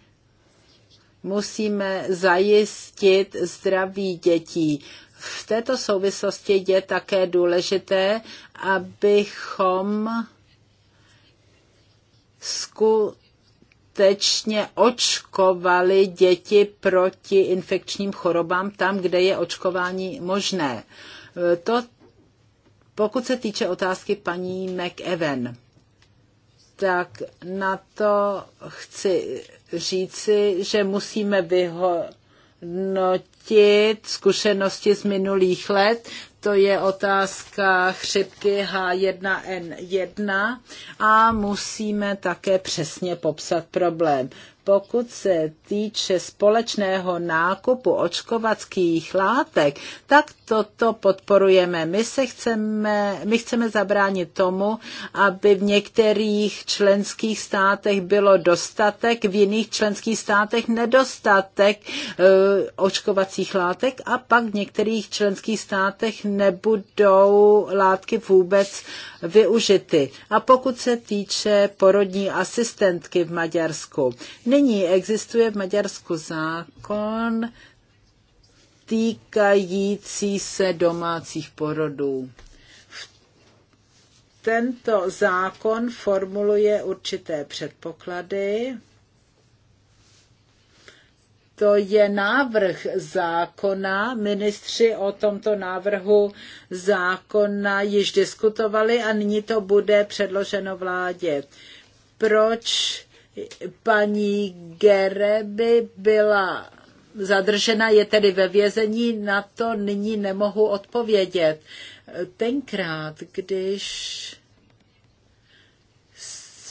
musíme zajistit zdraví dětí. V této souvislosti je také důležité, abychom skutečně skutečně očkovali děti proti infekčním chorobám tam, kde je očkování možné. E, to, pokud se týče otázky paní McEwen, tak na to chci říci, že musíme vyhodnotit zkušenosti z minulých let to je otázka chřipky H1N1 a musíme také přesně popsat problém pokud se týče společného nákupu očkovackých látek, tak toto podporujeme. My, se chceme, my chceme zabránit tomu, aby v některých členských státech bylo dostatek, v jiných členských státech nedostatek eh, očkovacích látek a pak v některých členských státech nebudou látky vůbec využity. A pokud se týče porodní asistentky v Maďarsku, Nyní existuje v Maďarsku zákon týkající se domácích porodů. Tento zákon formuluje určité předpoklady. To je návrh zákona. Ministři o tomto návrhu zákona již diskutovali a nyní to bude předloženo vládě. Proč Paní Gereby byla zadržena, je tedy ve vězení, na to nyní nemohu odpovědět. Tenkrát, když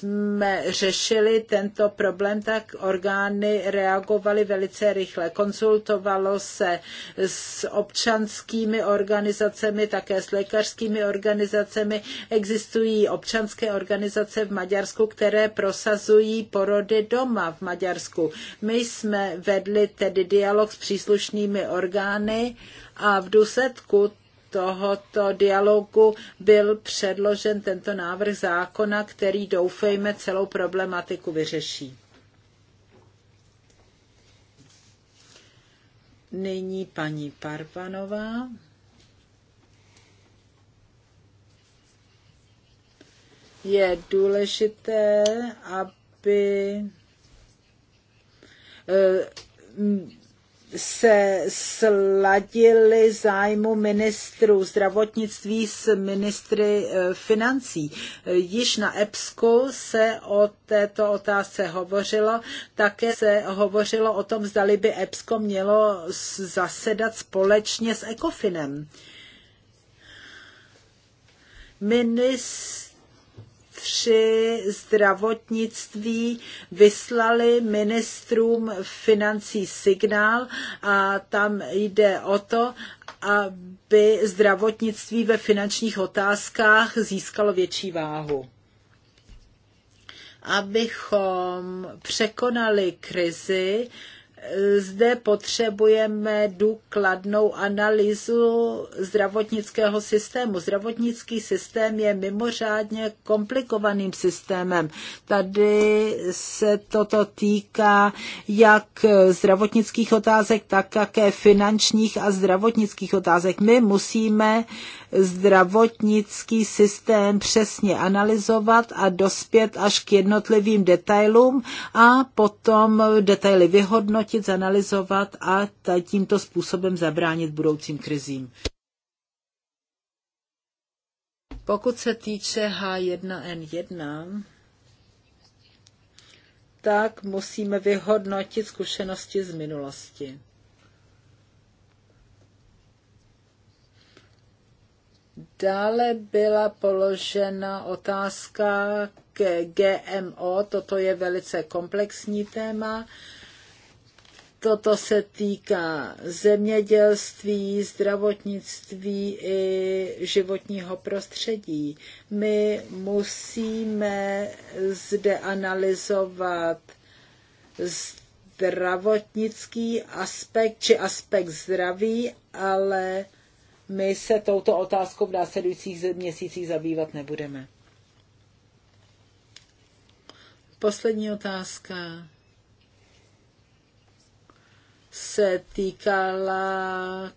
jsme řešili tento problém, tak orgány reagovaly velice rychle. Konzultovalo se s občanskými organizacemi, také s lékařskými organizacemi. Existují občanské organizace v Maďarsku, které prosazují porody doma v Maďarsku. My jsme vedli tedy dialog s příslušnými orgány a v důsledku tohoto dialogu byl předložen tento návrh zákona, který doufejme celou problematiku vyřeší. Nyní paní Parvanová. Je důležité, aby eh, se sladily zájmu ministrů zdravotnictví s ministry e, financí. Již na EPSKu se o této otázce hovořilo, také se hovořilo o tom, zdali by EPSKO mělo zasedat společně s ECOFINem. Ministr ministři zdravotnictví vyslali ministrům financí signál a tam jde o to, aby zdravotnictví ve finančních otázkách získalo větší váhu. Abychom překonali krizi, zde potřebujeme důkladnou analýzu zdravotnického systému. Zdravotnický systém je mimořádně komplikovaným systémem. Tady se toto týká jak zdravotnických otázek, tak také finančních a zdravotnických otázek. My musíme zdravotnický systém přesně analyzovat a dospět až k jednotlivým detailům a potom detaily vyhodnotit, zanalizovat a tímto způsobem zabránit budoucím krizím. Pokud se týče H1N1, tak musíme vyhodnotit zkušenosti z minulosti. Dále byla položena otázka k GMO. Toto je velice komplexní téma. Toto se týká zemědělství, zdravotnictví i životního prostředí. My musíme zde analyzovat zdravotnický aspekt či aspekt zdraví, ale my se touto otázkou v následujících měsících zabývat nebudeme. Poslední otázka se týkala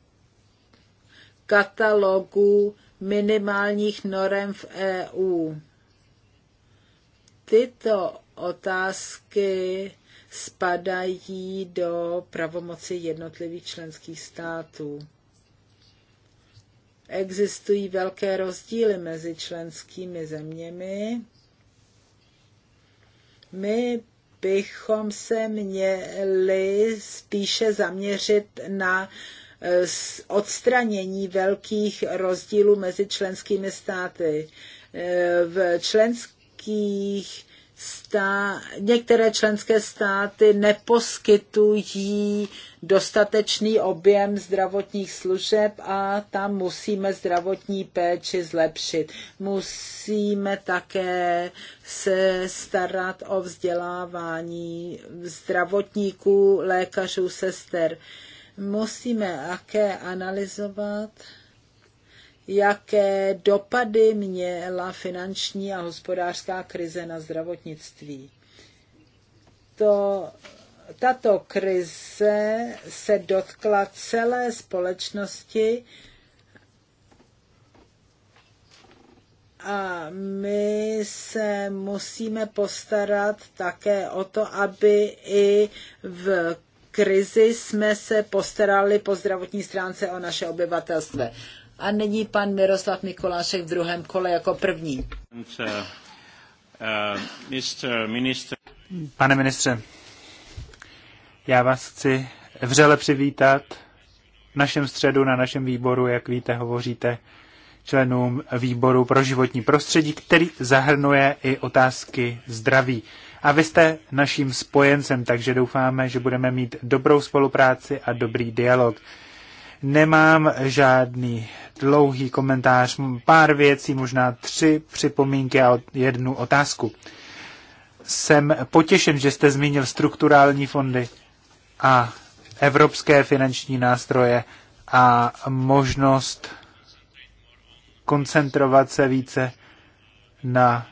katalogu minimálních norem v EU. Tyto otázky spadají do pravomoci jednotlivých členských států existují velké rozdíly mezi členskými zeměmi. My bychom se měli spíše zaměřit na eh, odstranění velkých rozdílů mezi členskými státy. Eh, v členských stá, některé členské státy neposkytují dostatečný objem zdravotních služeb a tam musíme zdravotní péči zlepšit. Musíme také se starat o vzdělávání zdravotníků, lékařů, sester. Musíme také analyzovat jaké dopady měla finanční a hospodářská krize na zdravotnictví. To, tato krize se dotkla celé společnosti a my se musíme postarat také o to, aby i v krizi jsme se postarali po zdravotní stránce o naše obyvatelstvo. A nyní pan Miroslav Mikolášek v druhém kole jako první. Pane ministře, já vás chci vřele přivítat v našem středu, na našem výboru, jak víte, hovoříte členům výboru pro životní prostředí, který zahrnuje i otázky zdraví. A vy jste naším spojencem, takže doufáme, že budeme mít dobrou spolupráci a dobrý dialog. Nemám žádný dlouhý komentář, pár věcí, možná tři připomínky a jednu otázku. Jsem potěšen, že jste zmínil strukturální fondy a evropské finanční nástroje a možnost koncentrovat se více na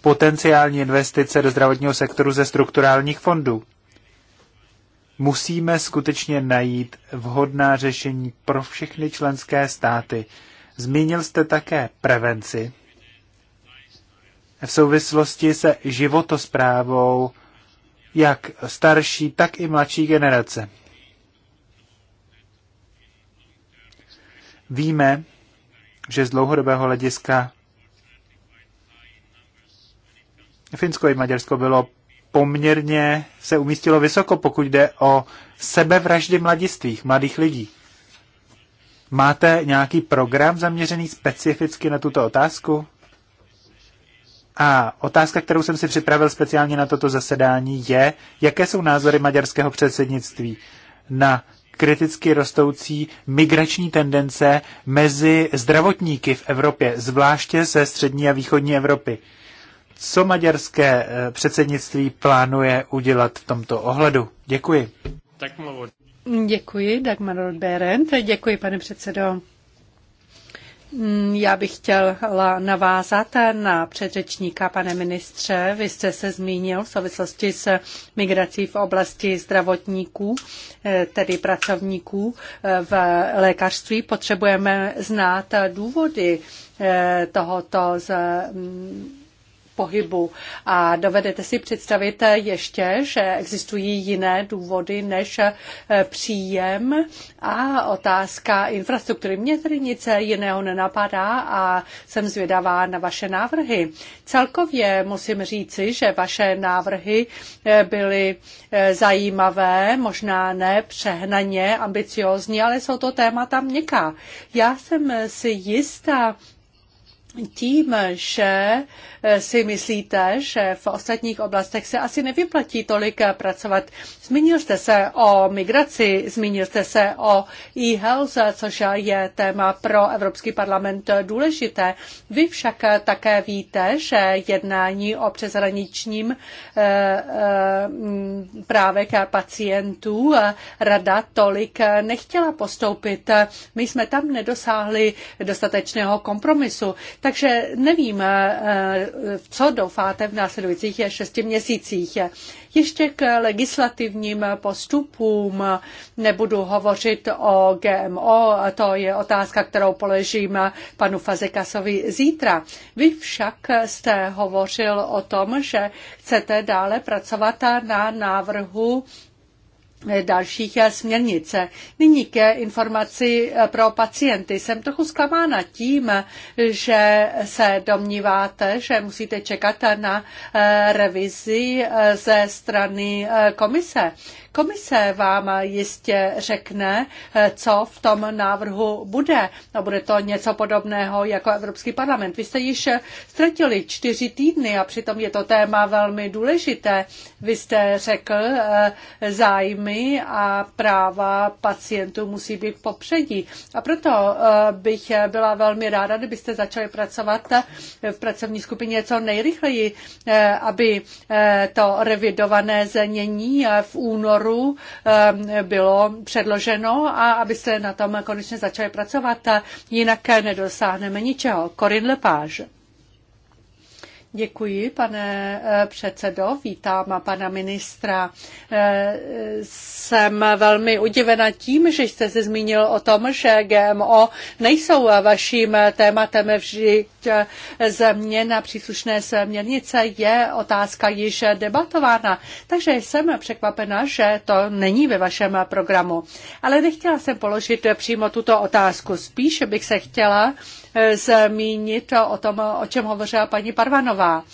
potenciální investice do zdravotního sektoru ze strukturálních fondů musíme skutečně najít vhodná řešení pro všechny členské státy. Zmínil jste také prevenci v souvislosti se životosprávou jak starší, tak i mladší generace. Víme, že z dlouhodobého hlediska Finsko i Maďarsko bylo poměrně se umístilo vysoko, pokud jde o sebevraždy mladistvých, mladých lidí. Máte nějaký program zaměřený specificky na tuto otázku? A otázka, kterou jsem si připravil speciálně na toto zasedání, je, jaké jsou názory maďarského předsednictví na kriticky rostoucí migrační tendence mezi zdravotníky v Evropě, zvláště ze střední a východní Evropy co maďarské eh, předsednictví plánuje udělat v tomto ohledu. Děkuji. Tak Děkuji, Dagmar Berend. Děkuji, pane předsedo. Mm, já bych chtěla navázat na předřečníka, pane ministře. Vy jste se zmínil v souvislosti s migrací v oblasti zdravotníků, eh, tedy pracovníků eh, v lékařství. Potřebujeme znát důvody tohoto z pohybu. A dovedete si představit ještě, že existují jiné důvody než eh, příjem a otázka infrastruktury. Mě tedy nic jiného nenapadá a jsem zvědavá na vaše návrhy. Celkově musím říci, že vaše návrhy eh, byly eh, zajímavé, možná ne přehnaně ambiciozní, ale jsou to témata měkká. Já jsem si jistá, tím, že eh, si myslíte, že v ostatních oblastech se asi nevyplatí tolik eh, pracovat. Zmínil jste se o migraci, zmínil jste se o e-health, což je téma pro Evropský parlament důležité. Vy však eh, také víte, že jednání o přeshraničním právě pacientů rada tolik nechtěla postoupit. My jsme tam nedosáhli dostatečného kompromisu. Takže nevím, eh, eh, co doufáte v následujících eh, šesti měsících. Ještě k legislativním postupům nebudu hovořit o GMO, to je otázka, kterou položím panu Fazekasovi zítra. Vy však jste hovořil o tom, že chcete dále pracovat na návrhu Eh, dalších eh, směrnic. Nyní ke informaci eh, pro pacienty. Jsem trochu zklamána tím, že se domníváte, že musíte čekat na revizi ze strany komise. Komise vám jistě řekne, eh, co v tom návrhu bude. A no, bude to něco podobného jako Evropský parlament. Vy jste již ztratili čtyři týdny a přitom je to téma velmi důležité. Vy jste řekl, eh, zájmy a práva pacientů musí být v popředí. A proto eh, bych byla velmi ráda, kdybyste začali pracovat v pracovní skupině co nejrychleji, aby to revidované znění v únoru výboru eh, bylo předloženo a aby se na tom konečně začali pracovat, jinak nedosáhneme ničeho. Corinne Lepage. Děkuji, pane eh, předsedo. Vítám pana ministra. Eh, jsem velmi udivena tím, že jste se zmínil o tom, že GMO nejsou vaším tématem vždy eh, změna příslušné směrnice je otázka již debatována. Takže jsem překvapena, že to není ve vašem programu. Ale nechtěla jsem položit přímo tuto otázku. Spíš bych se chtěla zmínit o tom, o čem hovořila paní Parvanová klíčová.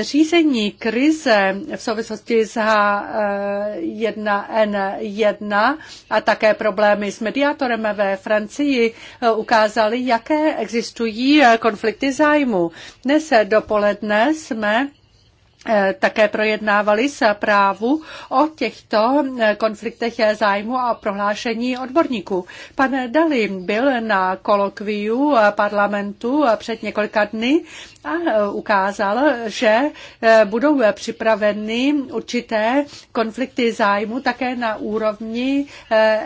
Řízení krize v souvislosti s H1N1 e a také problémy s mediátorem ve Francii ukázaly, jaké existují konflikty zájmu. Dnes dopoledne jsme eh, také projednávali se právu o těchto konfliktech zájmu a prohlášení odborníků. Pan Dali byl na kolokviu parlamentu před několika dny a e, ukázal, že e, budou připraveny určité konflikty zájmu také na úrovni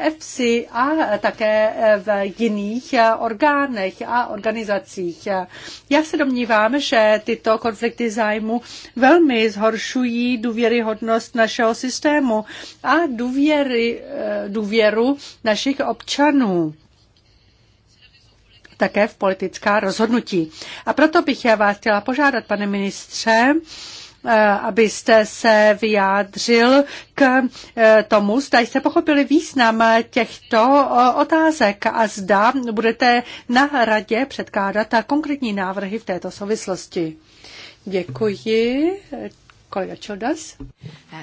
EFSI a také e, v jiných orgánech a organizacích. Já se domnívám, že tyto konflikty zájmu velmi zhoršují důvěryhodnost našeho systému a důvěry, důvěru našich občanů také v politická rozhodnutí. A proto bych já vás chtěla požádat, pane ministře, eh, abyste se vyjádřil k eh, tomu, zda jste pochopili význam těchto eh, otázek a zda budete na radě předkládat konkrétní návrhy v této souvislosti. Děkuji. Kolega Čeldas.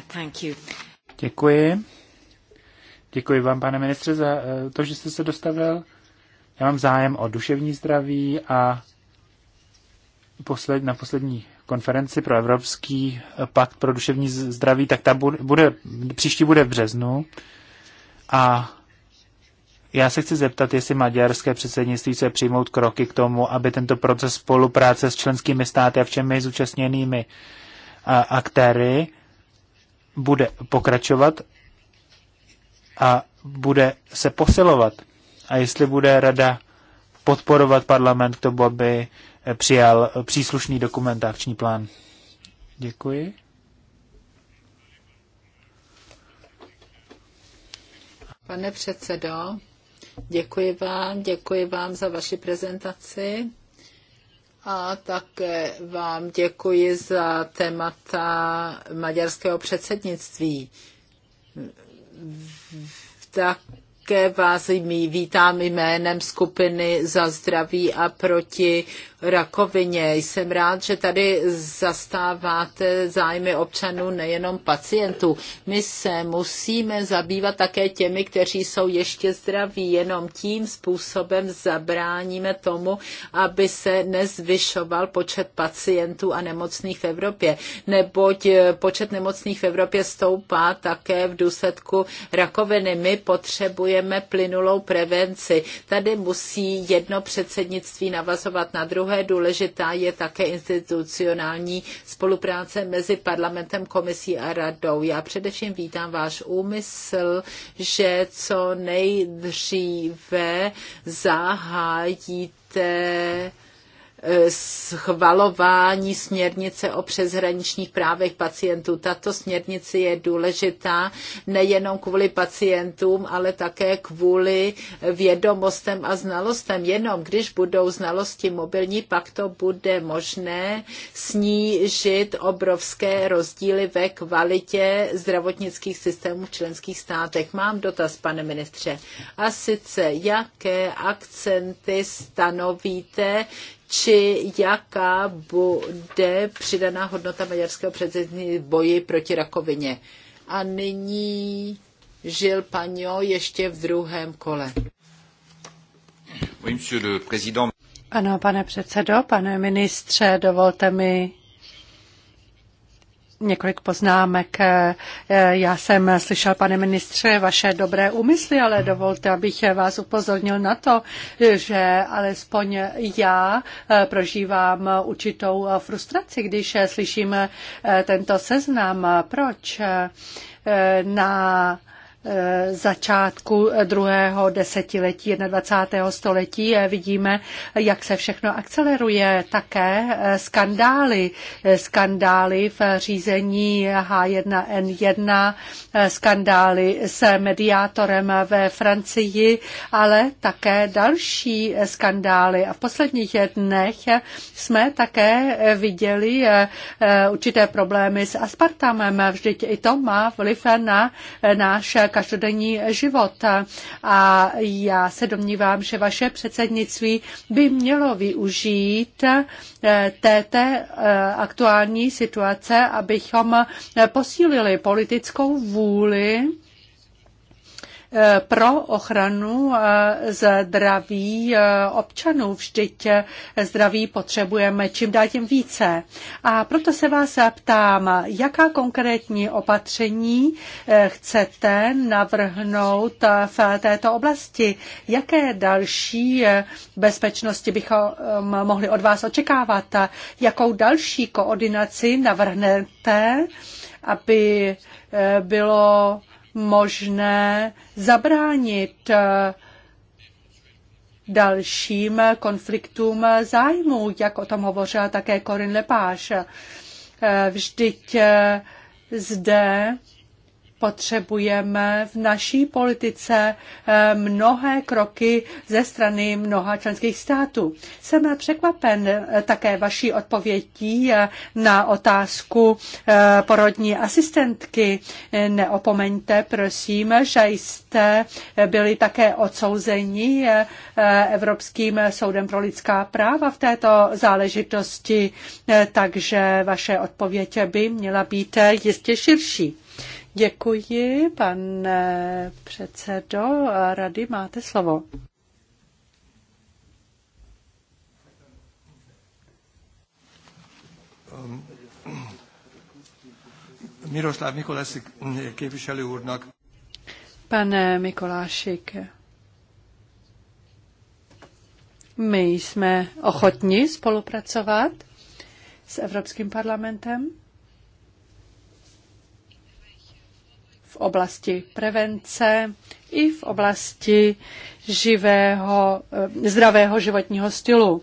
Thank you. Děkuji. Děkuji vám, pane ministře, za to, že jste se dostavil. Já mám zájem o duševní zdraví a posled, na poslední konferenci pro Evropský eh, pakt pro duševní zdraví, tak ta bude, bude příští bude v březnu. A já se chci zeptat, jestli maďarské předsednictví chce přijmout kroky k tomu, aby tento proces spolupráce s členskými státy a všemi zúčastněnými aktéry bude pokračovat a bude se posilovat a jestli bude rada podporovat parlament k tomu, aby přijal příslušný dokumentační plán. Děkuji. Pane předsedo, děkuji vám, děkuji vám za vaši prezentaci a také vám děkuji za témata maďarského předsednictví. Tak také vás vítám jménem skupiny za zdraví a proti rakovině. Jsem rád, že tady zastáváte zájmy občanů, nejenom pacientů. My se musíme zabývat také těmi, kteří jsou ještě zdraví. Jenom tím způsobem zabráníme tomu, aby se nezvyšoval počet pacientů a nemocných v Evropě. Neboť eh, počet nemocných v Evropě stoupá také v důsledku rakoviny. My potřebujeme potřebujeme plynulou prevenci. Tady musí jedno předsednictví navazovat na druhé. Důležitá je také institucionální spolupráce mezi parlamentem, komisí a radou. Já především vítám váš úmysl, že co nejdříve zahájíte schvalování směrnice o přeshraničních právech pacientů. Tato směrnice je důležitá nejenom kvůli pacientům, ale také kvůli vědomostem a znalostem. Jenom když budou znalosti mobilní, pak to bude možné snížit obrovské rozdíly ve kvalitě zdravotnických systémů v členských státech. Mám dotaz, pane ministře. A sice, jaké akcenty stanovíte či jaká bude přidaná hodnota maďarského předsední boji proti rakovině. A nyní žil Paňo ještě v druhém kole. Oui, le Ano, pane předsedo, pane ministře, dovolte mi Několik poznámek. Eh, eh, já jsem slyšel, pane ministře, vaše dobré úmysly, ale dovolte, abych vás upozornil na to, že alespoň já eh, prožívám určitou frustraci, když slyším tento seznam. Proč? na začátku druhého desetiletí 21. století eh, vidíme, jak se všechno akceleruje. Také eh, skandály. Eh, skandály v řízení H1N1, skandály s mediátorem ve Francii, ale také další skandály. A v posledních dnech jsme také viděli určité problémy s aspartamem. Vždyť i to má vliv na náš každodenní život. A já se domnívám, že vaše předsednictví by mělo využít eh, této eh, aktuální situace, abychom eh, posílili politickou vůli pro ochranu eh, zdraví eh, občanů. Vždyť eh, zdraví potřebujeme čím dál tím více. A proto se vás ptám, jaká konkrétní opatření chcete navrhnout v této oblasti? Jaké další bezpečnosti bychom mohli od vás očekávat? Jakou další koordinaci navrhnete, aby bylo možné zabránit eh, dalším konfliktům zájmů, jak o tom hovořila také Corinne Lepage. Eh, vždyť eh, zde potřebujeme v naší politice eh, mnohé kroky ze strany mnoha členských států. Jsem překvapen eh, také vaší odpovědí eh, na otázku porodní asistentky. Neopomeňte, prosím, že jste byli také odsouzeni Evropským soudem pro lidská práva v této záležitosti, takže vaše odpověď by měla být jistě širší. Děkuji, pane předsedo rady, máte slovo. Um, Miroslav Mikolásik képviselő úrnak. Pane Mikolášik, my jsme ochotni spolupracovat s Evropským parlamentem. oblasti prevence i v oblasti živého, eh, zdravého životního stylu.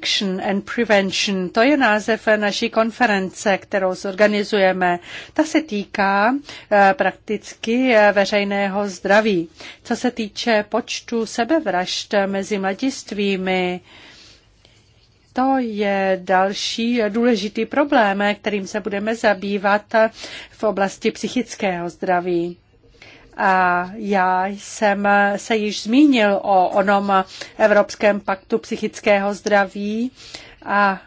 Action and Prevention, to je název naší konference, kterou zorganizujeme. Ta se týká eh, prakticky eh, veřejného zdraví. Co se týče počtu sebevražd mezi mladistvími, to je další důležitý problém, kterým se budeme zabývat v oblasti psychického zdraví. A já jsem se již zmínil o onom Evropském paktu psychického zdraví a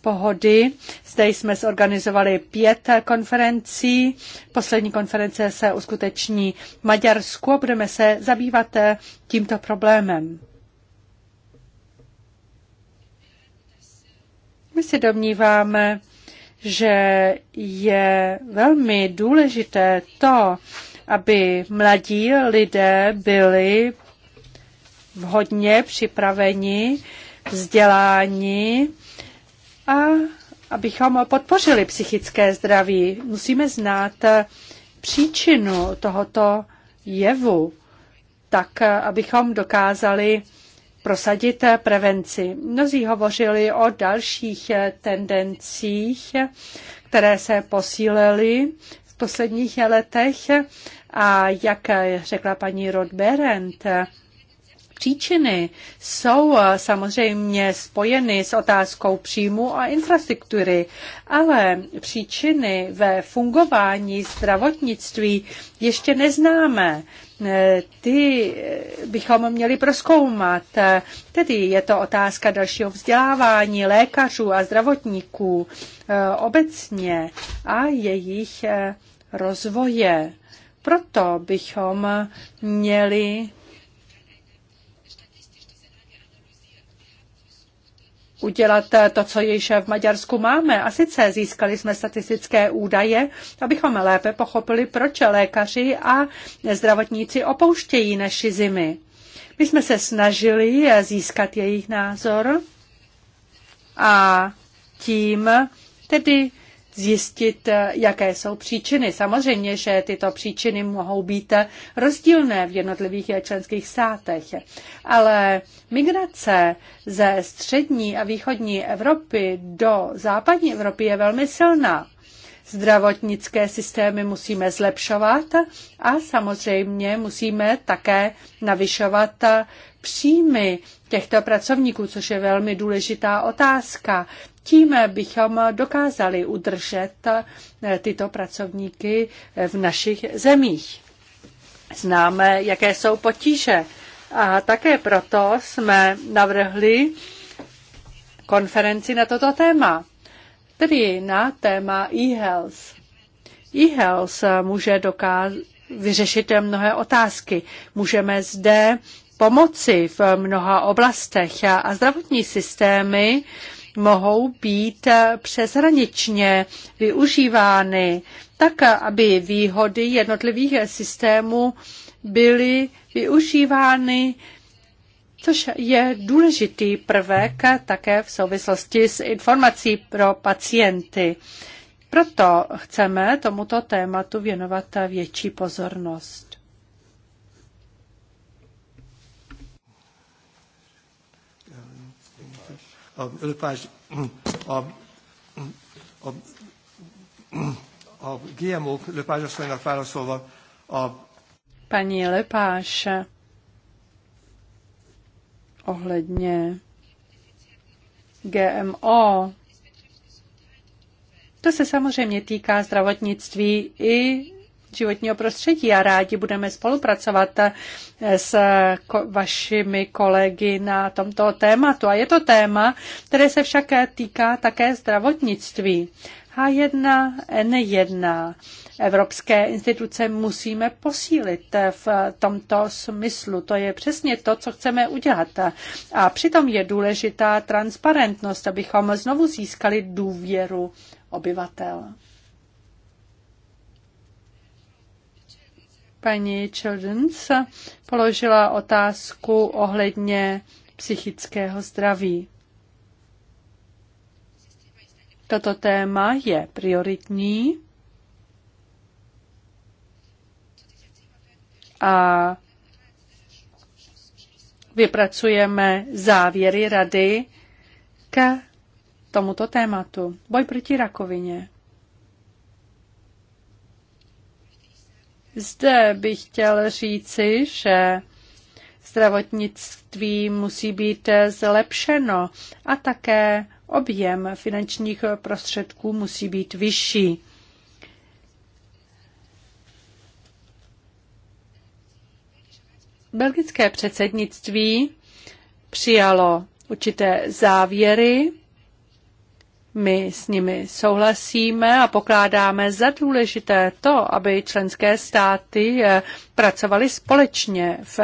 pohody. Zde jsme zorganizovali pět konferencí. Poslední konference se uskuteční v Maďarsku a budeme se zabývat tímto problémem. My si domníváme, že je velmi důležité to, aby mladí lidé byli vhodně připraveni, vzděláni a abychom podpořili psychické zdraví. Musíme znát příčinu tohoto jevu, tak abychom dokázali prosadit prevenci. Mnozí hovořili o dalších tendencích, které se posílily v posledních letech a jak řekla paní Rodberent, příčiny jsou samozřejmě spojeny s otázkou příjmu a infrastruktury, ale příčiny ve fungování zdravotnictví ještě neznáme. Eh, ty eh, bychom měli proskoumat. Tedy je to otázka dalšího vzdělávání lékařů a zdravotníků eh, obecně a jejich rozvoje. Proto bychom měli udělat eh, to, co již v Maďarsku máme. A sice získali jsme statistické údaje, abychom lépe pochopili, proč lékaři a zdravotníci opouštějí naši zimy. My jsme se snažili eh, získat jejich názor a tím tedy zjistit, eh, jaké jsou příčiny. Samozřejmě, že tyto příčiny mohou být rozdílné v jednotlivých členských státech, ale migrace ze střední a východní Evropy do západní Evropy je velmi silná zdravotnické systémy musíme zlepšovat a samozřejmě musíme také navyšovat příjmy těchto pracovníků, což je velmi důležitá otázka. Tím bychom dokázali udržet eh, tyto pracovníky eh, v našich zemích. Známe, jaké jsou potíže. A také proto jsme navrhli konferenci na toto téma, tedy na téma e-health. E-health eh, může dokázat vyřešit mnohé otázky. Můžeme zde pomoci v mnoha oblastech a zdravotní systémy mohou být přeshraničně využívány tak, aby výhody jednotlivých systémů byly využívány což je důležitý prvek také v souvislosti s informací pro pacienty. Proto chceme tomuto tématu věnovat větší pozornost. önök a, a, a gmo asszonynak válaszolva a Paní Lepáš, ohledně GMO, to se samozřejmě týká zdravotnictví i životního prostředí a rádi budeme spolupracovat eh, s vašimi kolegy na tomto tématu. A je to téma, které se však týká také zdravotnictví. H1, N1. Evropské instituce musíme posílit v tomto smyslu. To je přesně to, co chceme udělat. A přitom je důležitá transparentnost, abychom znovu získali důvěru obyvatel. Paní Childens položila otázku ohledně psychického zdraví. Toto téma je prioritní a vypracujeme závěry rady k tomuto tématu. Boj proti rakovině. Zde bych chtěl říci, že zdravotnictví musí být zlepšeno a také objem finančních prostředků musí být vyšší. Belgické předsednictví přijalo určité závěry my s nimi souhlasíme a pokládáme za důležité to, aby členské státy eh, pracovaly společně v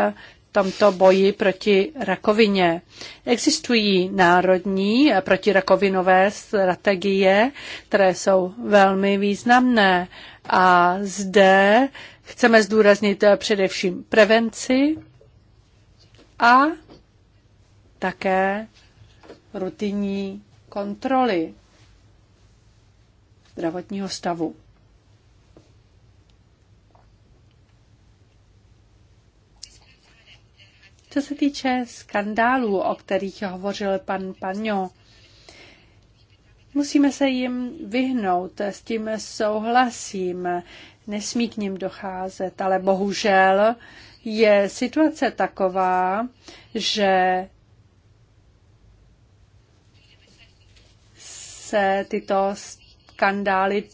tomto boji proti rakovině. Existují národní eh, protirakovinové strategie, které jsou velmi významné a zde chceme zdůraznit eh, především prevenci a také rutinní kontroly zdravotního stavu. Co se týče skandálů, o kterých hovořil pan Paňo, musíme se jim vyhnout, s tím souhlasím, nesmí k ním docházet, ale bohužel je situace taková, že se tyto skandály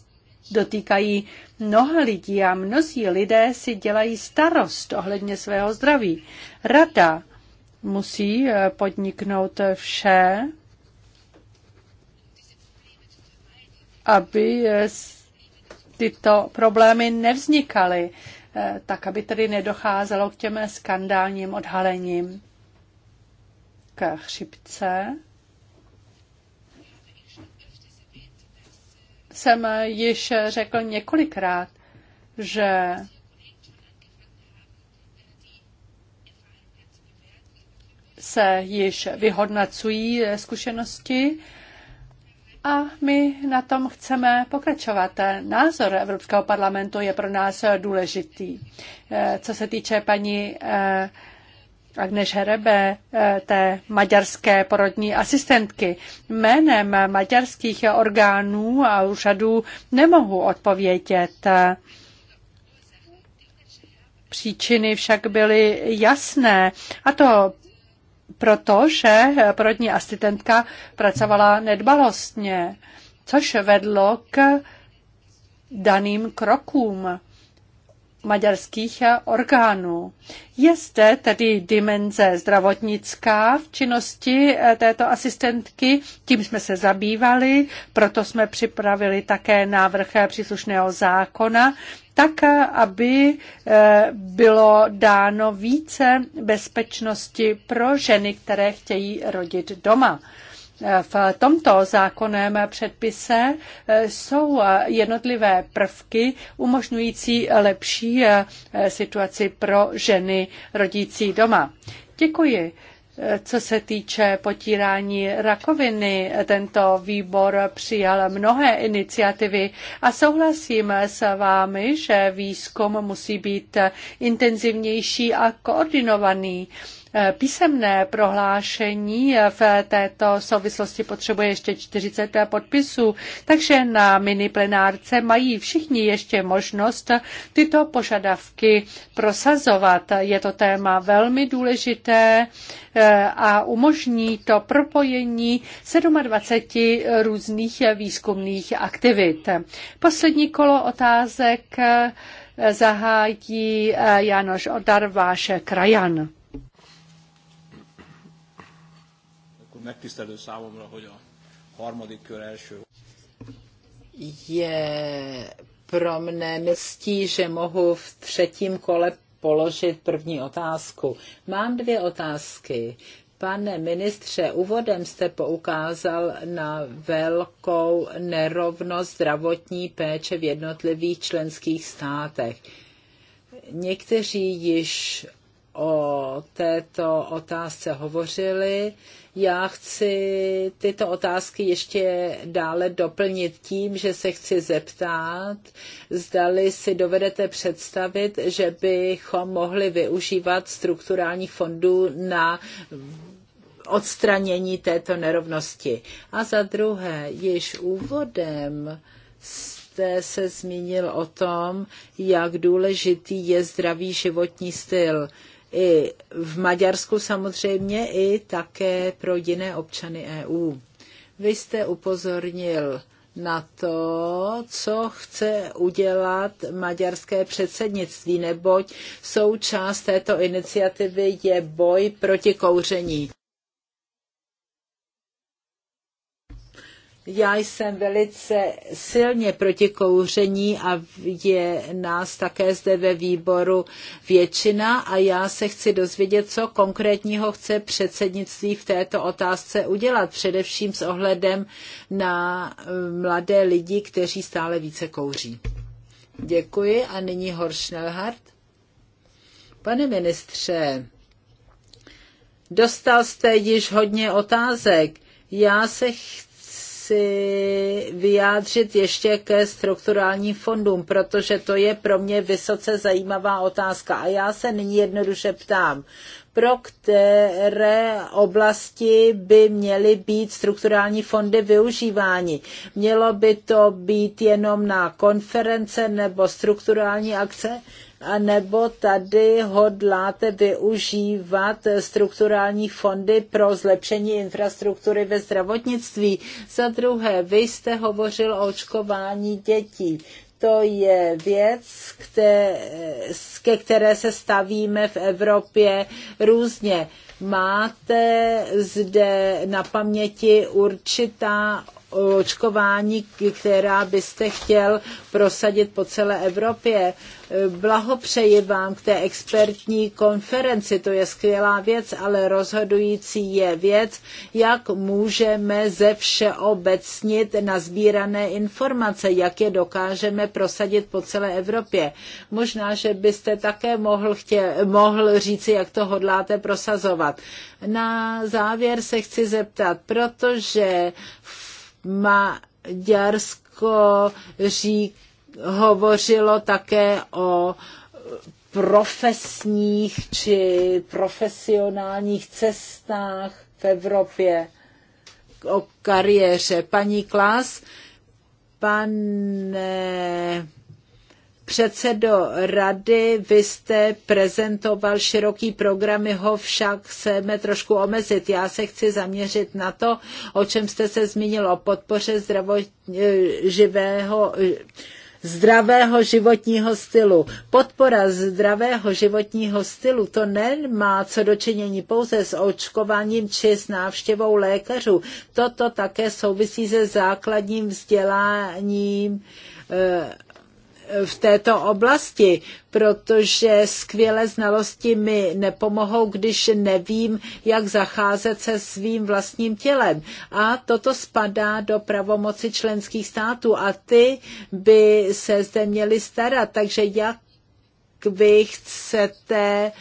dotýkají mnoha lidí a mnozí lidé si dělají starost ohledně svého zdraví. Rada musí eh, podniknout vše, aby eh, tyto problémy nevznikaly, eh, tak aby tedy nedocházelo k těm skandálním odhalením k chřipce. jsem již řekl několikrát, že se již vyhodnacují zkušenosti a my na tom chceme pokračovat. Názor Evropského parlamentu je pro nás důležitý. Co se týče paní eh, Agnes Herebe, eh, té maďarské porodní asistentky. Jménem maďarských orgánů a úřadů nemohu odpovědět. Příčiny však byly jasné, a to proto, že porodní asistentka pracovala nedbalostně, což vedlo k daným krokům maďarských eh, orgánů. Je zde tedy dimenze zdravotnická v činnosti eh, této asistentky, tím jsme se zabývali, proto jsme připravili také návrh eh, příslušného zákona, tak, aby bylo dáno více bezpečnosti pro ženy, které chtějí rodit doma. V tomto zákonném předpise jsou jednotlivé prvky umožňující lepší situaci pro ženy rodící doma. Děkuji. Co se týče potírání rakoviny, tento výbor přijal mnohé iniciativy a souhlasím s vámi, že výzkum musí být intenzivnější a koordinovaný. Eh, písemné prohlášení eh, v této souvislosti potřebuje ještě 40 eh, podpisů, takže na mini plenárce mají všichni ještě možnost tyto požadavky prosazovat. Je to téma velmi důležité a umožní to propojení 27 různých výzkumných aktivit. Poslední kolo otázek zahájí Janoš Odarváš Krajan. megtisztelő számomra, hogy a harmadik kör első. Je pro mne mstí, že mohu v třetím kole položit první otázku. Mám dvě otázky. Pane ministře, úvodem jste poukázal na velkou nerovnost zdravotní péče v jednotlivých členských státech. Někteří již o této otázce hovořili. Já chci tyto otázky ještě dále doplnit tím, že se chci zeptat, zdali si dovedete představit, že bychom mohli využívat strukturálních fondů na odstranění této nerovnosti. A za druhé, již úvodem jste se zmínil o tom, jak důležitý je zdravý životní styl i v Maďarsku samozřejmě, i také pro jiné občany EU. Vy jste upozornil na to, co chce udělat maďarské předsednictví, neboť součást této iniciativy je boj proti kouření. Já jsem velice silně proti kouření a je nás také zde ve výboru většina a já se chci dozvědět, co konkrétního chce předsednictví v této otázce udělat, především s ohledem na eh, mladé lidi, kteří stále více kouří. Děkuji a nyní Horšnelhard. Pane ministře, dostal jste již hodně otázek. Já se chci chci vyjádřit ještě ke strukturálním fondům, protože to je pro mě vysoce zajímavá otázka. A já se nyní jednoduše ptám, pro které oblasti by měly být strukturální fondy využívány. Mělo by to být jenom na konference nebo strukturální akce, a nebo tady hodláte využívat strukturální fondy pro zlepšení infrastruktury ve zdravotnictví. Za druhé, vy jste hovořil o očkování dětí to je věc, ke které se stavíme v Evropě různě. Máte zde na paměti určitá očkování, která byste chtěl prosadit po celé Evropě. Blahopřeji vám k té expertní konferenci, to je skvělá věc, ale rozhodující je věc, jak můžeme ze všeobecnit nazbírané informace, jak je dokážeme prosadit po celé Evropě. Možná, že byste také mohl, chtěl, mohl říci, jak to hodláte prosazovat. Na závěr se chci zeptat, protože v Maďarsko řík, hovořilo také o profesních či profesionálních cestách v Evropě o kariéře. Paní Klas, pane předsedo rady, vy jste prezentoval široký program, my ho však chceme trošku omezit. Já se chci zaměřit na to, o čem jste se zmínil, o podpoře zdravo, e, živého, e, zdravého životního stylu. Podpora zdravého životního stylu to nemá co dočinění pouze s očkováním či s návštěvou lékařů. Toto také souvisí se základním vzděláním e, v této oblasti, protože skvělé znalosti mi nepomohou, když nevím, jak zacházet se svým vlastním tělem. A toto spadá do pravomoci členských států a ty by se zde měly starat. Takže jak vy chcete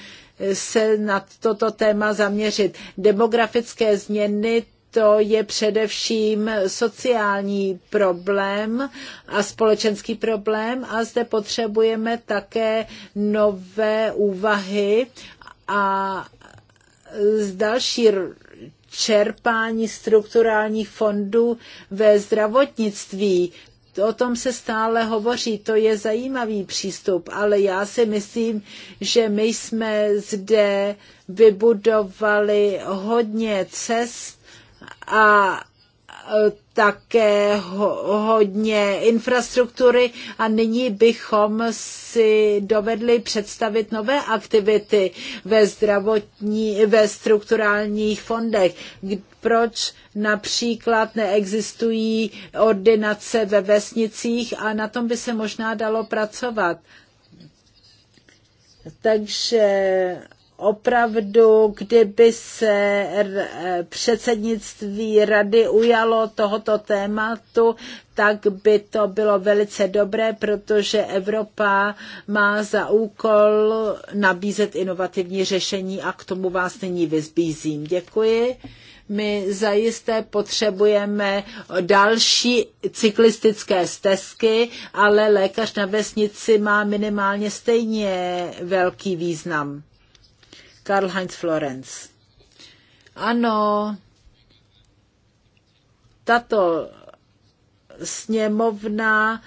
se na toto téma zaměřit. Demografické změny to je především sociální problém a společenský problém a zde potřebujeme také nové úvahy a z další čerpání strukturálních fondů ve zdravotnictví. O tom se stále hovoří, to je zajímavý přístup, ale já si myslím, že my jsme zde vybudovali hodně cest a e, také hodně infrastruktury a nyní bychom si dovedli představit nové aktivity ve zdravotní, ve strukturálních fondech. Proč například neexistují ordinace ve vesnicích a na tom by se možná dalo pracovat. Takže opravdu, kdyby se e, předsednictví rady ujalo tohoto tématu, tak by to bylo velice dobré, protože Evropa má za úkol nabízet inovativní řešení a k tomu vás nyní vyzbízím. Děkuji my zajisté potřebujeme další cyklistické stezky, ale lékař na vesnici má minimálně stejně velký význam. Karl-Heinz Florenz. Ano, tato sněmovna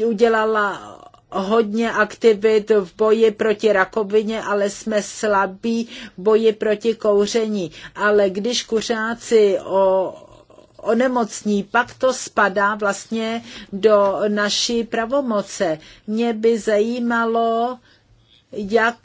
eh, udělala hodně aktivit v boji proti rakovině, ale jsme slabí v boji proti kouření. Ale když kuřáci o onemocní, pak to spadá vlastně do naší pravomoce. Mě by zajímalo, jak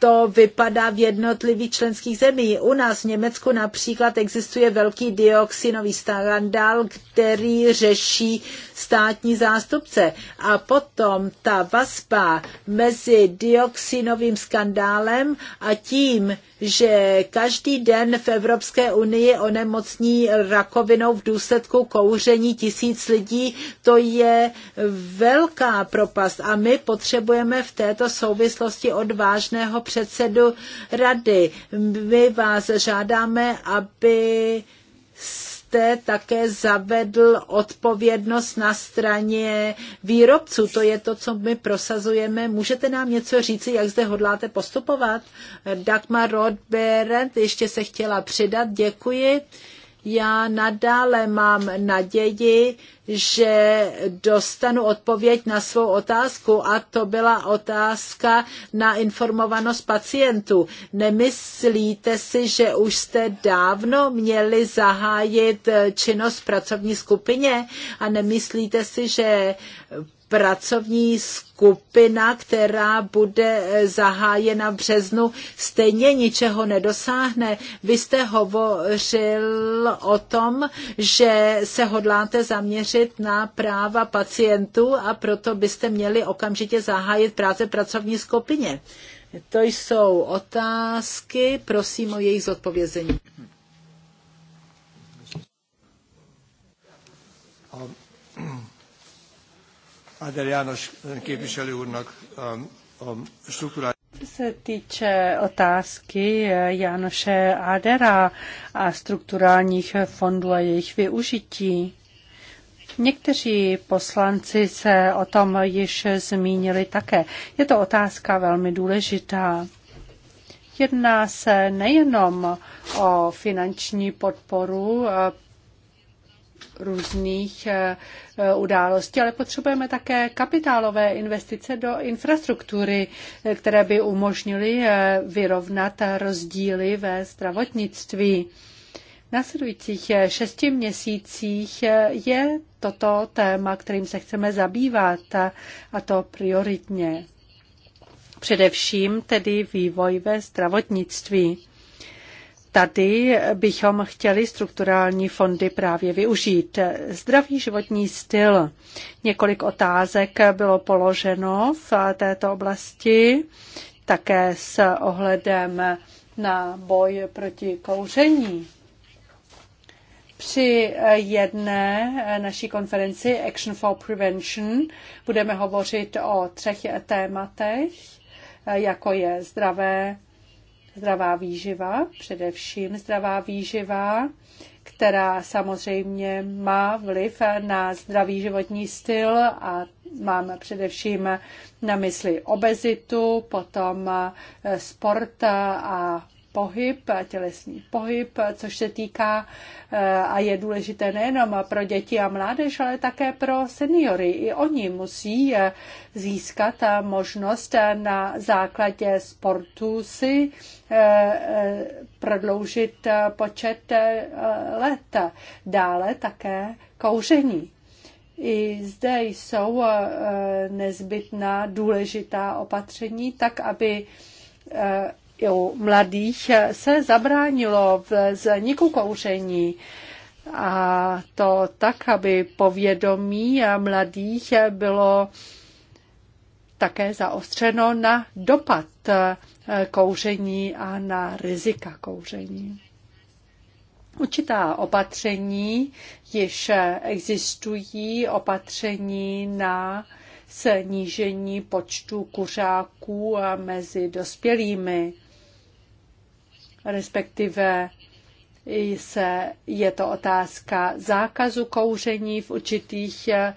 to vypadá v jednotlivých členských zemí. U nás v Německu například existuje velký dioxinový skandál, který řeší státní zástupce. A potom ta vazba mezi dioxinovým skandálem a tím, že každý den v Evropské unii onemocní rakovinou v důsledku kouření tisíc lidí, to je velká propast a my potřebujeme v této souvislosti odvážného předsedu rady. My vás žádáme, aby jste také zavedl odpovědnost na straně výrobců. To je to, co my prosazujeme. Můžete nám něco říci, jak zde hodláte postupovat? Dagmar Rodberend ještě se chtěla přidat. Děkuji. Já nadále mám naději, že dostanu odpověď na svou otázku a to byla otázka na informovanost pacientů. Nemyslíte si, že už jste dávno měli zahájit činnost v pracovní skupině a nemyslíte si, že pracovní skupina, která bude eh, zahájena v březnu, stejně ničeho nedosáhne. Vy jste hovořil o tom, že se hodláte zaměřit na práva pacientů a proto byste měli okamžitě zahájit práce pracovní skupině. To jsou otázky, prosím o jejich zodpovězení. Um. Áder János képviselő úrnak a, um, a um, strukturális se týče otázky eh, Jánoše Adera a strukturálních fondů a jejich využití, Někteří poslanci se o tom již zmínili také. Je to otázka velmi důležitá. Jedná se nejenom o finanční podporu eh, různých eh, eh, událostí, ale potřebujeme také kapitálové investice do infrastruktury, eh, které by umožnily vyrovnat rozdíly ve zdravotnictví. V následujících šesti měsících je toto téma, kterým se chceme zabývat, a to prioritně. Především tedy vývoj ve zdravotnictví. Tady bychom chtěli strukturální fondy právě využít. Zdravý životní styl. Několik otázek bylo položeno v této oblasti, také s ohledem na boj proti kouření. Při jedné naší konferenci Action for Prevention budeme hovořit o třech tématech, jako je zdravé zdravá výživa, především zdravá výživa, která samozřejmě má vliv na zdravý životní styl a mám především na mysli obezitu, potom sport a pohyb, tělesný pohyb, což se týká eh, a je důležité nejenom pro děti a mládež, ale také pro seniory. I oni musí eh, získat eh, možnost na základě sportu si prodloužit počet let. Dále také kouření. I zde jsou nezbytná důležitá opatření, tak aby u mladých se zabránilo vzniku kouření a to tak, aby povědomí mladých bylo také zaostřeno na dopad kouření a na rizika kouření. Určitá opatření již existují, opatření na snížení počtu kuřáků mezi dospělými respektive se, je to otázka zákazu kouření v určitých eh,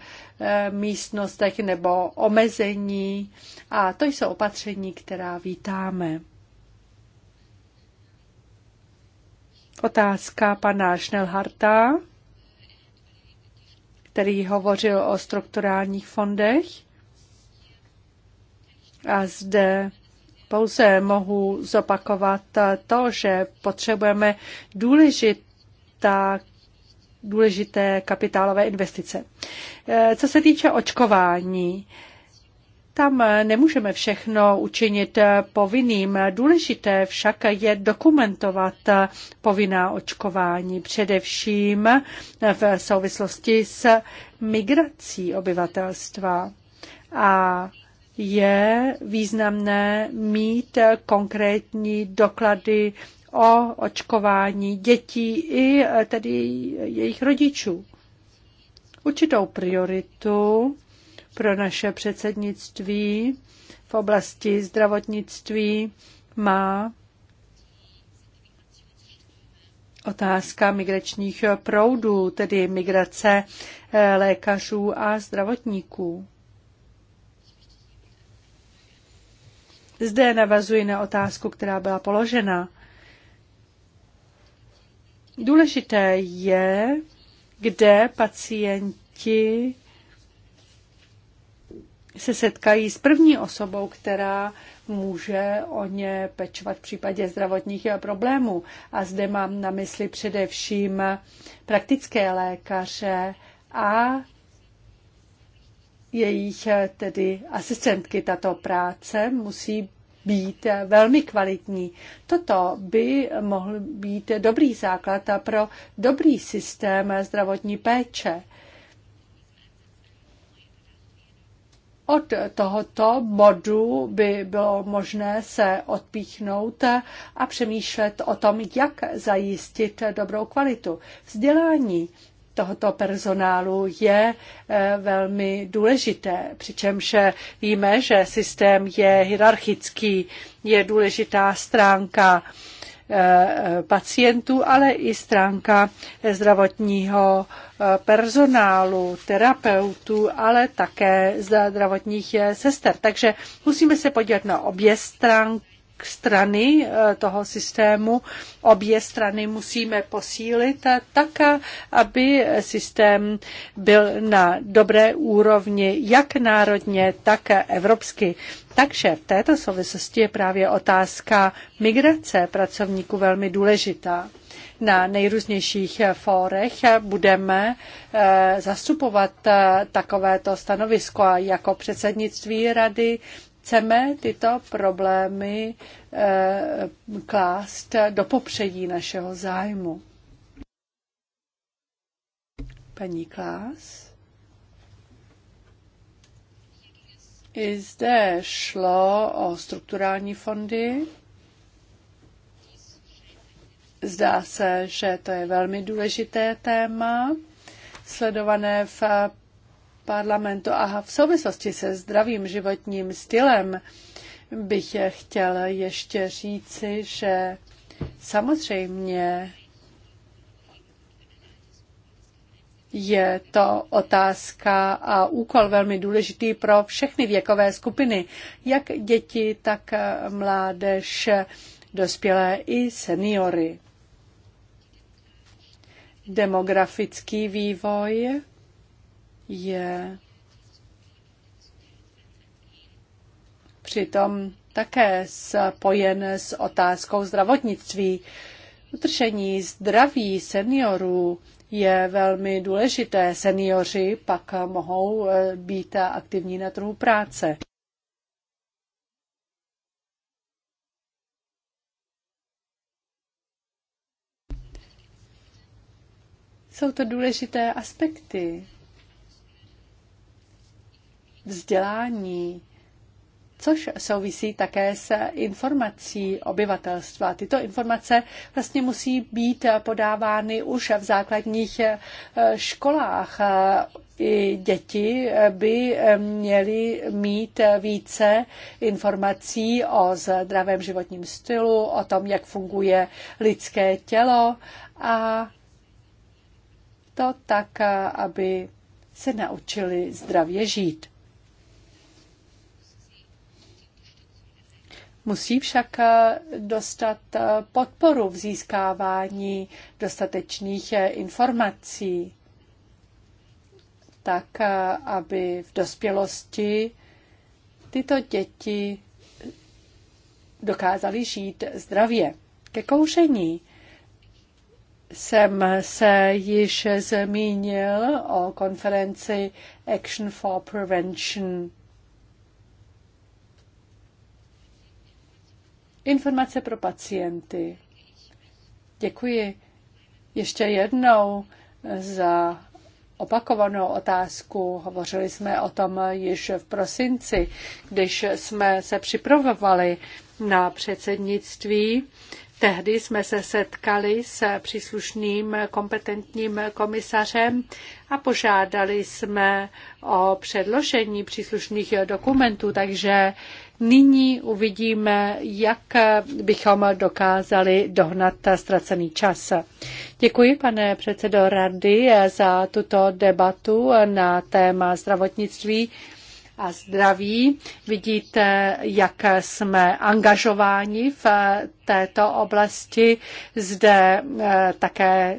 místnostech nebo omezení. A to jsou opatření, která vítáme. Otázka pana Schnellharta, který hovořil o strukturálních fondech. A zde pouze mohu zopakovat to, že potřebujeme důležitá důležité kapitálové investice. E, co se týče očkování, tam nemůžeme všechno učinit povinným. Důležité však je dokumentovat povinná očkování, především v souvislosti s migrací obyvatelstva. A je významné mít konkrétní doklady o očkování dětí i eh, tedy jejich rodičů. Určitou prioritu pro naše předsednictví v oblasti zdravotnictví má otázka migračních proudů, tedy migrace eh, lékařů a zdravotníků. Zde navazuji na otázku, která byla položena. Důležité je, kde pacienti se setkají s první osobou, která může o ně pečovat v případě zdravotních problémů. A zde mám na mysli především praktické lékaře a jejich eh, tedy asistentky tato práce musí být eh, velmi kvalitní. Toto by mohl být dobrý základ pro dobrý systém zdravotní péče. Od tohoto bodu by bylo možné se odpíchnout a přemýšlet o tom, jak zajistit dobrou kvalitu. Vzdělání tohoto personálu je eh, velmi důležité. Přičemž víme, že systém je hierarchický, je důležitá stránka eh, pacientů, ale i stránka zdravotního eh, personálu, terapeutů, ale také zdravotních sester. Takže musíme se podívat na obě stránky strany eh, toho systému. Obě strany musíme posílit eh, tak, eh, aby systém byl na dobré úrovni jak národně, tak evropsky. Takže v této souvislosti je právě otázka migrace pracovníků velmi důležitá na nejrůznějších fórech budeme zastupovat takovéto stanovisko jako předsednictví rady chceme tyto problémy eh, klást do popředí našeho zájmu. Paní Klás? I zde šlo o strukturální fondy. Zdá se, že to je velmi důležité téma, sledované v parlamentu a v souvislosti se zdravým životním stylem bych chtěl ještě říci, že samozřejmě je to otázka a úkol velmi důležitý pro všechny věkové skupiny, jak děti, tak mládež, dospělé i seniory. Demografický vývoj je přitom také spojen s otázkou zdravotnictví. Utržení zdraví seniorů je velmi důležité. Seniori pak mohou eh, být aktivní na trhu práce. Jsou to důležité aspekty vzdělání, což souvisí také s informací obyvatelstva. Tyto informace vlastně musí být podávány už v základních eh, školách. I děti by eh, měly mít více informací o zdravém životním stylu, o tom, jak funguje lidské tělo a to tak, aby se naučili zdravě žít. Musí však eh, dostat eh, podporu v získávání dostatečných eh, informací, tak aby v dospělosti tyto děti dokázaly žít zdravě. Ke kouření jsem se již zmínil o konferenci Action for Prevention informace pro pacienty. Děkuji ještě jednou za opakovanou otázku. Hovořili jsme o tom již v prosinci, když jsme se připravovali na předsednictví. Tehdy jsme se setkali s příslušným kompetentním komisařem a požádali jsme o předložení příslušných dokumentů, takže nyní uvidíme, jak bychom dokázali dohnat ztracený čas. Děkuji, pane předsedo rady, za tuto debatu na téma zdravotnictví a zdraví. Vidíte, jak jsme angažováni v této oblasti. Zde eh, také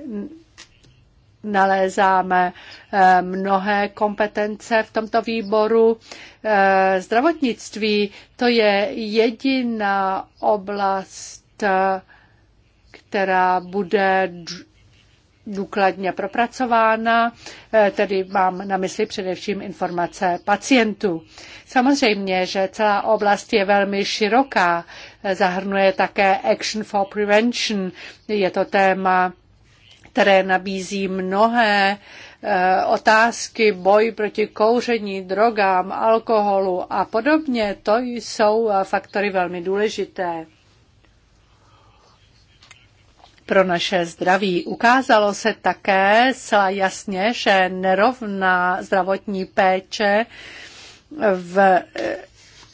nalézáme eh, mnohé kompetence v tomto výboru. Eh, zdravotnictví to je jediná oblast, eh, která bude důkladně propracována, tedy mám na mysli především informace pacientů. Samozřejmě, že celá oblast je velmi široká, zahrnuje také Action for Prevention, je to téma které nabízí mnohé eh, otázky boj proti kouření, drogám, alkoholu a podobně, to jsou eh, faktory velmi důležité pro naše zdraví. Ukázalo se také zcela jasně, že nerovná zdravotní péče v eh,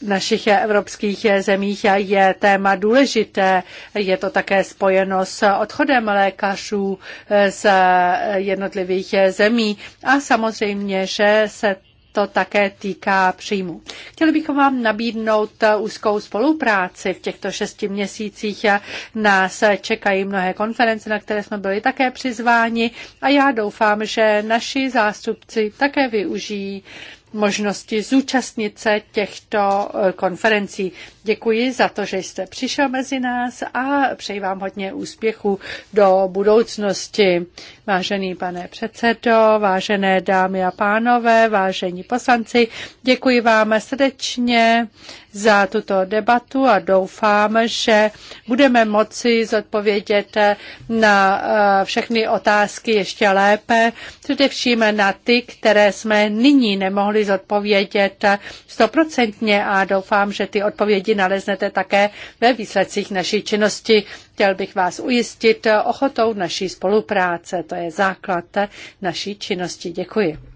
našich evropských zemích je téma důležité. Je to také spojeno s odchodem lékařů z jednotlivých zemí a samozřejmě, že se to také týká příjmu. Chtěli bychom vám nabídnout úzkou spolupráci v těchto šesti měsících. Nás čekají mnohé konference, na které jsme byli také přizváni a já doufám, že naši zástupci také využijí možnosti zúčastnit se těchto eh, konferencí. Děkuji za to, že jste přišel mezi nás a přeji vám hodně úspěchů do budoucnosti. Vážený pane předsedo, vážené dámy a pánové, vážení poslanci, děkuji vám srdečně za tuto debatu a doufám, že budeme moci zodpovědět na eh, všechny otázky ještě lépe, především na ty, které jsme nyní nemohli zodpovědět stoprocentně a doufám, že ty odpovědi naleznete také ve výsledcích naší činnosti. Chtěl bych vás ujistit ochotou naší spolupráce. To je základ naší činnosti. Děkuji.